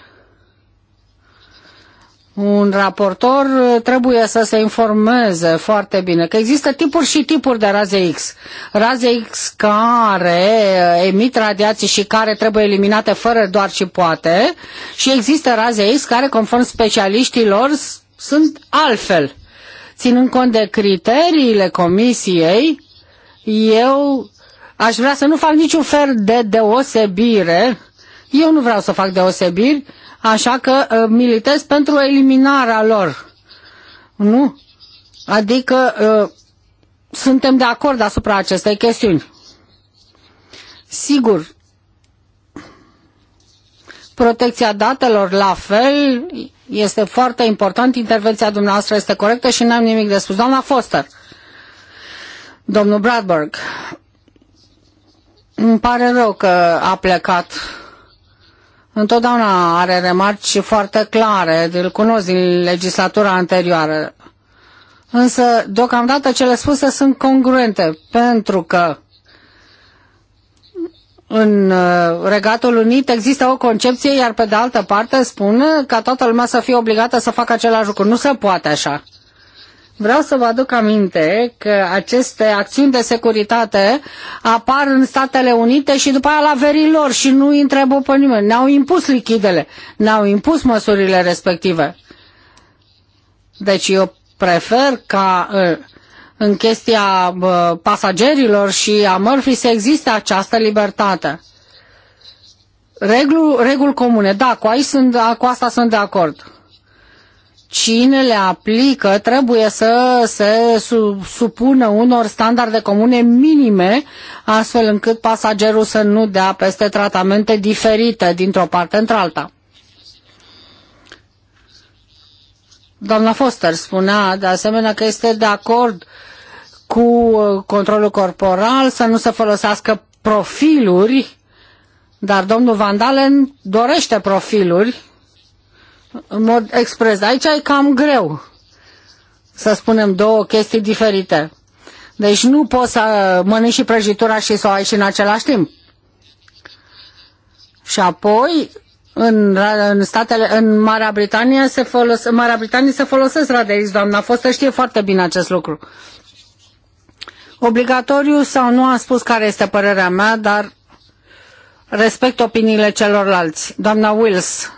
[SPEAKER 2] un raportor uh, trebuie să se informeze foarte bine că există tipuri și tipuri de raze X. Raze X care uh, emit radiații și care trebuie eliminate fără doar și poate și există raze X care, conform specialiștilor, sunt altfel. Ținând cont de criteriile comisiei, eu aș vrea să nu fac niciun fel de deosebire. Eu nu vreau să fac deosebiri, așa că uh, militez pentru eliminarea lor. Nu? Adică uh, suntem de acord asupra acestei chestiuni. Sigur, protecția datelor la fel este foarte important, intervenția dumneavoastră este corectă și n-am nimic de spus. Doamna Foster, domnul Bradberg, îmi pare rău că a plecat întotdeauna are remarci foarte clare, îl cunosc din legislatura anterioară. Însă, deocamdată, cele spuse sunt congruente, pentru că în uh, Regatul Unit există o concepție, iar pe de altă parte spune ca toată lumea să fie obligată să facă același lucru. Nu se poate așa. Vreau să vă aduc aminte că aceste acțiuni de securitate apar în Statele Unite și după aia la verii lor și nu îi întrebă pe nimeni. Ne-au impus lichidele, ne-au impus măsurile respective. Deci eu prefer ca ă, în chestia pasagerilor și a mărfii să existe această libertate. Regul, regul comune, da, cu, aici sunt, cu asta sunt de acord cine le aplică trebuie să se supună unor standarde comune minime, astfel încât pasagerul să nu dea peste tratamente diferite dintr-o parte într-alta. Doamna Foster spunea de asemenea că este de acord cu controlul corporal, să nu se folosească profiluri, dar domnul Vandalen dorește profiluri în mod expres. Aici e cam greu să spunem două chestii diferite. Deci nu poți să mănânci și prăjitura și să o ai și în același timp. Și apoi, în, în, statele, în Marea Britanie se folos, Marea Britanie se folosesc radeiți, doamna fostă știe foarte bine acest lucru. Obligatoriu sau nu am spus care este părerea mea, dar respect opiniile celorlalți. Doamna Wills,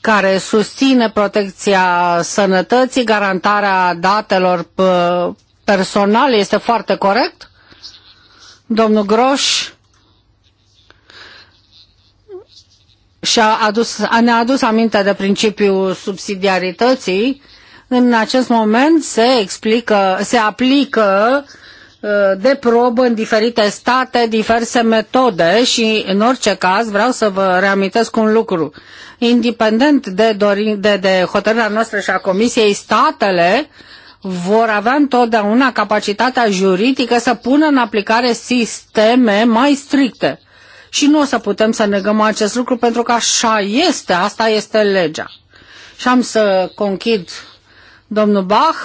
[SPEAKER 2] care susține protecția sănătății, garantarea datelor uh, personale, este foarte corect? Domnul Groș și-a adus, ne-a adus aminte de principiul subsidiarității. În acest moment se explică, se aplică uh, Uh, de probă în diferite state, diverse metode și în orice caz vreau să vă reamintesc un lucru. Independent de, dorin, de, de hotărârea noastră și a Comisiei, statele vor avea întotdeauna capacitatea juridică să pună în aplicare sisteme mai stricte. Și nu o să putem să negăm acest lucru pentru că așa este, asta este legea. Și am să conchid domnul Bach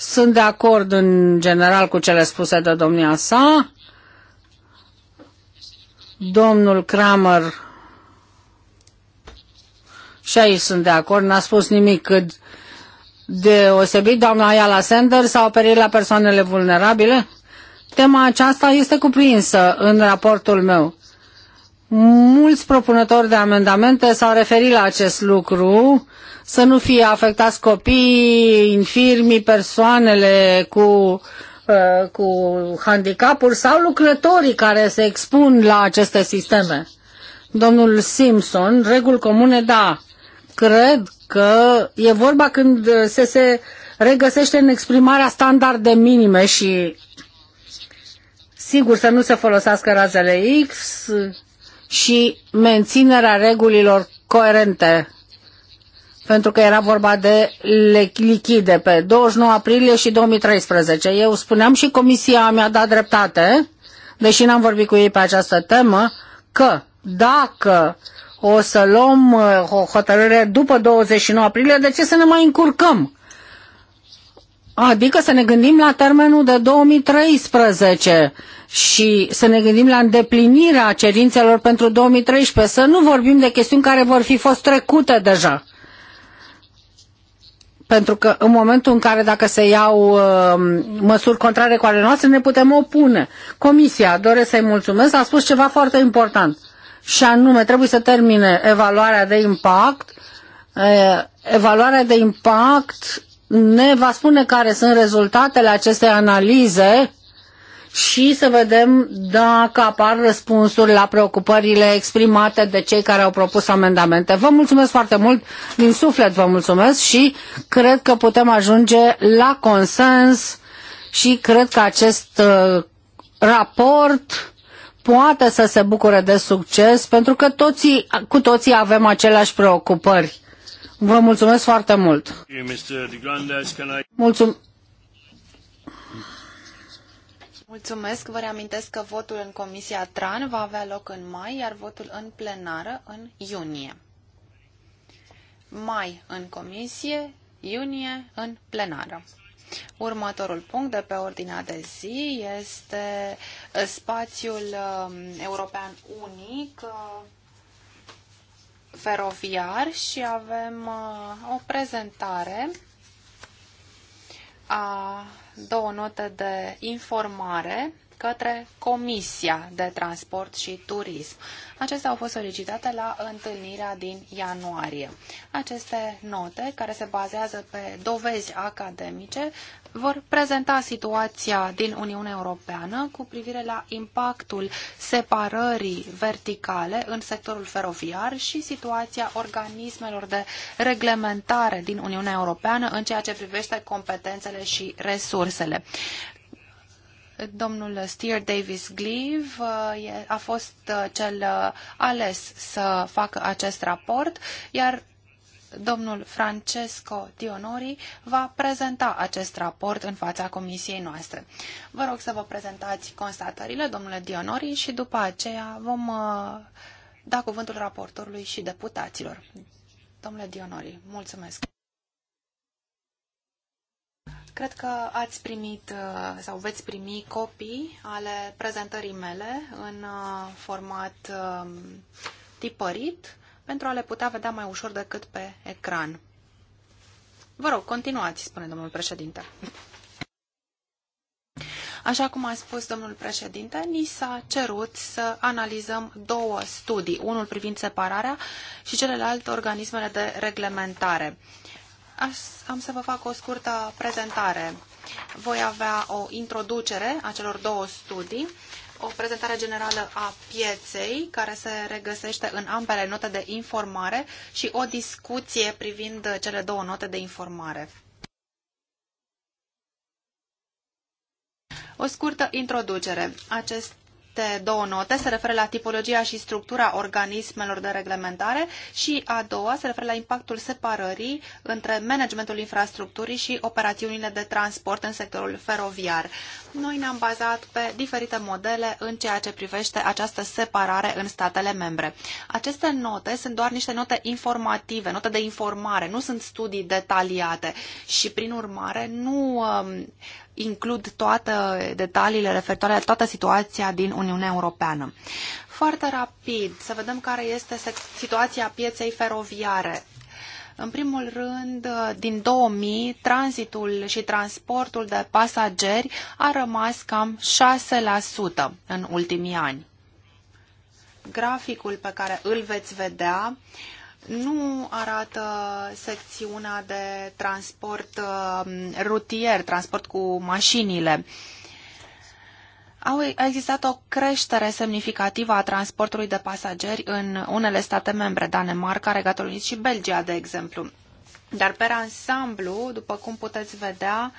[SPEAKER 2] sunt de acord în general cu cele spuse de domnia sa. Domnul Kramer și aici sunt de acord, n-a spus nimic cât deosebit. Doamna Ayala Sender s-a operit la persoanele vulnerabile. Tema aceasta este cuprinsă în raportul meu. Mulți propunători de amendamente s-au referit la acest lucru, să nu fie afectați copiii, infirmii, persoanele cu, uh, cu handicapuri sau lucrătorii care se expun la aceste sisteme. Domnul Simpson, reguli comune, da, cred că e vorba când se, se regăsește în exprimarea standarde minime și sigur să nu se folosească razele X, și menținerea regulilor coerente pentru că era vorba de lichide pe 29 aprilie și 2013. Eu spuneam și comisia mi-a dat dreptate, deși n-am vorbit cu ei pe această temă, că dacă o să luăm uh, o hotărâre după 29 aprilie, de ce să ne mai încurcăm? Adică să ne gândim la termenul de 2013 și să ne gândim la îndeplinirea cerințelor pentru 2013, să nu vorbim de chestiuni care vor fi fost trecute deja. Pentru că în momentul în care dacă se iau uh, măsuri contrare cu ale noastre, ne putem opune. Comisia, doresc să-i mulțumesc, a spus ceva foarte important. Și anume, trebuie să termine evaluarea de impact. Uh, evaluarea de impact ne va spune care sunt rezultatele acestei analize și să vedem dacă apar răspunsuri la preocupările exprimate de cei care au propus amendamente. Vă mulțumesc foarte mult, din suflet vă mulțumesc și cred că putem ajunge la consens și cred că acest uh, raport poate să se bucure de succes pentru că toții, cu toții avem aceleași preocupări Vă mulțumesc foarte mult. Mulțum-
[SPEAKER 4] Mulțumesc. Vă reamintesc că votul în Comisia TRAN va avea loc în mai, iar votul în plenară în iunie. Mai în comisie, iunie în plenară. Următorul punct de pe ordinea de zi este uh, spațiul um, european unic uh, feroviar și avem uh, o prezentare a două note de informare către Comisia de Transport și Turism. Acestea au fost solicitate la întâlnirea din ianuarie. Aceste note, care se bazează pe dovezi academice, vor prezenta situația din Uniunea Europeană cu privire la impactul separării verticale în sectorul feroviar și situația organismelor de reglementare din Uniunea Europeană în ceea ce privește competențele și resursele. Domnul Steer Davis Gleave uh, a fost uh, cel uh, ales să facă acest raport, iar domnul Francesco Dionori va prezenta acest raport în fața comisiei noastre. Vă rog să vă prezentați constatările, domnule Dionori, și după aceea vom da cuvântul raportorului și deputaților. Domnule Dionori, mulțumesc. Cred că ați primit uh, sau veți primi copii ale prezentării mele în uh, format um, tipărit pentru a le putea vedea mai ușor decât pe ecran. Vă rog, continuați, spune domnul președinte. Așa cum a spus domnul președinte, ni s-a cerut să analizăm două studii, unul privind separarea și celălalt organismele de reglementare. Uh, am să vă fac o scurtă prezentare. Voi avea o introducere a celor două studii, o prezentare generală a pieței, care se regăsește în ambele note de informare și o discuție privind cele două note de informare. O scurtă introducere. Acest aceste două note se referă la tipologia și structura organismelor de reglementare și a doua se referă la impactul separării între managementul infrastructurii și operațiunile de transport în sectorul feroviar noi ne-am bazat pe diferite modele în ceea ce privește această separare în statele membre. Aceste note sunt doar niște note informative, note de informare, nu sunt studii detaliate și, prin urmare, nu um, includ toate detaliile referitoare la toată situația din Uniunea Europeană. Foarte rapid, să vedem care este situația pieței feroviare în primul rând, din 2000, tranzitul și transportul de pasageri a rămas cam 6% în ultimii ani. Graficul pe care îl veți vedea nu arată secțiunea de transport um, rutier, transport cu mașinile. Au, a existat o creștere semnificativă a transportului de pasageri în unele state membre, Danemarca, Regatul Unit și Belgia, de exemplu. Dar, pe ansamblu, după cum puteți vedea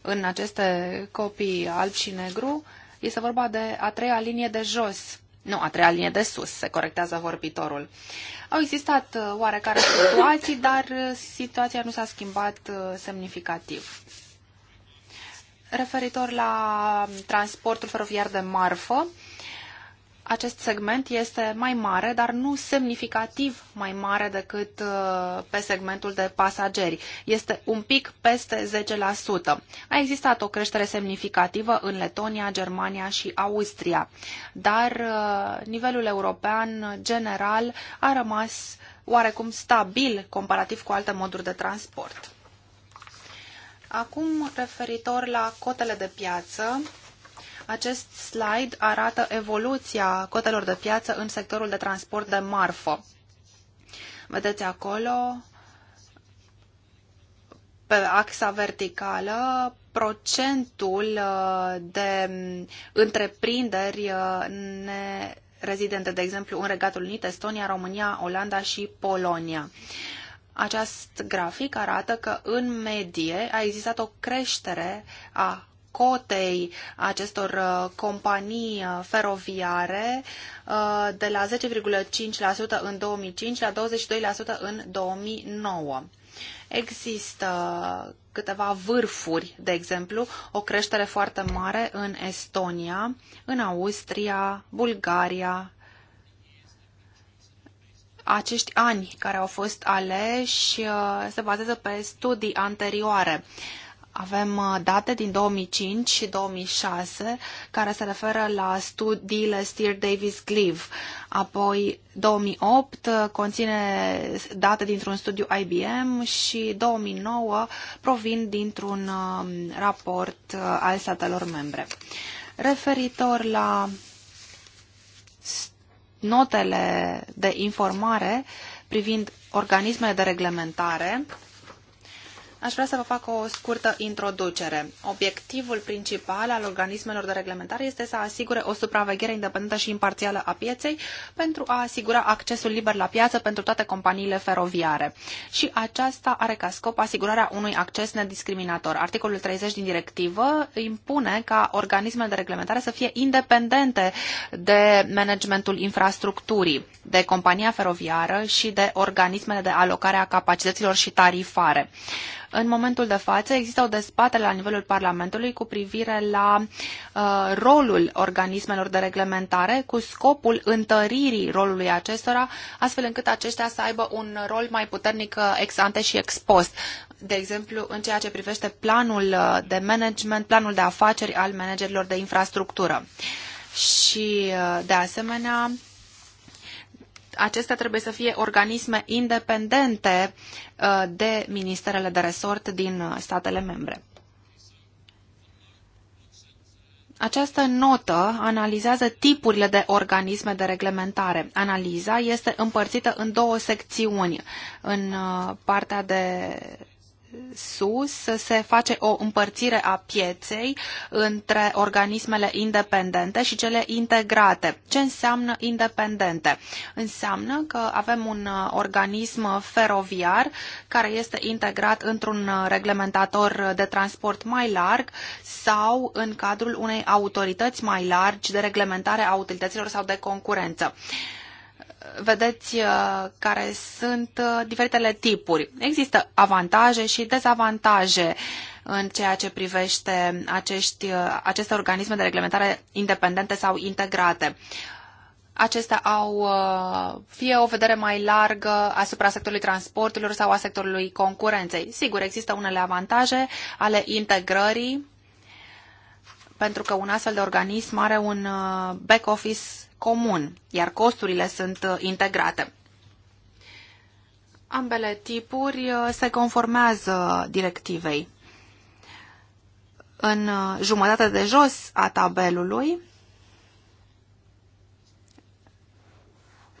[SPEAKER 4] în aceste copii alb și negru, este vorba de a treia linie de jos. Nu, a treia linie de sus, se corectează vorbitorul. Au existat uh, oarecare situații, dar uh, situația nu s-a schimbat uh, semnificativ. Referitor la transportul feroviar de marfă, acest segment este mai mare, dar nu semnificativ mai mare decât uh, pe segmentul de pasageri. Este un pic peste 10%. A existat o creștere semnificativă în Letonia, Germania și Austria, dar uh, nivelul european general a rămas oarecum stabil comparativ cu alte moduri de transport. Acum, referitor la cotele de piață, acest slide arată evoluția cotelor de piață în sectorul de transport de marfă. Vedeți acolo, pe axa verticală, procentul uh, de mm, întreprinderi uh, rezidente, de exemplu, în Regatul Unit, Estonia, România, Olanda și Polonia. Acest grafic arată că în medie a existat o creștere a cotei acestor uh, companii uh, feroviare uh, de la 10,5% în 2005 la 22% în 2009. Există câteva vârfuri, de exemplu, o creștere foarte mare în Estonia, în Austria, Bulgaria acești ani care au fost aleși uh, se bazează pe studii anterioare. Avem uh, date din 2005 și 2006 care se referă la studiile Steer Davis Glive. Apoi 2008 uh, conține date dintr-un studiu IBM și 2009 provin dintr-un um, raport al statelor membre. Referitor la notele de informare privind organismele de reglementare Aș vrea să vă fac o scurtă introducere. Obiectivul principal al organismelor de reglementare este să asigure o supraveghere independentă și imparțială a pieței pentru a asigura accesul liber la piață pentru toate companiile feroviare. Și aceasta are ca scop asigurarea unui acces nediscriminator. Articolul 30 din directivă impune ca organismele de reglementare să fie independente de managementul infrastructurii, de compania feroviară și de organismele de alocare a capacităților și tarifare. În momentul de față există o dezbatere la nivelul Parlamentului cu privire la uh, rolul organismelor de reglementare cu scopul întăririi rolului acestora, astfel încât aceștia să aibă un rol mai puternic uh, ex ante și ex post. De exemplu, în ceea ce privește planul uh, de management, planul de afaceri al managerilor de infrastructură. Și, uh, de asemenea, acestea trebuie să fie organisme independente uh, de ministerele de resort din uh, statele membre. Această notă analizează tipurile de organisme de reglementare. Analiza este împărțită în două secțiuni. În uh, partea de sus se face o împărțire a pieței între organismele independente și cele integrate. Ce înseamnă independente? Înseamnă că avem un uh, organism feroviar care este integrat într-un uh, reglementator de transport mai larg sau în cadrul unei autorități mai largi de reglementare a utilităților sau de concurență vedeți uh, care sunt uh, diferitele tipuri. Există avantaje și dezavantaje în ceea ce privește acești, uh, aceste organisme de reglementare independente sau integrate. Acestea au fie o vedere mai largă asupra sectorului transporturilor sau a sectorului concurenței. Sigur, există unele avantaje ale integrării, pentru că un astfel de organism are un back office comun, iar costurile sunt uh, integrate. Ambele tipuri uh, se conformează directivei. În uh, jumătatea de jos a tabelului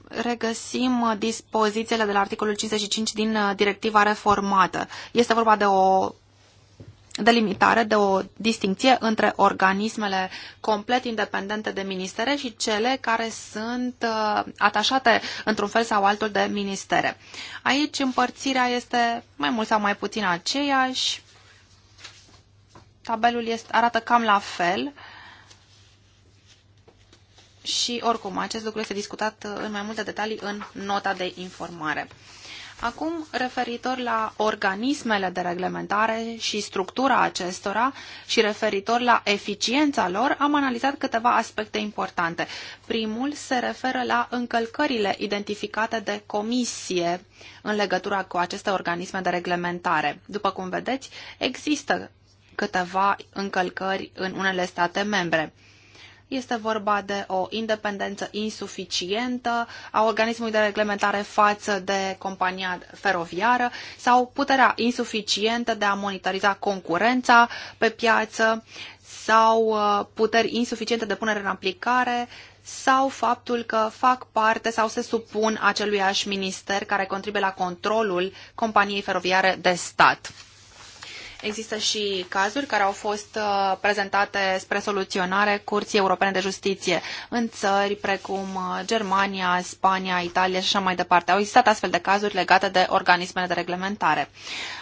[SPEAKER 4] regăsim dispozițiile de la articolul 55 din directiva reformată. Este vorba de o delimitare, de o distinție între organismele complet independente de ministere și cele care sunt uh, atașate într-un fel sau altul de ministere. Aici împărțirea este mai mult sau mai puțin aceeași. Tabelul este, arată cam la fel. Și oricum, acest lucru este discutat uh, în mai multe detalii în nota de informare. Acum, referitor la organismele de reglementare și structura acestora și referitor la eficiența lor, am analizat câteva aspecte importante. Primul se referă la încălcările identificate de comisie în legătura cu aceste organisme de reglementare. După cum vedeți, există câteva încălcări în unele state membre. Este vorba de o independență insuficientă a organismului de reglementare față de compania feroviară sau puterea insuficientă de a monitoriza concurența pe piață sau uh, puteri insuficiente de punere în aplicare sau faptul că fac parte sau se supun aceluiași minister care contribuie la controlul companiei feroviare de stat. Există și cazuri care au fost uh, prezentate spre soluționare Curții Europene de Justiție în țări precum uh, Germania, Spania, Italia și așa mai departe. Au existat astfel de cazuri legate de organismele de reglementare.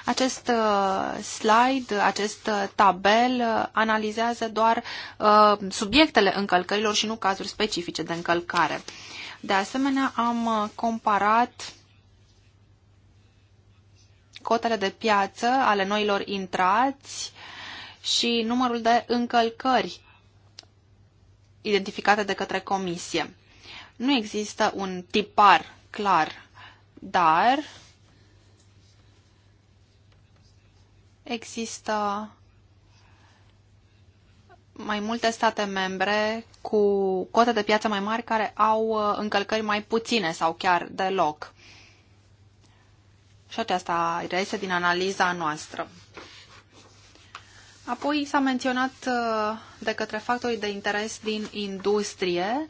[SPEAKER 4] Acest uh, slide, acest tabel analizează doar subiectele încălcărilor și nu cazuri specifice de încălcare. De asemenea, am comparat cotele de piață ale noilor intrați și numărul de încălcări identificate de către comisie. Nu există un tipar clar, dar există mai multe state membre cu cote de piață mai mari care au uh, încălcări mai puține sau chiar deloc. Și aceasta reiese din analiza noastră. Apoi s-a menționat uh, de către factorii de interes din industrie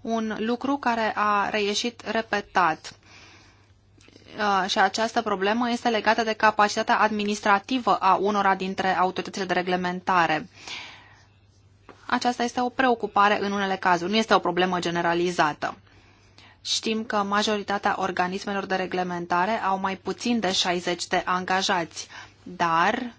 [SPEAKER 4] un lucru care a reieșit repetat. Uh, și această problemă este legată de capacitatea administrativă a unora dintre autoritățile de reglementare. Aceasta este o preocupare în unele cazuri, nu este o problemă generalizată. Știm că majoritatea organismelor de reglementare au mai puțin de 60 de angajați, dar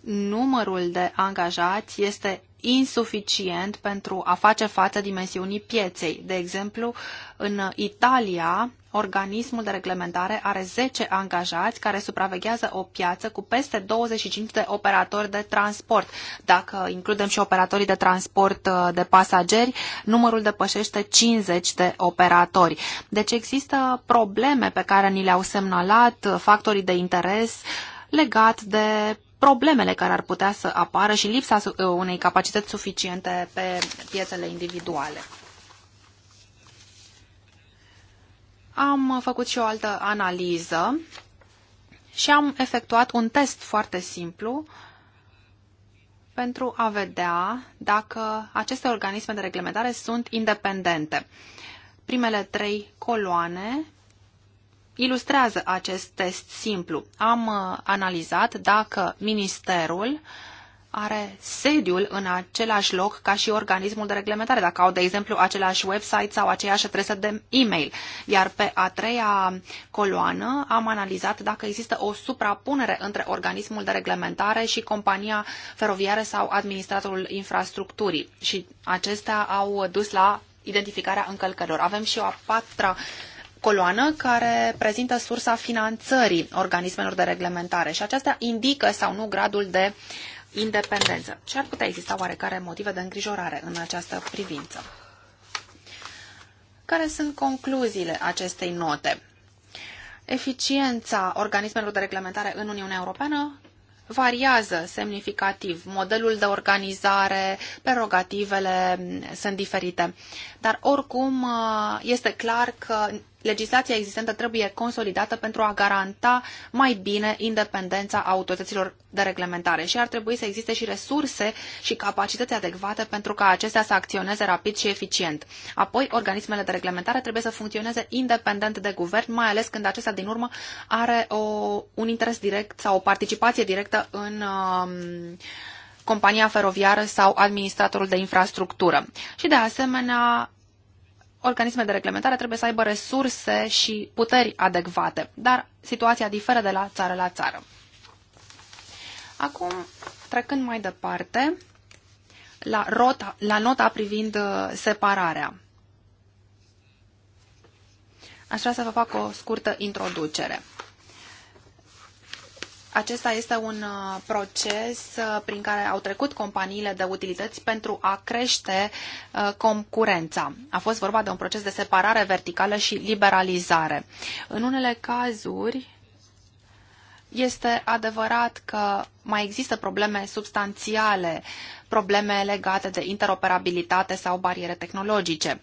[SPEAKER 4] numărul de angajați este insuficient pentru a face față dimensiunii pieței. De exemplu, în Italia, organismul de reglementare are 10 angajați care supraveghează o piață cu peste 25 de operatori de transport. Dacă includem și operatorii de transport uh, de pasageri, numărul depășește 50 de operatori. Deci există probleme pe care ni le-au semnalat uh, factorii de interes legat de problemele care ar putea să apară și lipsa uh, unei capacități suficiente pe piețele individuale. Am făcut și o altă analiză și am efectuat un test foarte simplu pentru a vedea dacă aceste organisme de reglementare sunt independente. Primele trei coloane ilustrează acest test simplu. Am uh, analizat dacă ministerul are sediul în același loc ca și organismul de reglementare, dacă au, de exemplu, același website sau aceeași adresă de e-mail. Iar pe a treia coloană am analizat dacă există o suprapunere între organismul de reglementare și compania feroviară sau administratorul infrastructurii. Și acestea au dus la identificarea încălcărilor. Avem și o a patra coloană care prezintă sursa finanțării organismelor de reglementare și aceasta indică sau nu gradul de independență. Și ar putea exista oarecare motive de îngrijorare în această privință. Care sunt concluziile acestei note? Eficiența organismelor de reglementare în Uniunea Europeană variază semnificativ. Modelul de organizare, prerogativele sunt diferite. Dar oricum este clar că legislația existentă trebuie consolidată pentru a garanta mai bine independența autorităților de reglementare și ar trebui să existe și resurse și capacități adecvate pentru ca acestea să acționeze rapid și eficient. Apoi, organismele de reglementare trebuie să funcționeze independent de guvern, mai ales când acesta din urmă are o, un interes direct sau o participație directă în um, compania feroviară sau administratorul de infrastructură. Și de asemenea, Organismele de reglementare trebuie să aibă resurse și puteri adecvate, dar situația diferă de la țară la țară. Acum, trecând mai departe, la, rota, la nota privind uh, separarea. Aș vrea să vă fac o scurtă introducere. Acesta este un uh, proces uh, prin care au trecut companiile de utilități pentru a crește uh, concurența. A fost vorba de un proces de separare verticală și liberalizare. În unele cazuri, este adevărat că mai există probleme substanțiale, probleme legate de interoperabilitate sau bariere tehnologice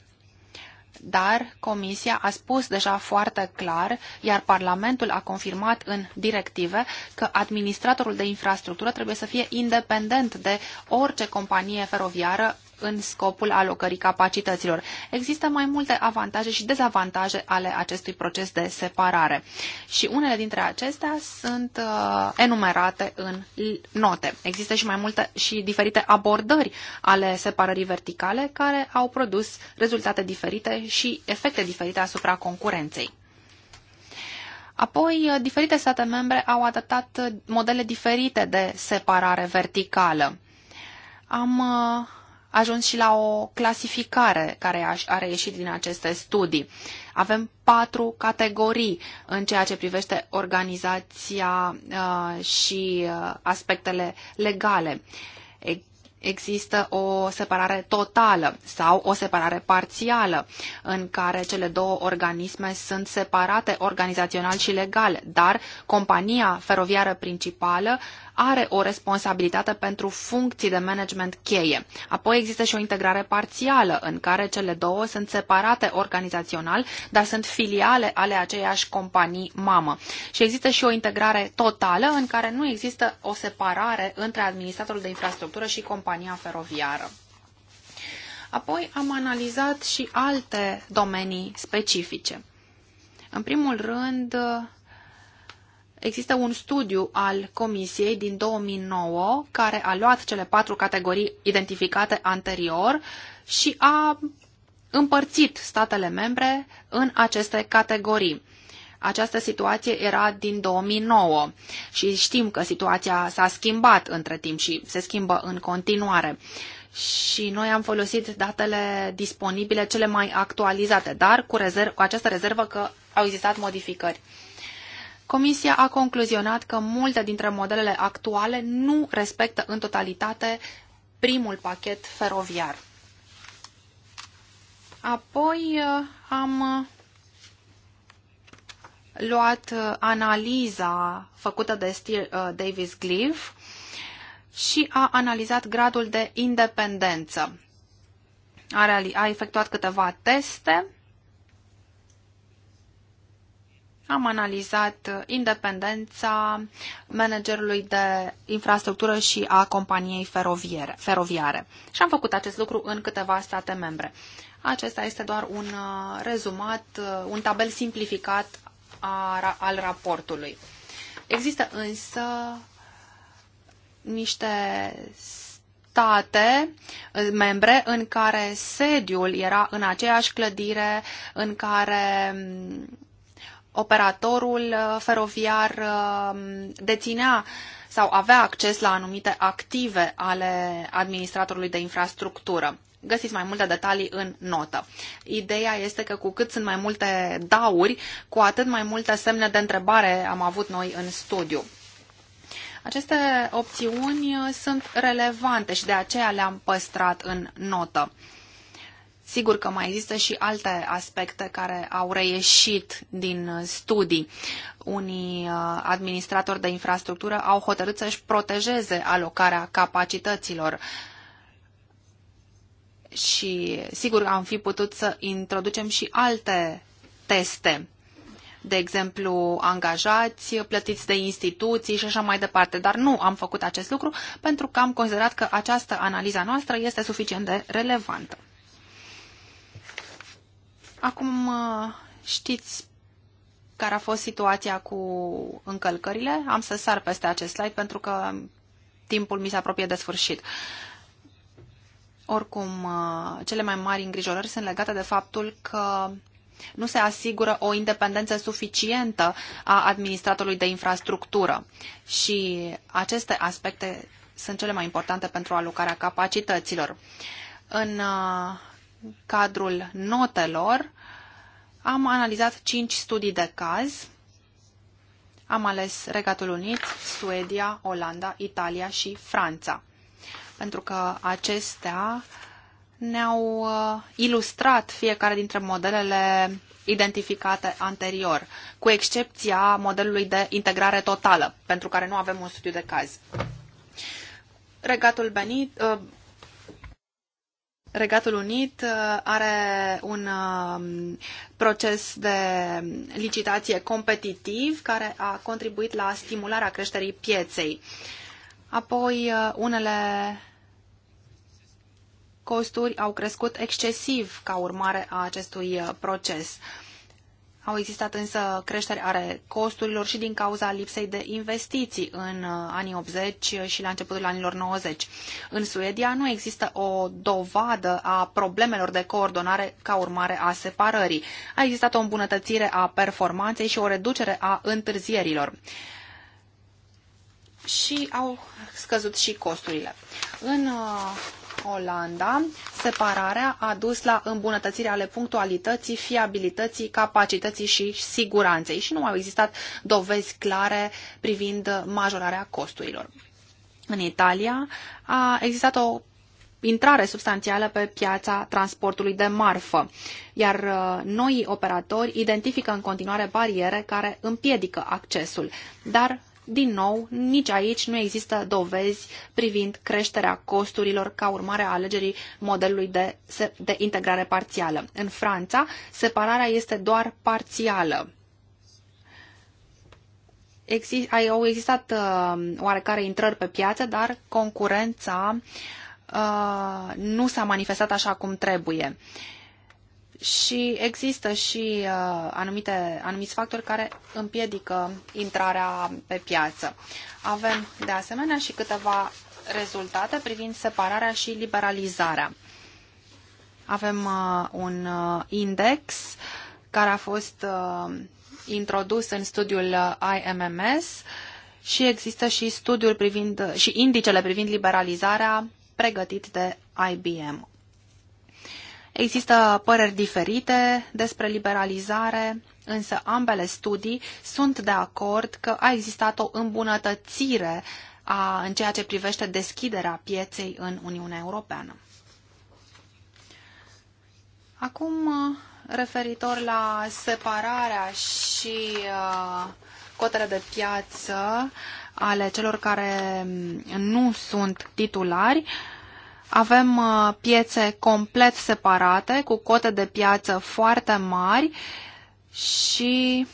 [SPEAKER 4] dar Comisia a spus deja foarte clar, iar Parlamentul a confirmat în directive că administratorul de infrastructură trebuie să fie independent de orice companie feroviară în scopul alocării capacităților. Există mai multe avantaje și dezavantaje ale acestui proces de separare și unele dintre acestea sunt uh, enumerate în note. Există și mai multe și diferite abordări ale separării verticale care au produs rezultate diferite și efecte diferite asupra concurenței. Apoi, uh, diferite state membre au adaptat modele diferite de separare verticală. Am uh, ajuns și la o clasificare care a reieșit din aceste studii. Avem patru categorii în ceea ce privește organizația uh, și uh, aspectele legale. Există o separare totală sau o separare parțială, în care cele două organisme sunt separate organizațional și legal, dar compania feroviară principală are o responsabilitate pentru funcții de management cheie. Apoi există și o integrare parțială în care cele două sunt separate organizațional, dar sunt filiale ale aceiași companii mamă. Și există și o integrare totală în care nu există o separare între administratorul de infrastructură și compania feroviară. Apoi am analizat și alte domenii specifice. În primul rând, Există un studiu al Comisiei din 2009 care a luat cele patru categorii identificate anterior și a împărțit statele membre în aceste categorii. Această situație era din 2009 și știm că situația s-a schimbat între timp și se schimbă în continuare. Și noi am folosit datele disponibile cele mai actualizate, dar cu, rezerv, cu această rezervă că au existat modificări. Comisia a concluzionat că multe dintre modelele actuale nu respectă în totalitate primul pachet feroviar. Apoi uh, am uh, luat uh, analiza făcută de Steve Davis Gleave și a analizat gradul de independență. A, a efectuat câteva teste Am analizat uh, independența managerului de infrastructură și a companiei feroviere, feroviare și am făcut acest lucru în câteva state membre. Acesta este doar un uh, rezumat, uh, un tabel simplificat a, al raportului. Există însă niște state membre în care sediul era în aceeași clădire, în care mm, operatorul uh, feroviar uh, deținea sau avea acces la anumite active ale administratorului de infrastructură. Găsiți mai multe detalii în notă. Ideea este că cu cât sunt mai multe dauri, cu atât mai multe semne de întrebare am avut noi în studiu. Aceste opțiuni sunt relevante și de aceea le-am păstrat în notă. Sigur că mai există și alte aspecte care au reieșit din studii. Unii uh, administratori de infrastructură au hotărât să-și protejeze alocarea capacităților și sigur am fi putut să introducem și alte teste, de exemplu angajați, plătiți de instituții și așa mai departe, dar nu am făcut acest lucru pentru că am considerat că această analiza noastră este suficient de relevantă. Acum uh, știți care a fost situația cu încălcările. Am să sar peste acest slide pentru că timpul mi se apropie de sfârșit. Oricum, uh, cele mai mari îngrijorări sunt legate de faptul că nu se asigură o independență suficientă a administratorului de infrastructură și aceste aspecte sunt cele mai importante pentru alocarea capacităților. În uh, cadrul notelor, am analizat 5 studii de caz. Am ales Regatul Unit, Suedia, Olanda, Italia și Franța. Pentru că acestea ne-au uh, ilustrat fiecare dintre modelele identificate anterior, cu excepția modelului de integrare totală, pentru care nu avem un studiu de caz. Regatul Benit, uh, Regatul Unit uh, are un um, proces de licitație competitiv care a contribuit la stimularea creșterii pieței. Apoi, uh, unele costuri au crescut excesiv ca urmare a acestui uh, proces. Au existat însă creșteri ale costurilor și din cauza lipsei de investiții în uh, anii 80 și la începutul anilor 90. În Suedia nu există o dovadă a problemelor de coordonare ca urmare a separării. A existat o îmbunătățire a performanței și o reducere a întârzierilor și au scăzut și costurile. În uh, Olanda, separarea a dus la îmbunătățirea ale punctualității, fiabilității, capacității și siguranței și nu au existat dovezi clare privind majorarea costurilor. În Italia a existat o intrare substanțială pe piața transportului de marfă, iar uh, noi operatori identifică în continuare bariere care împiedică accesul, dar din nou, nici aici nu există dovezi privind creșterea costurilor ca urmare a alegerii modelului de, de integrare parțială. În Franța, separarea este doar parțială. Exist, au existat uh, oarecare intrări pe piață, dar concurența uh, nu s-a manifestat așa cum trebuie. Uh, și există și uh, anumite, anumiți factori care împiedică intrarea pe piață. Avem de asemenea și câteva rezultate privind separarea și liberalizarea. Avem uh, un uh, index care a fost uh, introdus în studiul uh, IMMS și există și studiul privind și indicele privind liberalizarea pregătit de IBM. Există păreri diferite despre liberalizare, însă ambele studii sunt de acord că a existat o îmbunătățire a, în ceea ce privește deschiderea pieței în Uniunea Europeană. Acum, referitor la separarea și cotele de piață ale celor care nu sunt titulari, uh, avem uh, piețe complet separate, cu cote de piață foarte mari și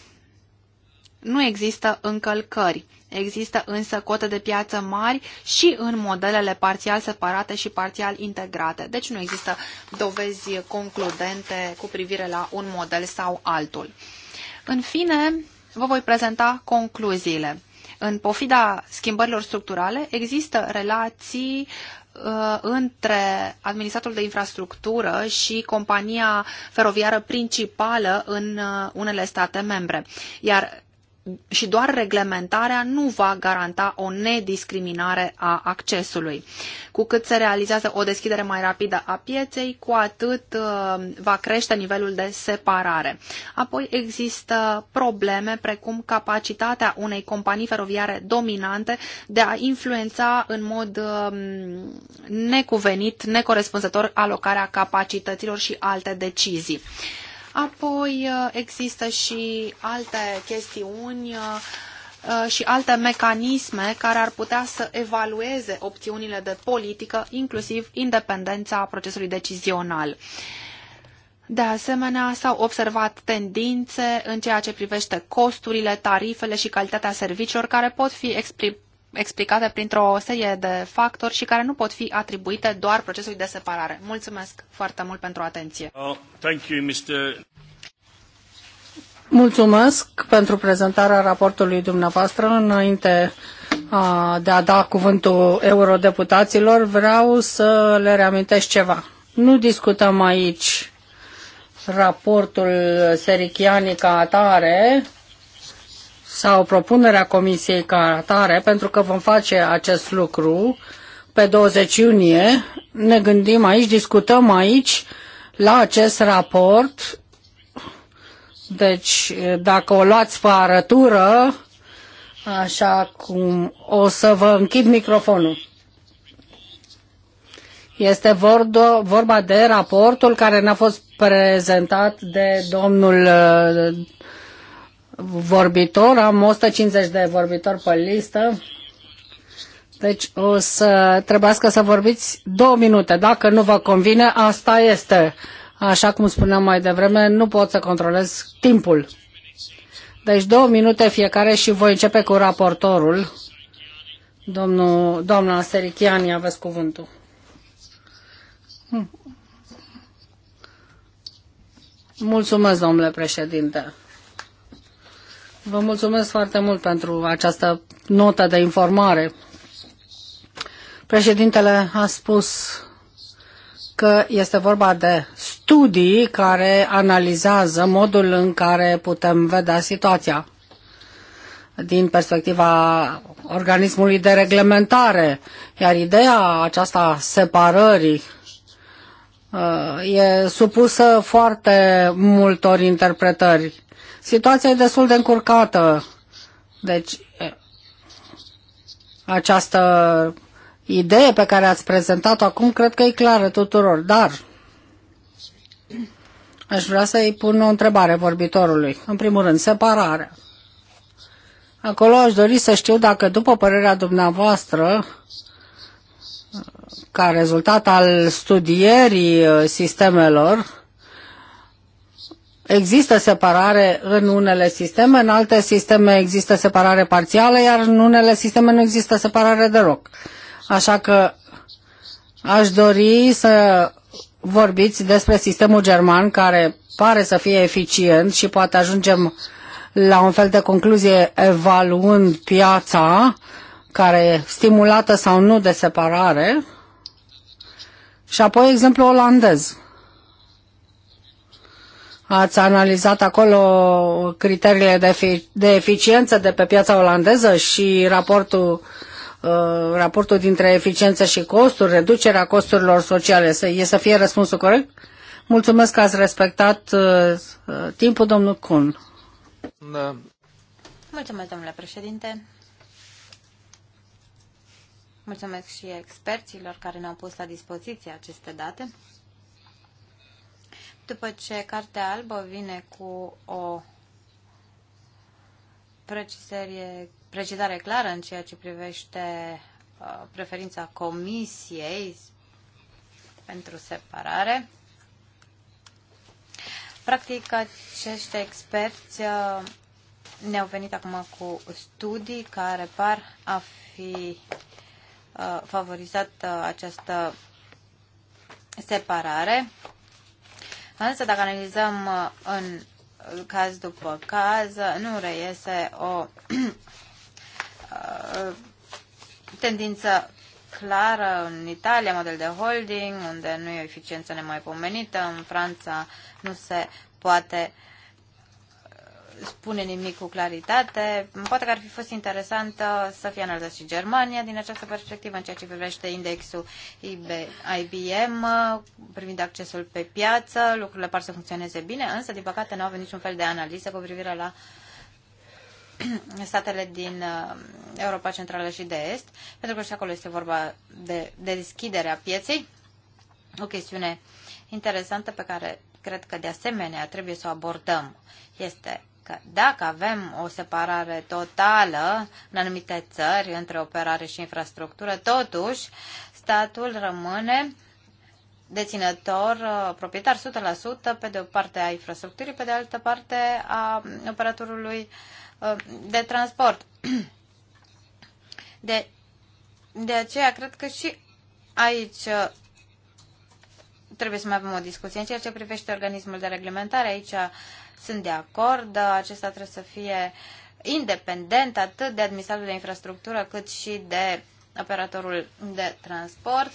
[SPEAKER 4] nu există încălcări. Există însă cote de piață mari și în modelele parțial separate și parțial integrate. Deci nu există dovezi concludente cu privire la un model sau altul. În fine, vă voi prezenta concluziile. În pofida schimbărilor structurale există relații uh, Uh, între administratorul de infrastructură și compania feroviară principală în uh, unele state membre. Iar și doar reglementarea nu va garanta o nediscriminare a accesului. Cu cât se realizează o deschidere mai rapidă a pieței, cu atât uh, va crește nivelul de separare. Apoi există probleme precum capacitatea unei companii feroviare dominante de a influența în mod um, necuvenit, necorespunzător alocarea capacităților și alte decizii. Apoi uh, există și alte chestiuni uh, uh, și alte mecanisme care ar putea să evalueze opțiunile de politică, inclusiv independența procesului decizional. De asemenea, s-au observat tendințe în ceea ce privește costurile, tarifele și calitatea serviciilor care pot fi exprimate explicate printr-o serie de factori și care nu pot fi atribuite doar procesului de separare. Mulțumesc foarte mult pentru atenție.
[SPEAKER 1] thank you, Mr.
[SPEAKER 2] Mulțumesc pentru prezentarea raportului dumneavoastră. Înainte de a da cuvântul eurodeputaților, vreau să le reamintesc ceva. Nu discutăm aici raportul Serichiani ca atare, sau propunerea Comisiei ca atare, pentru că vom face acest lucru pe 20 iunie. Ne gândim aici, discutăm aici la acest raport. Deci, dacă o luați pe arătură, așa cum o să vă închid microfonul. Este vorba de raportul care ne-a fost prezentat de domnul vorbitor, am 150 de vorbitori pe listă. Deci o să trebuiască să vorbiți două minute. Dacă nu vă convine, asta este. Așa cum spuneam mai devreme, nu pot să controlez timpul. Deci două minute fiecare și voi începe cu raportorul. Domnul, doamna Serichiani, aveți cuvântul. Mulțumesc, domnule președinte. Vă mulțumesc foarte mult pentru această notă de informare. Președintele a spus că este vorba de studii care analizează modul în care putem vedea situația din perspectiva organismului de reglementare, iar ideea aceasta separării uh, e supusă foarte multor interpretări. Situația e destul de încurcată. Deci, această idee pe care ați prezentat-o acum cred că e clară tuturor, dar aș vrea să-i pun o întrebare vorbitorului. În primul rând, separarea. Acolo aș dori să știu dacă, după părerea dumneavoastră, ca rezultat al studierii uh, sistemelor, Există separare în unele sisteme, în alte sisteme există separare parțială, iar în unele sisteme nu există separare deloc. Așa că aș dori să vorbiți despre sistemul german care pare să fie eficient și poate ajungem la un fel de concluzie evaluând piața care stimulată sau nu de separare și apoi exemplu olandez. Ați analizat acolo criteriile de, efic de eficiență de pe piața olandeză și raportul, uh, raportul dintre eficiență și costuri, reducerea costurilor sociale. Să, e să fie răspunsul corect? Mulțumesc că ați respectat uh, timpul, domnul Kuhn.
[SPEAKER 4] Da.
[SPEAKER 3] Mulțumesc, domnule președinte. Mulțumesc și experților care ne-au pus la dispoziție aceste date după ce Cartea Albă vine cu o precizare, precizare clară în ceea ce privește uh, preferința Comisiei pentru separare, practic acești experți uh, ne-au venit acum cu studii care par a fi uh, favorizat această separare Însă dacă analizăm uh, în caz după caz, uh, nu reiese o uh, tendință clară în Italia, model de holding, unde nu e o eficiență nemaipomenită, în Franța nu se poate uh, spune nimic cu claritate. Poate că ar fi fost interesant uh, să fie analizat și Germania din această perspectivă în ceea ce privește indexul IBM uh, privind accesul pe piață. Lucrurile par să funcționeze bine, însă, din păcate, nu au niciun fel de analiză cu privire la statele din uh, Europa Centrală și de Est, pentru că și acolo este vorba de, de deschiderea pieței, o chestiune interesantă pe care cred că de asemenea trebuie să o abordăm este că dacă avem o separare totală în anumite țări între operare și infrastructură, totuși statul rămâne deținător, uh, proprietar 100% pe de o parte a infrastructurii, pe de altă parte a operatorului uh, de transport. De, de aceea cred că și aici uh, trebuie să mai avem o discuție în ceea ce privește organismul de reglementare. Aici sunt de acord, acesta trebuie să fie independent atât de administratorul de infrastructură cât și de operatorul de transport,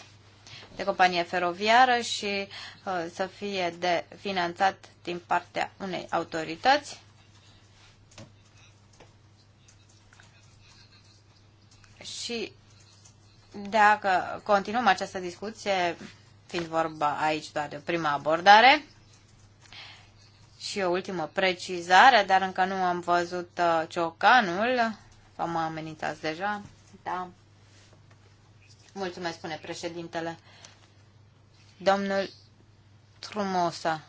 [SPEAKER 3] de companie feroviară și uh, să fie de finanțat din partea unei autorități. Și dacă continuăm această discuție, fiind vorba aici doar de o prima abordare, și o ultimă precizare, dar încă nu am văzut uh, ciocanul. Vă mă amenințați deja? Da. Mulțumesc, spune președintele. Domnul Trumosa.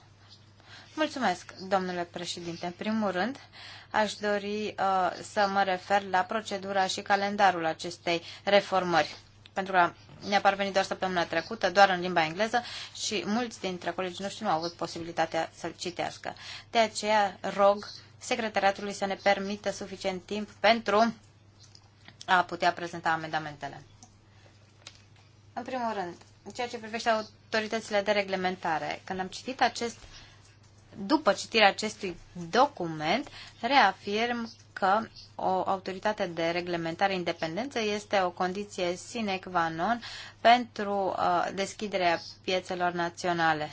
[SPEAKER 3] Mulțumesc, domnule președinte. În primul rând, aș dori uh, să mă refer la procedura și calendarul acestei reformări pentru că ne-a parvenit doar săptămâna trecută, doar în limba engleză și mulți dintre colegii noștri nu au avut posibilitatea să-l citească. De aceea rog secretariatului să ne permită suficient timp pentru a putea prezenta amendamentele. În primul rând, în ceea ce privește autoritățile de reglementare, când am citit acest uh, după citirea acestui document, reafirm că o autoritate de reglementare independență este o condiție sine qua non pentru uh, deschiderea piețelor naționale.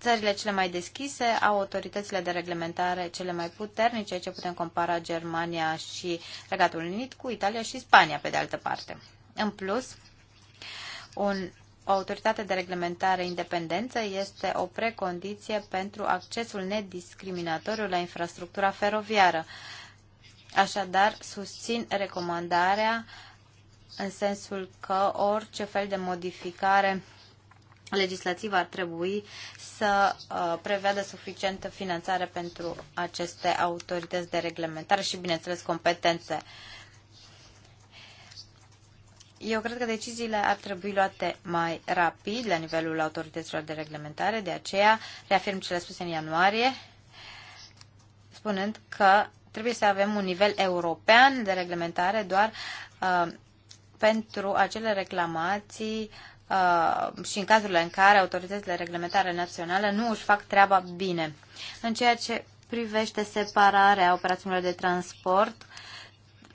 [SPEAKER 3] Țările cele mai deschise au autoritățile de reglementare cele mai puternice, ce putem compara Germania și Regatul Unit cu Italia și Spania, pe de altă parte. În plus, un o autoritate de reglementare independentă este o precondiție pentru accesul nediscriminatoriu la infrastructura feroviară. Așadar, susțin recomandarea în sensul că orice fel de modificare legislativă ar trebui să prevedă uh, prevadă suficientă finanțare pentru aceste autorități de reglementare și, bineînțeles, competențe. Eu cred că deciziile ar trebui luate mai rapid la nivelul autorităților de reglementare, de aceea reafirm cele spuse în ianuarie, spunând că trebuie să avem un nivel european de reglementare doar uh, pentru acele reclamații uh, și în cazurile în care autoritățile reglementare naționale nu își fac treaba bine. În ceea ce privește separarea operațiunilor de transport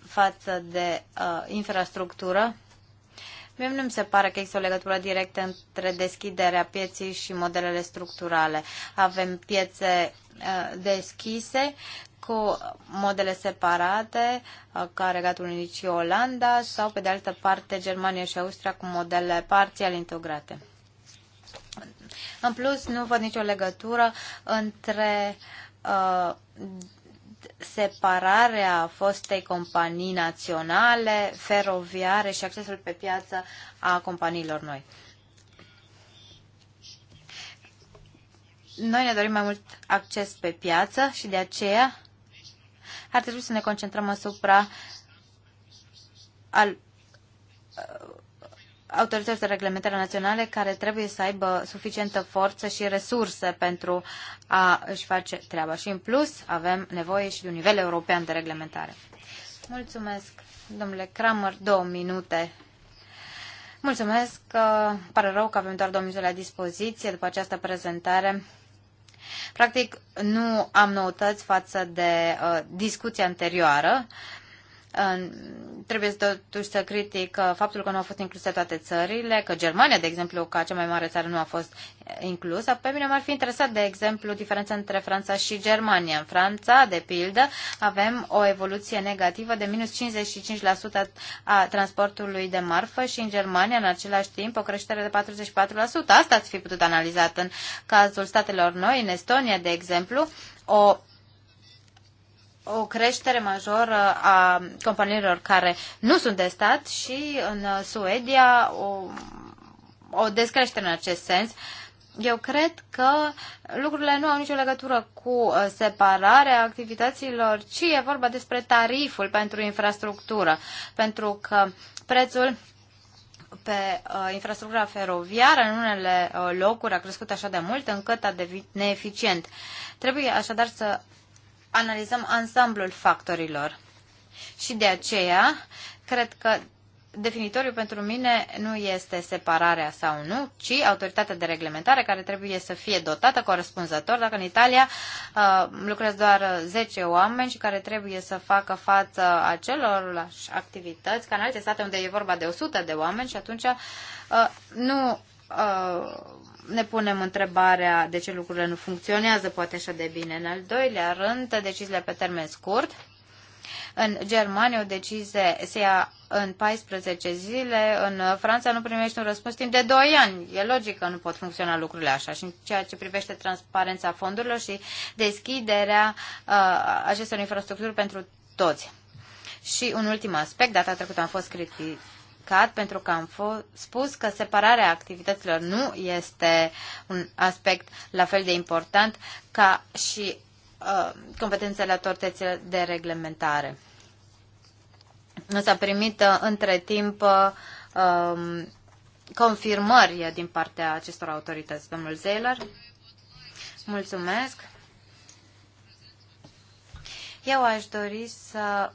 [SPEAKER 3] față de uh, infrastructură, Mie nu mi se pare că există o legătură directă între deschiderea pieții și modelele structurale. Avem piețe uh, deschise cu modele separate, uh, ca Regatul Unit și Olanda, sau, pe de altă parte, Germania și Austria cu modele parțial integrate. În plus, nu văd nicio legătură între uh, separarea fostei companii naționale, feroviare și accesul pe piață a companiilor noi. Noi ne dorim mai mult acces pe piață și de aceea ar trebui să ne concentrăm asupra al, autorități de reglementare naționale care trebuie să aibă suficientă forță și resurse pentru a își face treaba. Și în plus avem nevoie și de un nivel european de reglementare. Mulțumesc, domnule Kramer, două minute. Mulțumesc, pare rău că avem doar două minute la dispoziție după această prezentare. Practic, nu am noutăți față de uh, discuția anterioară. Uh, Trebuie totuși să critic uh, faptul că nu au fost incluse toate țările, că Germania, de exemplu, ca cea mai mare țară, nu a fost uh, inclusă. Pe mine m-ar fi interesat, de exemplu, diferența între Franța și Germania. În Franța, de pildă, avem o evoluție negativă de minus 55% a transportului de marfă și în Germania, în același timp, o creștere de 44%. Asta ați fi putut analizat în cazul statelor noi, în Estonia, de exemplu, o o creștere majoră a companiilor care nu sunt de stat și în Suedia o, o descreștere în acest sens. Eu cred că lucrurile nu au nicio legătură cu uh, separarea activităților, ci e vorba despre tariful pentru infrastructură, pentru că prețul pe uh, infrastructura feroviară în unele uh, locuri a crescut așa de mult încât a devenit neeficient. Trebuie așadar să analizăm ansamblul factorilor. Și de aceea, cred că definitoriu pentru mine nu este separarea sau nu, ci autoritatea de reglementare care trebuie să fie dotată corespunzător. Dacă în Italia uh, lucrează doar 10 oameni și care trebuie să facă față acelor activități, ca în alte state unde e vorba de 100 de oameni și atunci uh, nu uh, ne punem întrebarea de ce lucrurile nu funcționează poate așa de bine. În al doilea rând, deciziile pe termen scurt. În Germania o decizie se ia în 14 zile, în Franța nu primești un răspuns timp de 2 ani. E logic că nu pot funcționa lucrurile așa. Și în ceea ce privește transparența fondurilor și deschiderea uh, acestor infrastructuri pentru toți. Și un ultim aspect, data trecută am fost critic explicat pentru că am spus că separarea activităților nu este un aspect la fel de important ca și uh, competențele autorităților de reglementare. S-a primit uh, între timp uh, um, confirmări din partea acestor autorități. Domnul Zeller, mulțumesc. Eu aș dori să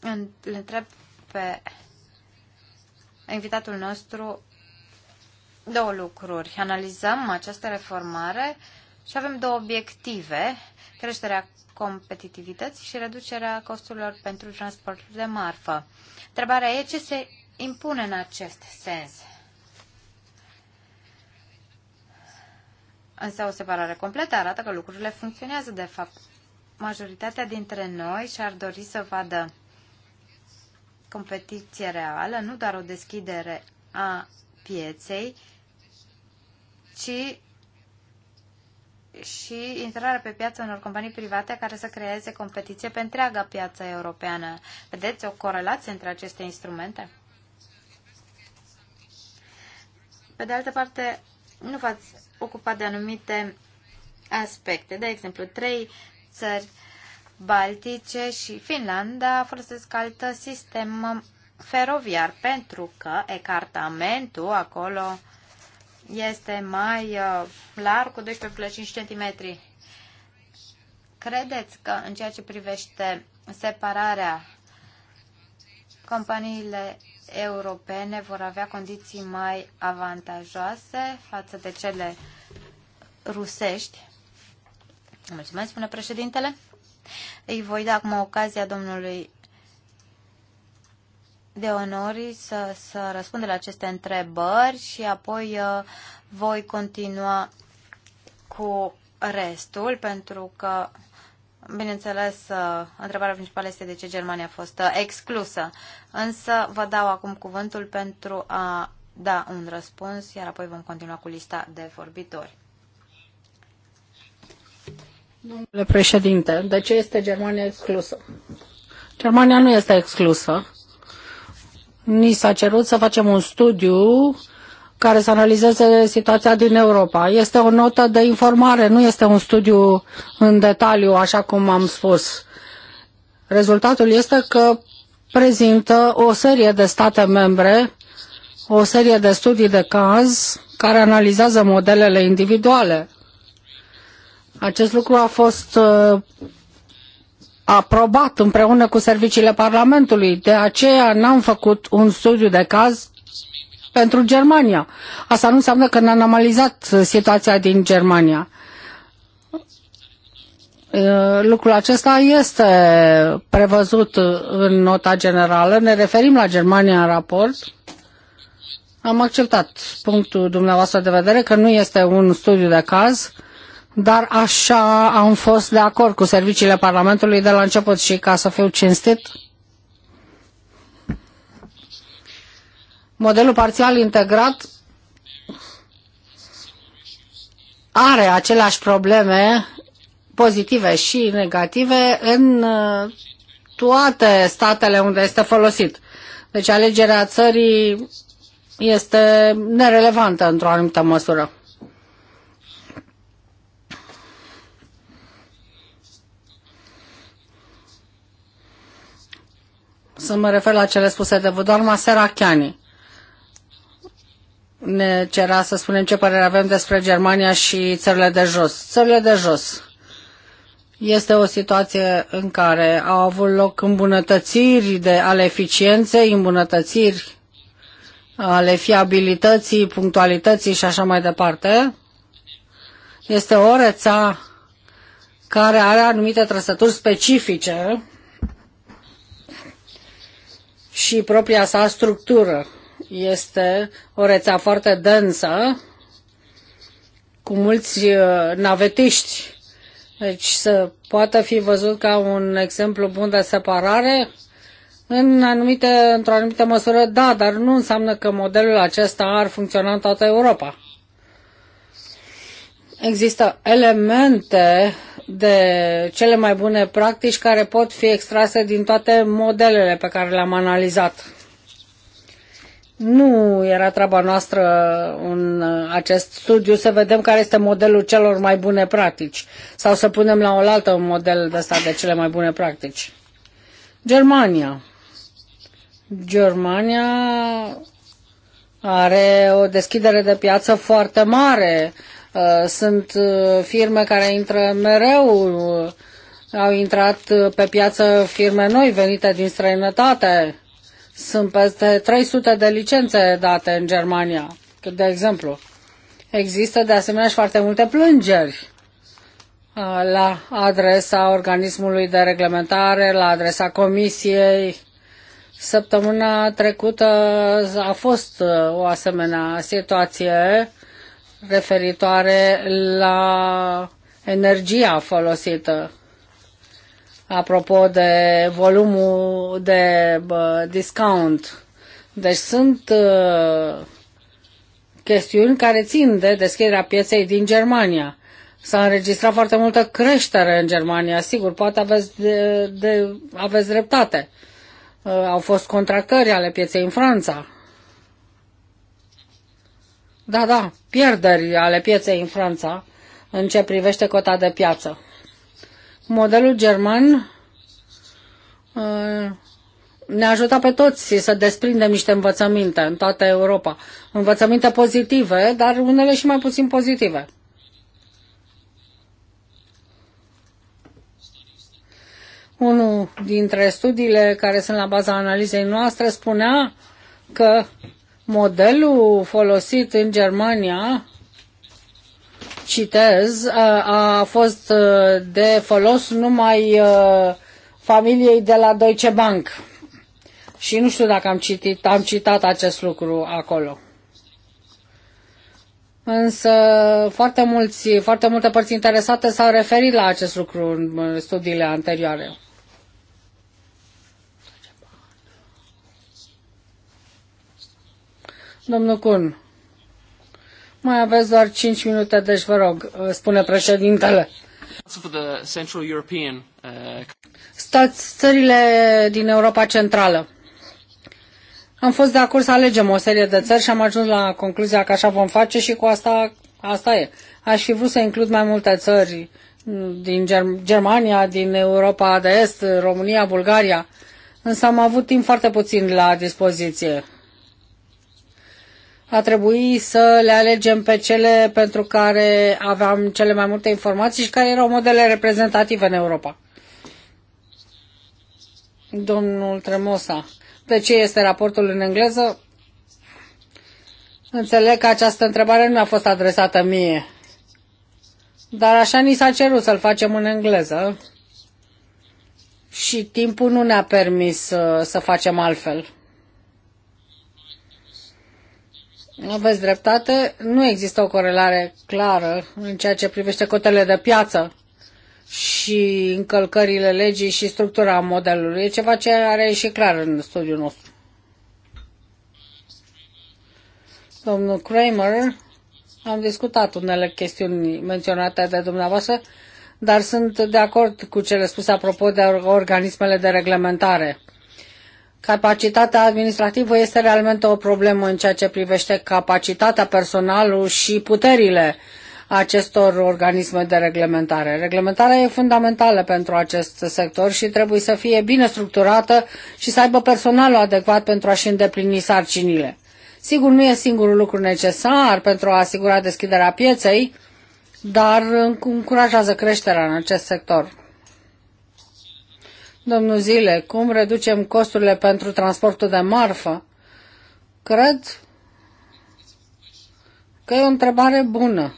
[SPEAKER 3] îl întreb pe invitatul nostru două lucruri. Analizăm această reformare și avem două obiective, creșterea competitivității și reducerea costurilor pentru transportul de marfă. Întrebarea e ce se impune în acest sens. Însă o separare completă arată că lucrurile funcționează de fapt. Majoritatea dintre noi și-ar dori să vadă competiție reală, nu doar o deschidere a pieței, ci și intrarea pe piață unor companii private care să creeze competiție pe întreaga piață europeană. Vedeți o corelație între aceste instrumente? Pe de altă parte, nu v-ați ocupat de anumite aspecte. De exemplu, trei țări uh, Baltice și Finlanda folosesc alt sistem feroviar pentru că ecartamentul acolo este mai uh, larg cu 12,5 cm. Credeți că în ceea ce privește separarea companiile europene vor avea condiții mai avantajoase față de cele rusești? Mulțumesc, spune președintele. Îi voi da acum ocazia domnului de onori să, să răspundă la aceste întrebări și apoi uh, voi continua cu restul, pentru că, bineînțeles, uh, întrebarea principală este de ce Germania a fost uh, exclusă. Însă vă dau acum cuvântul pentru a da un răspuns, iar apoi vom continua cu lista de vorbitori.
[SPEAKER 2] Domnule președinte, de ce este Germania exclusă? Germania nu este exclusă. Ni s-a cerut să facem un studiu care să analizeze situația din Europa. Este o notă de informare, nu este un studiu în detaliu, așa cum am spus. Rezultatul este că prezintă o serie de state membre, o serie de studii de caz care analizează modelele individuale acest lucru a fost uh, aprobat împreună cu serviciile Parlamentului. De aceea n-am făcut un studiu de caz pentru Germania. Asta nu înseamnă că n-am analizat uh, situația din Germania. Uh, lucrul acesta este prevăzut în nota generală. Ne referim la Germania în raport. Am acceptat punctul dumneavoastră de vedere că nu este un studiu de caz, dar așa am fost de acord cu serviciile Parlamentului de la început și ca să fiu cinstit, modelul parțial integrat are aceleași probleme pozitive și negative în uh, toate statele unde este folosit. Deci alegerea țării este nerelevantă într-o anumită măsură. să mă refer la cele spuse de doamna Serachiani. Ne cerea să spunem ce părere avem despre Germania și țările de jos. Țările de jos este o situație în care au avut loc îmbunătățiri de, ale eficienței, îmbunătățiri ale fiabilității, punctualității și așa mai departe. Este o rețea care are anumite trăsături specifice și propria sa structură. Este o rețea foarte densă, cu mulți uh, navetiști. Deci să poată fi văzut ca un exemplu bun de separare, în anumite, într-o anumită măsură, da, dar nu înseamnă că modelul acesta ar funcționa în toată Europa. Există elemente de cele mai bune practici care pot fi extrase din toate modelele pe care le-am analizat. Nu era treaba noastră în acest studiu să vedem care este modelul celor mai bune practici sau să punem la oaltă un model de stat de cele mai bune practici. Germania. Germania are o deschidere de piață foarte mare Uh, sunt uh, firme care intră mereu, uh, au intrat pe piață firme noi venite din străinătate. Sunt peste 300 de licențe date în Germania, de exemplu. Există de asemenea și foarte multe plângeri la adresa organismului de reglementare, la adresa comisiei. Săptămâna trecută a fost o asemenea situație referitoare la energia folosită. Apropo de volumul de discount. Deci sunt ă, chestiuni care țin de deschiderea pieței din Germania. S-a înregistrat foarte multă creștere în Germania, sigur, poate aveți, de, de, aveți dreptate. Ă, au fost contractări ale pieței în Franța. Da, da, pierderi ale pieței în Franța în ce privește cota de piață. Modelul german uh, ne ajută pe toți să desprindem niște învățăminte în toată Europa. Învățăminte pozitive, dar unele și mai puțin pozitive. Unul dintre studiile care sunt la baza analizei noastre spunea că Modelul folosit în Germania, citez, a fost de folos numai familiei de la Deutsche Bank. Și nu știu dacă am, citit, am citat acest lucru acolo. Însă foarte, mulți, foarte multe părți interesate s-au referit la acest lucru în studiile anterioare. Domnul Cun, mai aveți doar 5 minute, deci vă rog, spune președintele.
[SPEAKER 4] Uh,
[SPEAKER 2] Stați țările din Europa Centrală. Am fost de acord să alegem o serie de țări și am ajuns la concluzia că așa vom face și cu asta, asta e. Aș fi vrut să includ mai multe țări din Germ- Germania, din Europa de Est, România, Bulgaria, însă am avut timp foarte puțin la dispoziție a trebuit să le alegem pe cele pentru care aveam cele mai multe informații și care erau modele reprezentative în Europa. Domnul Tremosa, de ce este raportul în engleză? Înțeleg că această întrebare nu mi-a fost adresată mie, dar așa ni s-a cerut să-l facem în engleză și timpul nu ne-a permis să, uh, să facem altfel. Aveți dreptate, nu există o corelare clară în ceea ce privește cotele de piață și încălcările legii și structura modelului. E ceva ce are și clar în studiul nostru. Domnul Kramer, am discutat unele chestiuni menționate de dumneavoastră, dar sunt de acord cu cele spuse apropo de organismele de reglementare. Capacitatea administrativă este realmente o problemă în ceea ce privește capacitatea personalului și puterile acestor organisme de reglementare. Reglementarea e fundamentală pentru acest sector și trebuie să fie bine structurată și să aibă personalul adecvat pentru a-și îndeplini sarcinile. Sigur, nu e singurul lucru necesar pentru a asigura deschiderea pieței, dar încurajează creșterea în acest sector. Domnul Zile, cum reducem costurile pentru transportul de marfă? Cred că e o întrebare bună.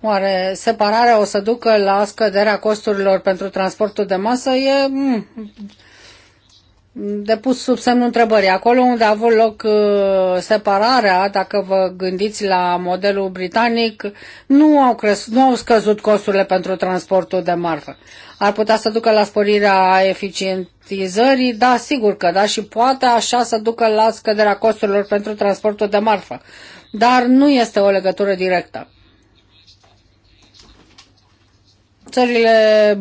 [SPEAKER 2] Oare separarea o să ducă la scăderea costurilor pentru transportul de masă? E mm, depus sub semnul întrebării. Acolo unde a avut loc uh, separarea, dacă vă gândiți la modelul britanic, nu au, cres, nu au scăzut costurile pentru transportul de marfă. Ar putea să ducă la sporirea eficientizării? Da, sigur că da, și poate așa să ducă la scăderea costurilor pentru transportul de marfă. Dar nu este o legătură directă. Țările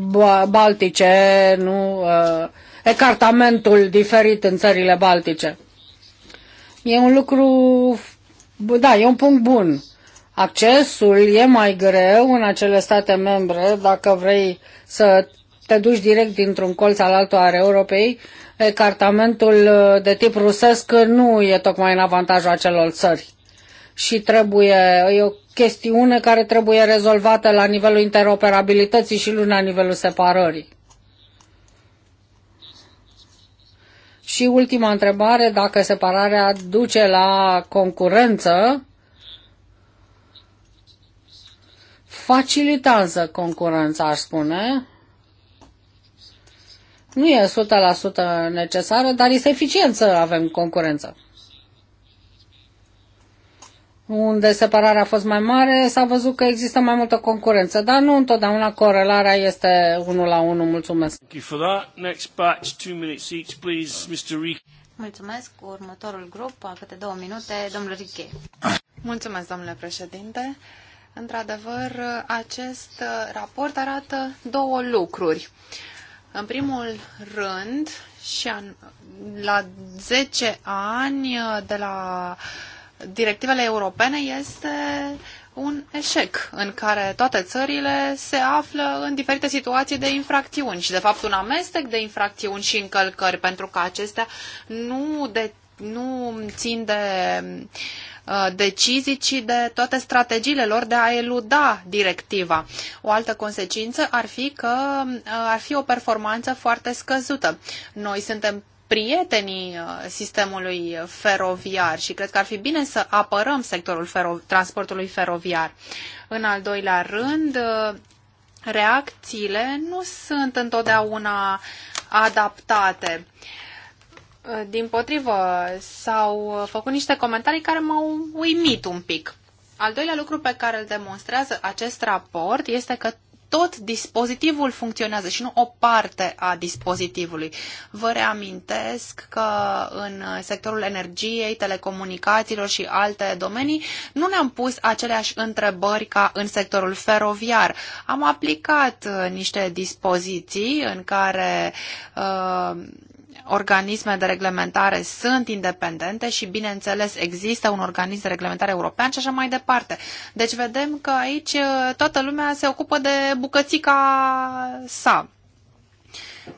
[SPEAKER 2] baltice nu uh, ecartamentul diferit în țările baltice. E un lucru, da, e un punct bun. Accesul e mai greu în acele state membre dacă vrei să te duci direct dintr-un colț al altul al Europei, ecartamentul uh, de tip rusesc nu e tocmai în avantajul acelor țări. Și trebuie, e o chestiune care trebuie rezolvată la nivelul interoperabilității și nu la nivelul separării. Și ultima întrebare, dacă separarea duce la concurență, facilitează concurența, aș spune. Nu e 100% necesară, dar este eficient să avem concurență unde separarea a fost mai mare, s-a văzut că există mai multă concurență, dar nu întotdeauna corelarea este unul la unul. Mulțumesc.
[SPEAKER 3] Mulțumesc. Următorul grup, a câte două minute, domnul Riche. Mulțumesc, domnule președinte. Într-adevăr,
[SPEAKER 4] acest raport arată două lucruri. În primul rând, și la 10 ani de la uh, directivele europene este un eșec în care toate țările se află în diferite situații de infracțiuni și, de fapt, un amestec de infracțiuni și încălcări, pentru că acestea nu, de, nu țin de uh, decizii, ci de toate strategiile lor de a eluda directiva. O altă consecință ar fi că uh, ar fi o performanță foarte scăzută. Noi suntem prietenii uh, sistemului feroviar și cred că ar fi bine să apărăm sectorul fero- transportului feroviar. În al doilea rând, uh, reacțiile nu sunt întotdeauna adaptate. Uh, din potrivă, s-au făcut niște comentarii care m-au uimit un pic. Al doilea lucru pe care îl demonstrează acest raport este că tot dispozitivul funcționează și nu o parte a dispozitivului. Vă reamintesc că în sectorul energiei, telecomunicațiilor și alte domenii nu ne-am pus aceleași întrebări ca în sectorul feroviar. Am aplicat uh, niște dispoziții în care uh, organisme de reglementare sunt independente și, bineînțeles, există un organism de reglementare european și așa mai departe. Deci vedem că aici uh, toată lumea se ocupă de bucățica sa.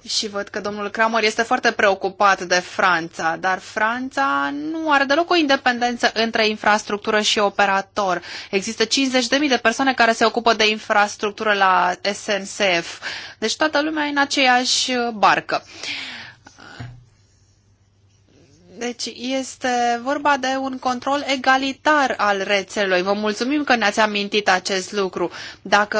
[SPEAKER 4] Și văd că domnul Kramer este foarte preocupat de Franța, dar Franța nu are deloc o independență între infrastructură și operator. Există 50.000 de persoane care se ocupă de infrastructură la SNCF. Deci toată lumea e în aceeași barcă. Uh, deci este vorba de un control egalitar al rețelei. Vă mulțumim că ne-ați amintit acest lucru. Dacă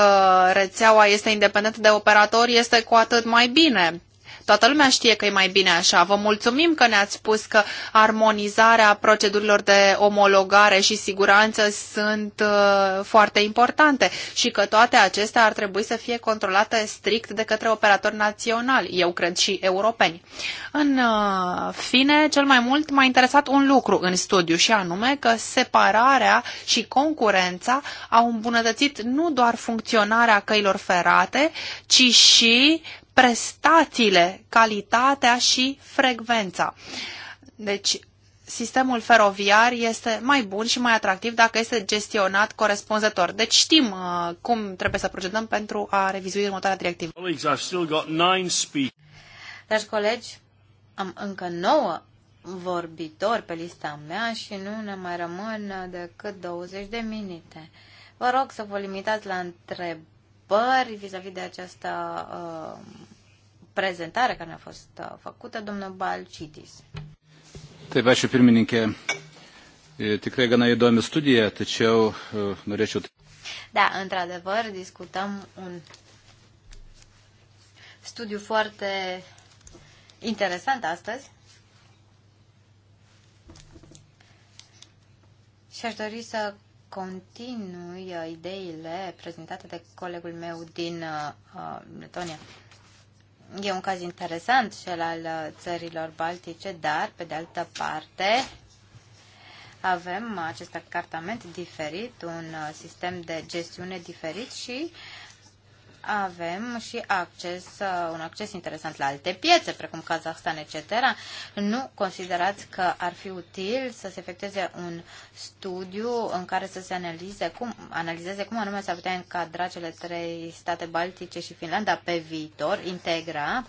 [SPEAKER 4] rețeaua este independentă de operator, este cu atât mai bine. Toată lumea știe că e mai bine așa. Vă mulțumim că ne-ați spus că armonizarea procedurilor de omologare și siguranță sunt uh, foarte importante și că toate acestea ar trebui să fie controlate strict de către operatori naționali, eu cred și europeni. În uh, fine, cel mai mult m-a interesat un lucru în studiu și anume că separarea și concurența au îmbunătățit nu doar funcționarea căilor ferate, ci și prestațiile, calitatea și frecvența. Deci, sistemul feroviar este mai bun și mai atractiv dacă este gestionat corespunzător. Deci știm uh, cum
[SPEAKER 3] trebuie să procedăm pentru a revizui următoarea directivă. Dragi colegi, am încă nouă vorbitori pe lista mea și nu ne mai rămân decât 20 de minute. Vă rog să vă limitați la întrebări întrebări vis-a-vis -vis de această uh, prezentare care ne-a fost uh, făcută, domnul Balcitis. Taip, ačiū pirmininkė. Tikrai gana įdomi studija, tačiau uh, norėčiau. Da, într-adevăr, discutăm un studiu foarte interesant astăzi. Și aș dori să continui uh, ideile prezentate de colegul meu din uh, uh, Letonia. E un caz interesant cel al țărilor baltice, dar, pe de altă parte, avem acest cartament diferit, un sistem de gestiune diferit și avem și acces, uh, un acces interesant la alte piețe, precum Kazahstan, etc., nu considerați că ar fi util să se efecteze un studiu în care să se analize cum, analizeze cum anume s-ar putea încadra cele trei state baltice și Finlanda pe viitor, integra,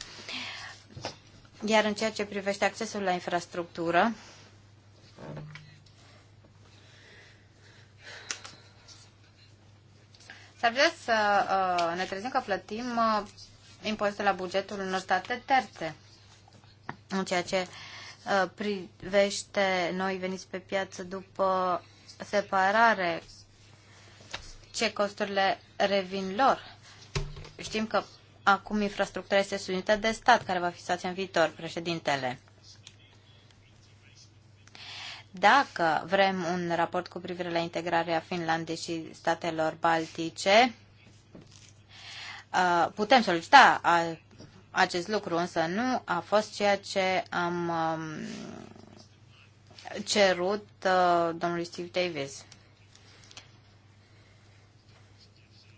[SPEAKER 3] iar în ceea ce privește accesul la infrastructură, S-ar putea să uh, ne trezim că plătim uh, impozitul la bugetul unor state terțe, în ceea ce uh, privește noi veniți pe piață după separare, ce costurile revin lor. Știm că acum infrastructura este subunită de stat, care va fi situația în viitor, președintele. Dacă vrem un raport cu privire la integrarea Finlandei și statelor baltice, uh, putem solicita acest lucru, însă nu a fost ceea ce am um, cerut uh, domnului Steve Davis.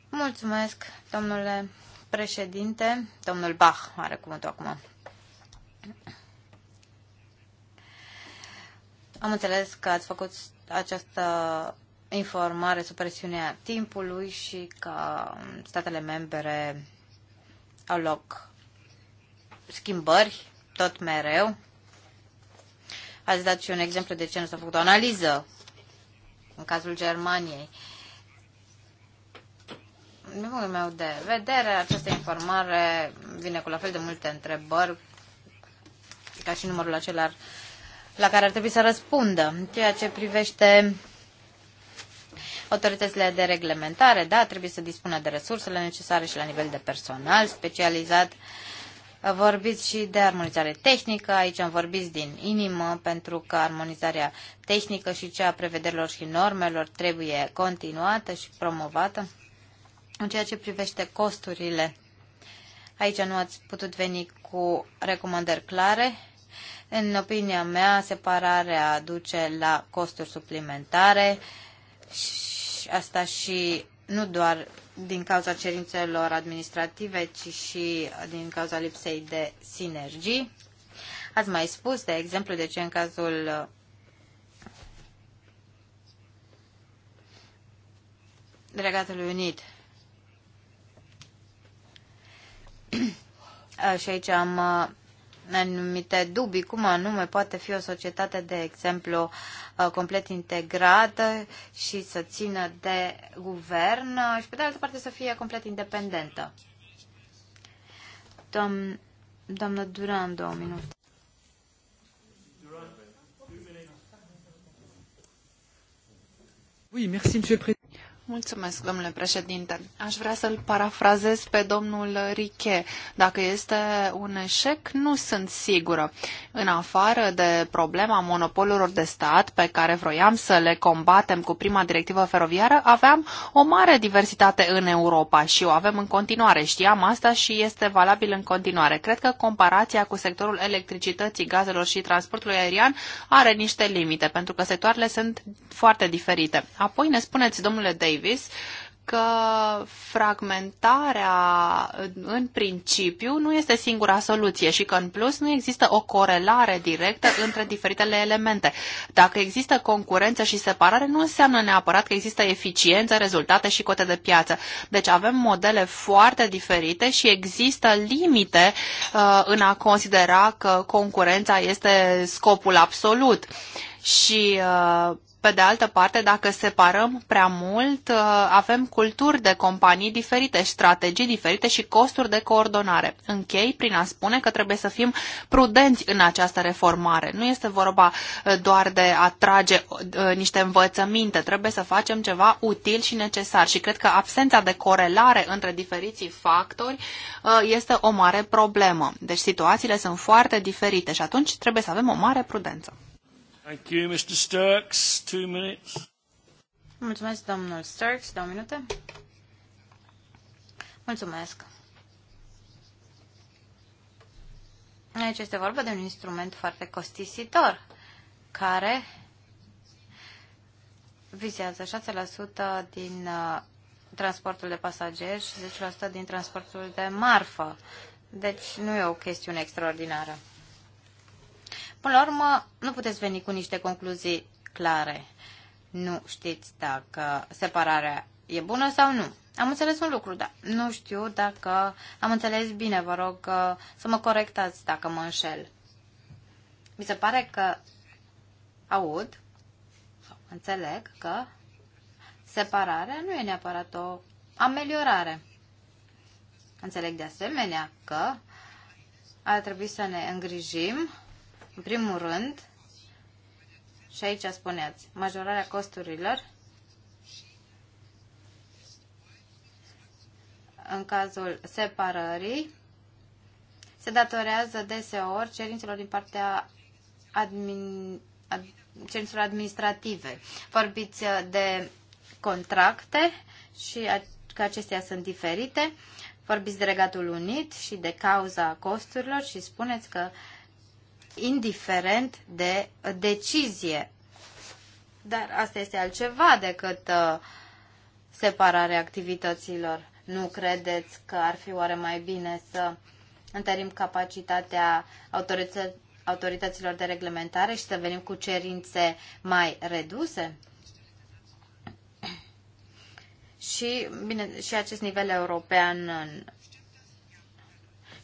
[SPEAKER 3] Mulțumesc, domnule președinte. Domnul Bach are cuvântul acum. Am înțeles că ați făcut această informare sub presiunea timpului și că statele membre au loc schimbări tot mereu. Ați dat și un exemplu de ce nu s-a făcut o analiză în cazul Germaniei. Din punctul meu de vedere, această informare vine cu la fel de multe întrebări ca și numărul acela la care ar trebui să răspundă. Ceea ce privește autoritățile de reglementare, da, trebuie să dispună de resursele necesare și la nivel de personal specializat. Vorbiți și de armonizare tehnică, aici am vorbit din inimă, pentru că armonizarea tehnică și cea a prevederilor și normelor trebuie continuată și promovată. În ceea ce privește costurile, aici nu ați putut veni cu recomandări clare, în opinia mea, separarea duce la costuri suplimentare și asta și nu doar din cauza cerințelor administrative, ci și din cauza lipsei de sinergii. Ați mai spus, de exemplu, de ce în cazul uh, Regatului Unit. Uh, și aici am uh, anumite dubii cum anume poate fi o societate, de exemplu, uh, complet integrată și să țină de guvern și, pe de altă parte, să fie complet independentă. Doam, doamnă Duran, două minute.
[SPEAKER 4] Oui, merci, monsieur le président. Mulțumesc, domnule președinte. Aș vrea să-l parafrazez pe domnul Riche. Dacă este un eșec, nu sunt sigură. În afară de problema monopolurilor de stat, pe care vroiam să le combatem cu prima directivă feroviară, aveam o mare diversitate în Europa și o avem în continuare. Știam asta și este valabil în continuare. Cred că comparația cu sectorul electricității, gazelor și transportului aerian are niște limite, pentru că sectoarele sunt foarte diferite. Apoi ne spuneți, domnule David, Davis că fragmentarea în principiu nu este singura soluție și că în plus nu există o corelare directă între diferitele elemente. Dacă există concurență și separare, nu înseamnă neapărat că există eficiență, rezultate și cote de piață. Deci avem modele foarte diferite și există limite uh, în a considera că concurența este scopul absolut. Și uh, pe de altă parte, dacă separăm prea mult, uh, avem culturi de companii diferite, strategii diferite și costuri de coordonare. Închei prin a spune că trebuie să fim prudenți în această reformare. Nu este vorba uh, doar de a trage uh, niște învățăminte, trebuie să facem ceva util și necesar și cred că absența de corelare între diferiții factori este o mare problemă. Deci situațiile sunt foarte diferite și atunci trebuie să avem o mare prudență.
[SPEAKER 3] Thank you, Mr. Sturks. Two minutes. Mulțumesc, domnul Sturks. Două minute. Mulțumesc. Aici este vorba de un instrument foarte costisitor, care vizează 6% din uh, transportul de pasageri și 10% din transportul de marfă. Deci nu e o chestiune extraordinară. Până la urmă, nu puteți veni cu niște concluzii clare. Nu știți dacă separarea e bună sau nu. Am înțeles un lucru, dar nu știu dacă am înțeles bine. Vă rog uh, să mă corectați dacă mă înșel. Mi se pare că aud, înțeleg că separarea nu e neapărat o ameliorare. Înțeleg de asemenea că ar trebui să ne îngrijim în primul rând, și aici spuneați, majorarea costurilor în cazul separării se datorează deseori cerințelor din partea admin, ad, cerințelor administrative. Vorbiți uh, de contracte și a, că acestea sunt diferite. Vorbiți de Regatul Unit și de cauza costurilor și spuneți că uh, indiferent de decizie. Dar asta este altceva decât uh, separarea activităților. Nu credeți că ar fi oare mai bine să întărim capacitatea autorităților de reglementare și să venim cu cerințe mai reduse? Și, bine, și acest nivel european în...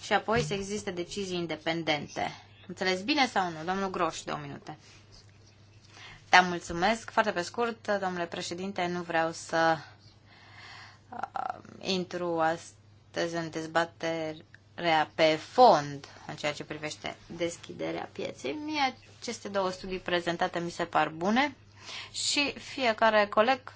[SPEAKER 3] și apoi să existe decizii independente. Înțeles bine sau nu? Domnul Groș, două minute. Da, mulțumesc. Foarte pe scurt, domnule președinte, nu vreau să uh, intru astăzi în dezbaterea pe fond în ceea ce privește deschiderea pieței. Mie aceste două studii prezentate mi se par bune și fiecare coleg uh,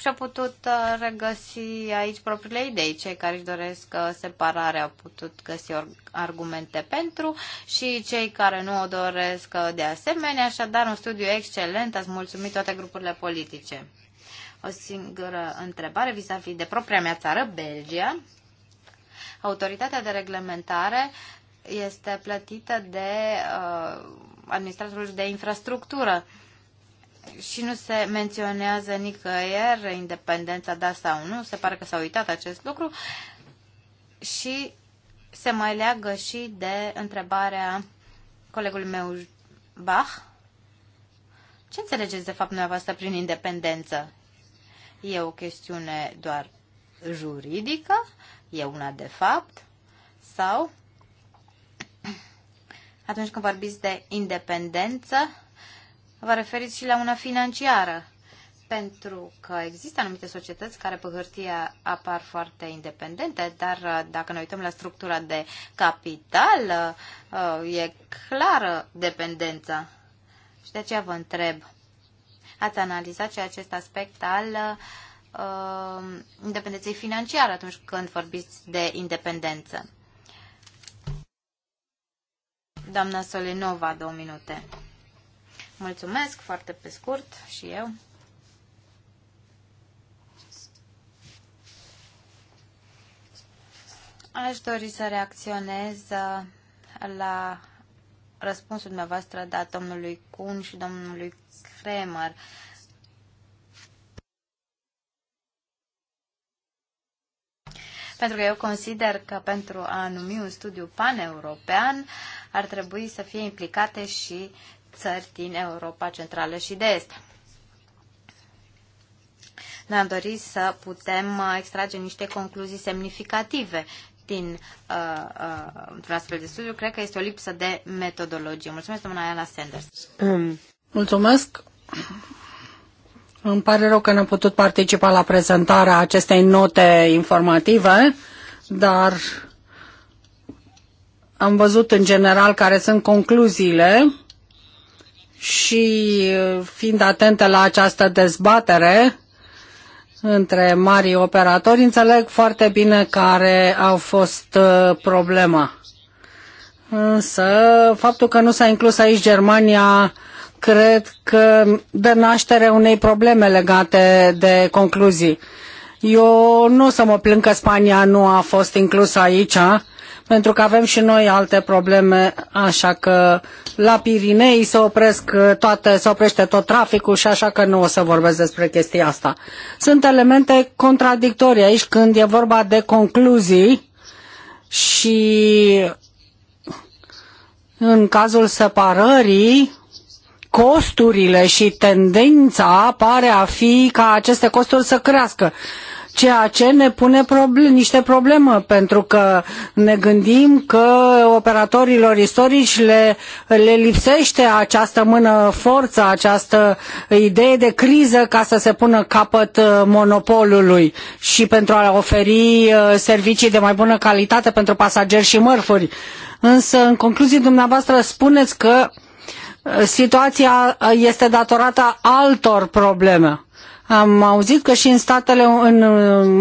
[SPEAKER 3] și-a putut uh, regăsi aici propriile idei. Cei care își doresc uh, separare au putut găsi argumente pentru și cei care nu o doresc uh, de asemenea. Așadar, un studiu excelent. Ați mulțumit toate grupurile politice. O singură întrebare vis-a-vis -vis de propria mea țară, Belgia. Autoritatea de reglementare este plătită de uh, administratorul de infrastructură. Uh, și nu se menționează nicăieri independența da sau nu, se pare că s-a uitat acest lucru și se mai leagă și de întrebarea colegului meu Bach. Ce înțelegeți de fapt dumneavoastră prin independență? E o chestiune doar juridică? E una de fapt? Sau atunci când vorbiți de independență, vă referiți și la una financiară, pentru că există anumite societăți care pe hârtie apar foarte independente, dar uh, dacă ne uităm la structura de capital, uh, e clară dependența. Și de aceea vă întreb, ați analizat și acest aspect al uh, independenței financiare atunci când vorbiți de independență? Doamna Solinova, două minute. Mulțumesc foarte pe scurt și eu. Aș dori să reacționez uh, la răspunsul dumneavoastră dat domnului Cun și domnului Kremer. Pentru că eu consider că pentru a numi un studiu paneuropean ar trebui să fie implicate și țări din Europa Centrală și de Est. Ne-am dorit să putem extrage niște concluzii semnificative din uh, uh, astfel de studiu. Cred că este o lipsă de metodologie. Mulțumesc, doamna Ayala Sanders.
[SPEAKER 2] Um, mulțumesc. Îmi pare rău că n-am putut participa la prezentarea acestei note informative, dar am văzut în general care sunt concluziile și uh, fiind atentă la această dezbatere între mari operatori, înțeleg foarte bine care au fost uh, problema. Însă, faptul că nu s-a inclus aici Germania, cred că dă naștere unei probleme legate de concluzii. Eu nu o să mă plâng că Spania nu a fost inclusă aici, pentru că avem și noi alte probleme, așa că la Pirinei se, opresc uh, toate, se oprește tot traficul și așa că nu o să vorbesc despre chestia asta. Sunt elemente contradictorii aici când e vorba de concluzii și în cazul separării, costurile și tendința pare a fi ca aceste costuri să crească ceea ce ne pune niște probleme, pentru că ne gândim că operatorilor istorici le, le lipsește această mână forță, această idee de criză ca să se pună capăt uh, monopolului și pentru a oferi uh, servicii de mai bună calitate pentru pasageri și mărfuri. Însă, în concluzie, dumneavoastră spuneți că uh, situația este datorată altor probleme am auzit că și în statele în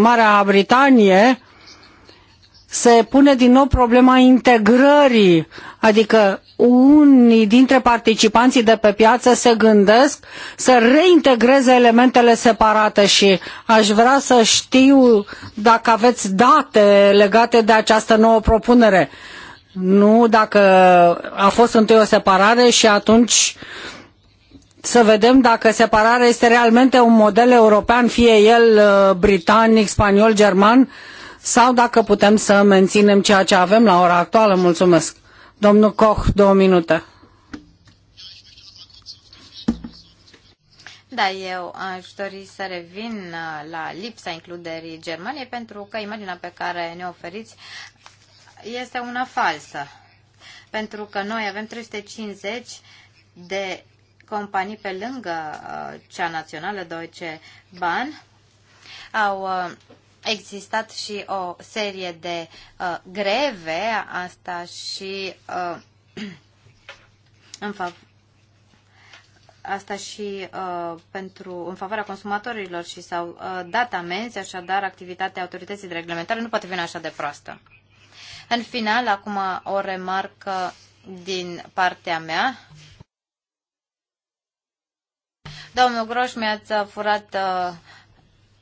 [SPEAKER 2] Marea Britanie se pune din nou problema integrării, adică unii dintre participanții de pe piață se gândesc să reintegreze elementele separate și aș vrea să știu dacă aveți date legate de această nouă propunere. Nu dacă a fost întâi o separare și atunci să vedem dacă separarea este realmente un model european, fie el uh, britanic, spaniol, german, sau dacă putem să menținem ceea ce avem la ora actuală. Mulțumesc. Domnul Koch, două minute.
[SPEAKER 3] Da, eu aș dori să revin uh, la lipsa includerii Germaniei, pentru că imaginea pe care ne oferiți este una falsă. Pentru că noi avem 350 de companii pe lângă uh, cea națională Deutsche Bahn au uh, existat și o serie de uh, greve, asta și în fapt asta și uh, pentru în favoarea consumatorilor și s-au uh, dat amenzi, așadar activitatea autorității de reglementare nu poate veni așa de proastă. În final, acum o remarcă din partea mea. Domnul Groș, mi-ați furat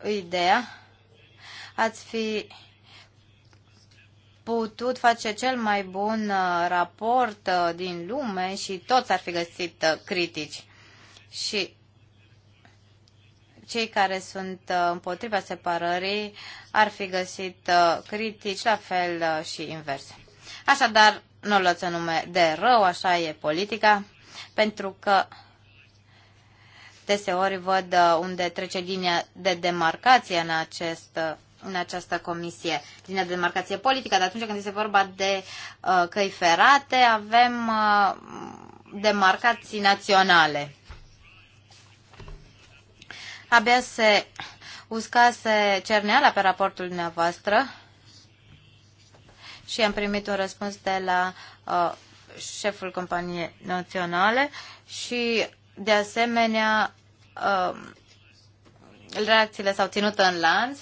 [SPEAKER 3] uh, ideea. Ați fi putut face cel mai bun uh, raport uh, din lume și toți ar fi găsit uh, critici. Și cei care sunt uh, împotriva separării ar fi găsit uh, critici, la fel uh, și invers. Așadar, nu o lăsă nume de rău, așa e politica, pentru că deseori văd uh, unde trece linia de demarcație în, acest, uh, în această comisie, linia de demarcație politică, dar atunci când este vorba de uh, căi ferate, avem uh, demarcații naționale. Abia se uscase cerneala pe raportul dumneavoastră și am primit un răspuns de la uh, șeful companiei naționale și de asemenea Um, reacțiile s-au ținut în lanț.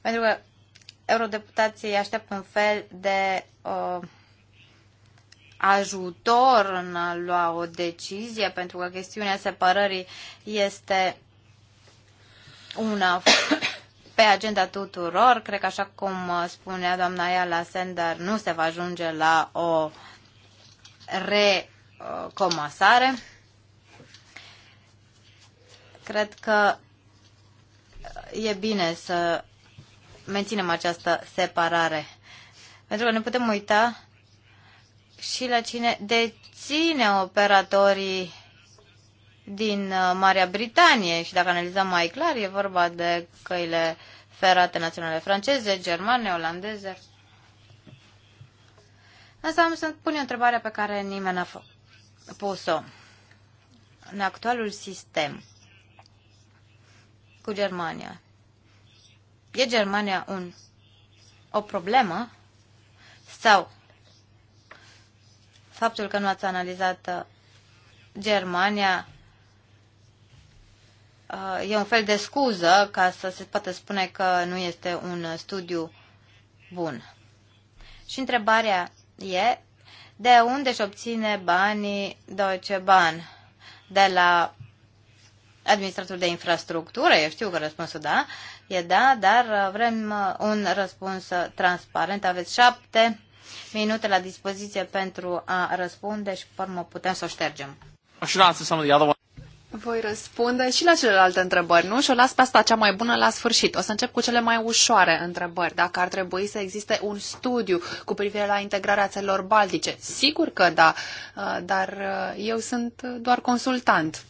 [SPEAKER 3] Pentru că eurodeputații așteaptă un fel de uh, ajutor în a lua o decizie, pentru că chestiunea separării este una pe agenda tuturor. Cred că așa cum uh, spunea doamna Iala Sender, nu se va ajunge la o recomasare. Cred că e bine să menținem această separare. Pentru că ne putem uita și la cine deține operatorii din uh, Marea Britanie și dacă analizăm mai clar, e vorba de căile ferate naționale franceze, germane, olandeze. Însă am să pun o întrebare pe care nimeni n-a pus-o. În actualul sistem cu Germania, e Germania un, o problemă sau faptul că nu ați analizat uh, Germania uh, e un fel de scuză ca să se poată spune că nu este un studiu bun. Și întrebarea e de unde își obține banii Deutsche Bahn? De la administrator de infrastructură? Eu știu că răspunsul da, e da, dar uh, vrem uh, un răspuns uh, transparent. Aveți șapte minute la dispoziție pentru a răspunde și, pe urmă, putem să o ștergem.
[SPEAKER 4] I should answer some of the other
[SPEAKER 3] voi răspunde
[SPEAKER 4] și la celelalte întrebări, nu? Și o las pe asta cea mai bună la sfârșit. O să încep cu cele mai ușoare întrebări. Dacă ar trebui să existe un studiu cu privire la integrarea țărilor baltice? Sigur că da, uh, dar uh, eu sunt doar consultant.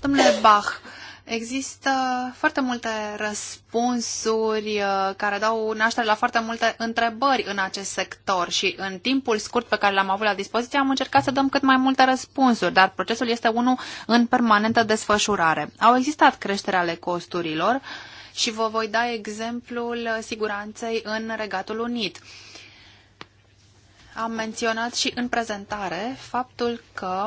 [SPEAKER 4] Domnule Bach, Există foarte multe răspunsuri uh, care dau naștere la foarte multe întrebări în acest sector și în timpul scurt pe care l-am avut la dispoziție am încercat să dăm cât mai multe răspunsuri, dar procesul este unul în permanentă desfășurare. Au existat creșteri ale costurilor și vă voi da exemplul siguranței în Regatul Unit. Am menționat și în prezentare faptul că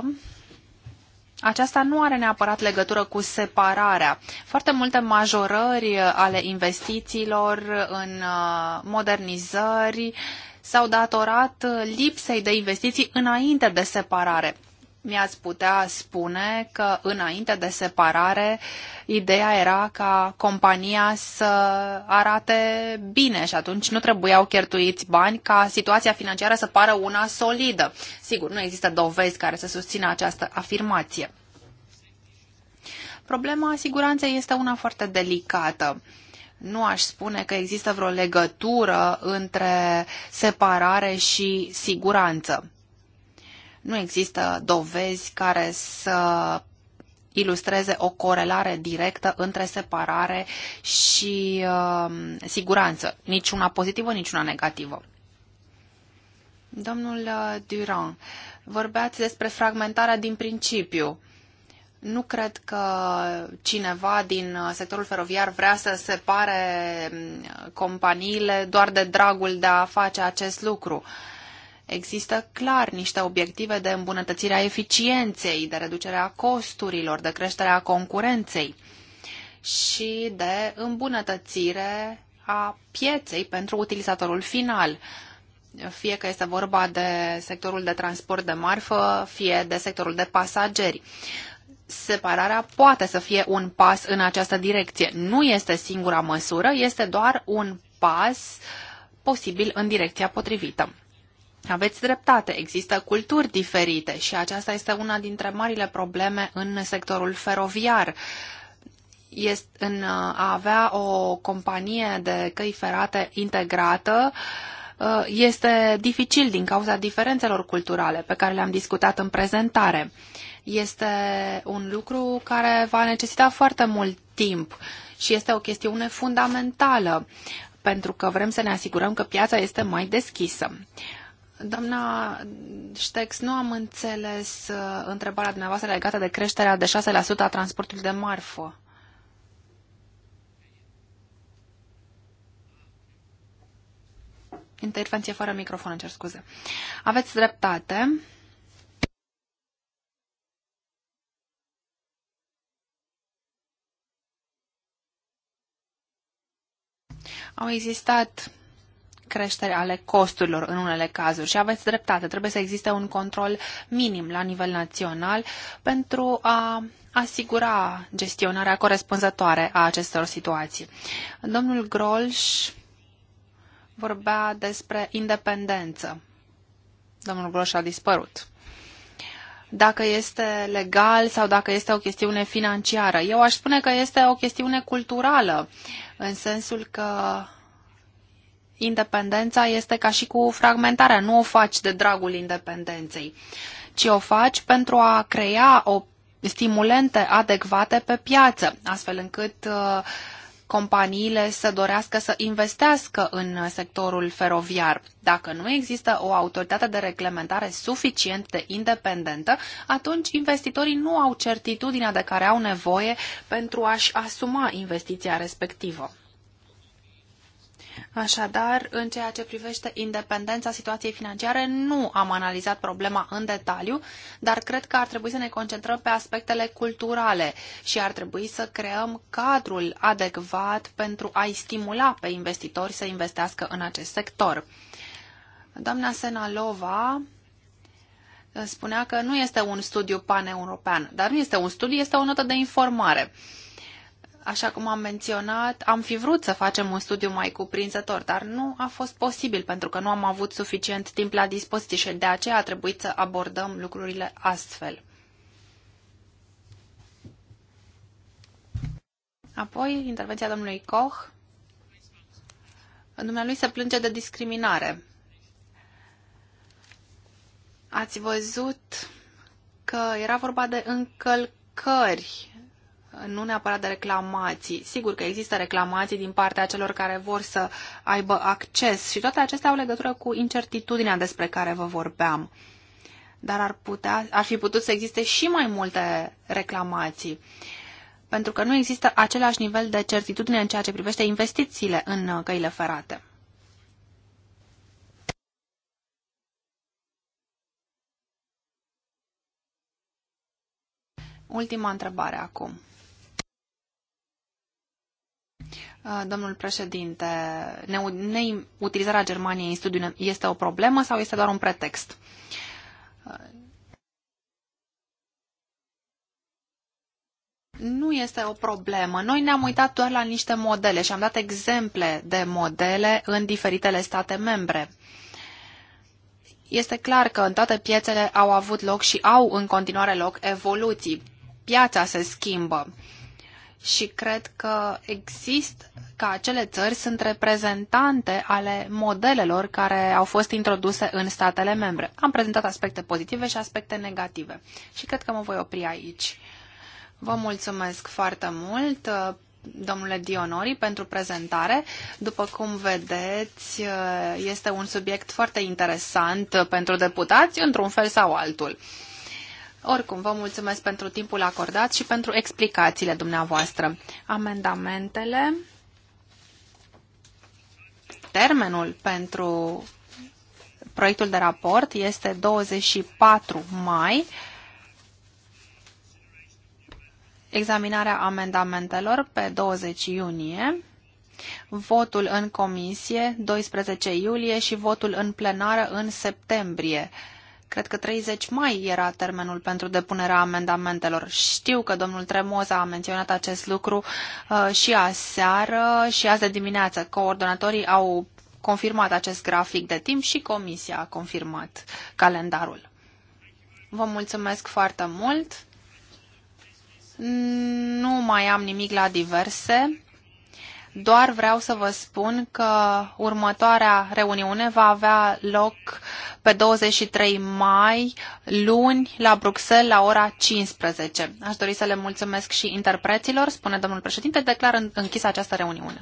[SPEAKER 4] aceasta nu are neapărat legătură cu separarea. Foarte multe majorări ale investițiilor în uh, modernizări s-au datorat lipsei de investiții înainte de separare mi-ați putea spune că înainte de separare ideea era ca compania să arate bine și atunci nu trebuiau cheltuiți bani ca situația financiară să pară una solidă. Sigur, nu există dovezi care să susțină această afirmație. Problema siguranței este una foarte delicată. Nu aș spune că există vreo legătură între separare și siguranță nu există dovezi care să ilustreze o corelare directă între separare și uh, siguranță, niciuna pozitivă, niciuna negativă. Domnul uh, Durand, vorbeați despre fragmentarea din principiu. Nu cred că cineva din uh, sectorul feroviar vrea să separe um, companiile doar de dragul de a face acest lucru. Uh, Există clar niște obiective de îmbunătățire a eficienței, de reducerea costurilor, de creșterea concurenței și de îmbunătățire a pieței pentru utilizatorul final, fie că este vorba de sectorul de transport de marfă, fie de sectorul de pasageri. Separarea poate să fie un pas în această direcție. Nu este singura măsură, este doar un pas posibil în direcția potrivită. Aveți dreptate, există culturi diferite și aceasta este una dintre marile probleme în sectorul feroviar. Este în uh, a avea o companie de căi ferate integrată uh, este dificil din cauza diferențelor culturale pe care le-am discutat în prezentare. Este un lucru care va necesita foarte mult timp și este o chestiune fundamentală pentru că vrem să ne asigurăm că piața este mai deschisă. Doamna Ștex, nu am înțeles uh, întrebarea dumneavoastră legată de creșterea de 6% a transportului de marfă. Intervenție fără microfon, cer scuze. Aveți dreptate. Au existat creșteri ale costurilor în unele cazuri și aveți dreptate, trebuie să existe un control minim la nivel național pentru a asigura gestionarea corespunzătoare a acestor situații. Domnul Grolș vorbea despre independență. Domnul Grolș a dispărut dacă este legal sau dacă este o chestiune financiară. Eu aș spune că este o chestiune culturală, în sensul că independența este ca și cu fragmentarea. Nu o faci de dragul independenței, ci o faci pentru a crea o stimulente adecvate pe piață, astfel încât uh, companiile să dorească să investească în sectorul feroviar. Dacă nu există o autoritate de reglementare suficient de independentă, atunci investitorii nu au certitudinea de care au nevoie pentru a-și asuma investiția respectivă. Așadar, în ceea ce privește independența situației financiare, nu am analizat problema în detaliu, dar cred că ar trebui să ne concentrăm pe aspectele culturale și ar trebui să creăm cadrul adecvat pentru a-i stimula pe investitori să investească în acest sector. Doamna Senalova spunea că nu este un studiu paneuropean, dar nu este un studiu, este o notă de informare. Așa cum am menționat, am fi vrut să facem un studiu mai cuprinzător, dar nu a fost posibil pentru că nu am avut suficient timp la dispoziție și de aceea a trebuit să abordăm lucrurile astfel. Apoi, intervenția domnului Koch. Dumnealui se plânge de discriminare. Ați văzut că era vorba de încălcări nu neapărat de reclamații. Sigur că există reclamații din partea celor care vor să aibă acces și toate acestea au legătură cu incertitudinea despre care vă vorbeam. Dar ar, putea, ar fi putut să existe și mai multe reclamații, pentru că nu există același nivel de certitudine în ceea ce privește investițiile în căile ferate. Ultima întrebare acum. Uh, domnul președinte, neutilizarea Germaniei în studiu este o problemă sau este doar un pretext? Uh, nu este o problemă. Noi ne-am uitat doar la niște modele și am dat exemple de modele în diferitele state membre. Este clar că în toate piețele au avut loc și au în continuare loc evoluții. Piața se schimbă și cred că există că acele țări sunt reprezentante ale modelelor care au fost introduse în statele membre. Am prezentat aspecte pozitive și aspecte negative și cred că mă voi opri aici. Vă mulțumesc foarte mult, domnule Dionori, pentru prezentare. După cum vedeți, este un subiect foarte interesant pentru deputați, într-un fel sau altul. Oricum, vă mulțumesc pentru timpul acordat și pentru explicațiile dumneavoastră. Amendamentele, termenul pentru proiectul de raport este 24 mai. Examinarea amendamentelor pe 20 iunie, votul în comisie 12 iulie și votul în plenară în septembrie Cred că 30 mai era termenul pentru depunerea amendamentelor. Știu că domnul Tremoza a menționat acest lucru uh, și aseară și azi de dimineață. Coordonatorii au confirmat acest grafic de timp și comisia a confirmat calendarul. Vă mulțumesc foarte mult. Nu mai am nimic la diverse. Doar vreau să vă spun că următoarea reuniune va avea loc pe 23 mai, luni, la Bruxelles, la ora 15. Aș dori să le mulțumesc și interpreților, spune domnul președinte, declar închisă această reuniune.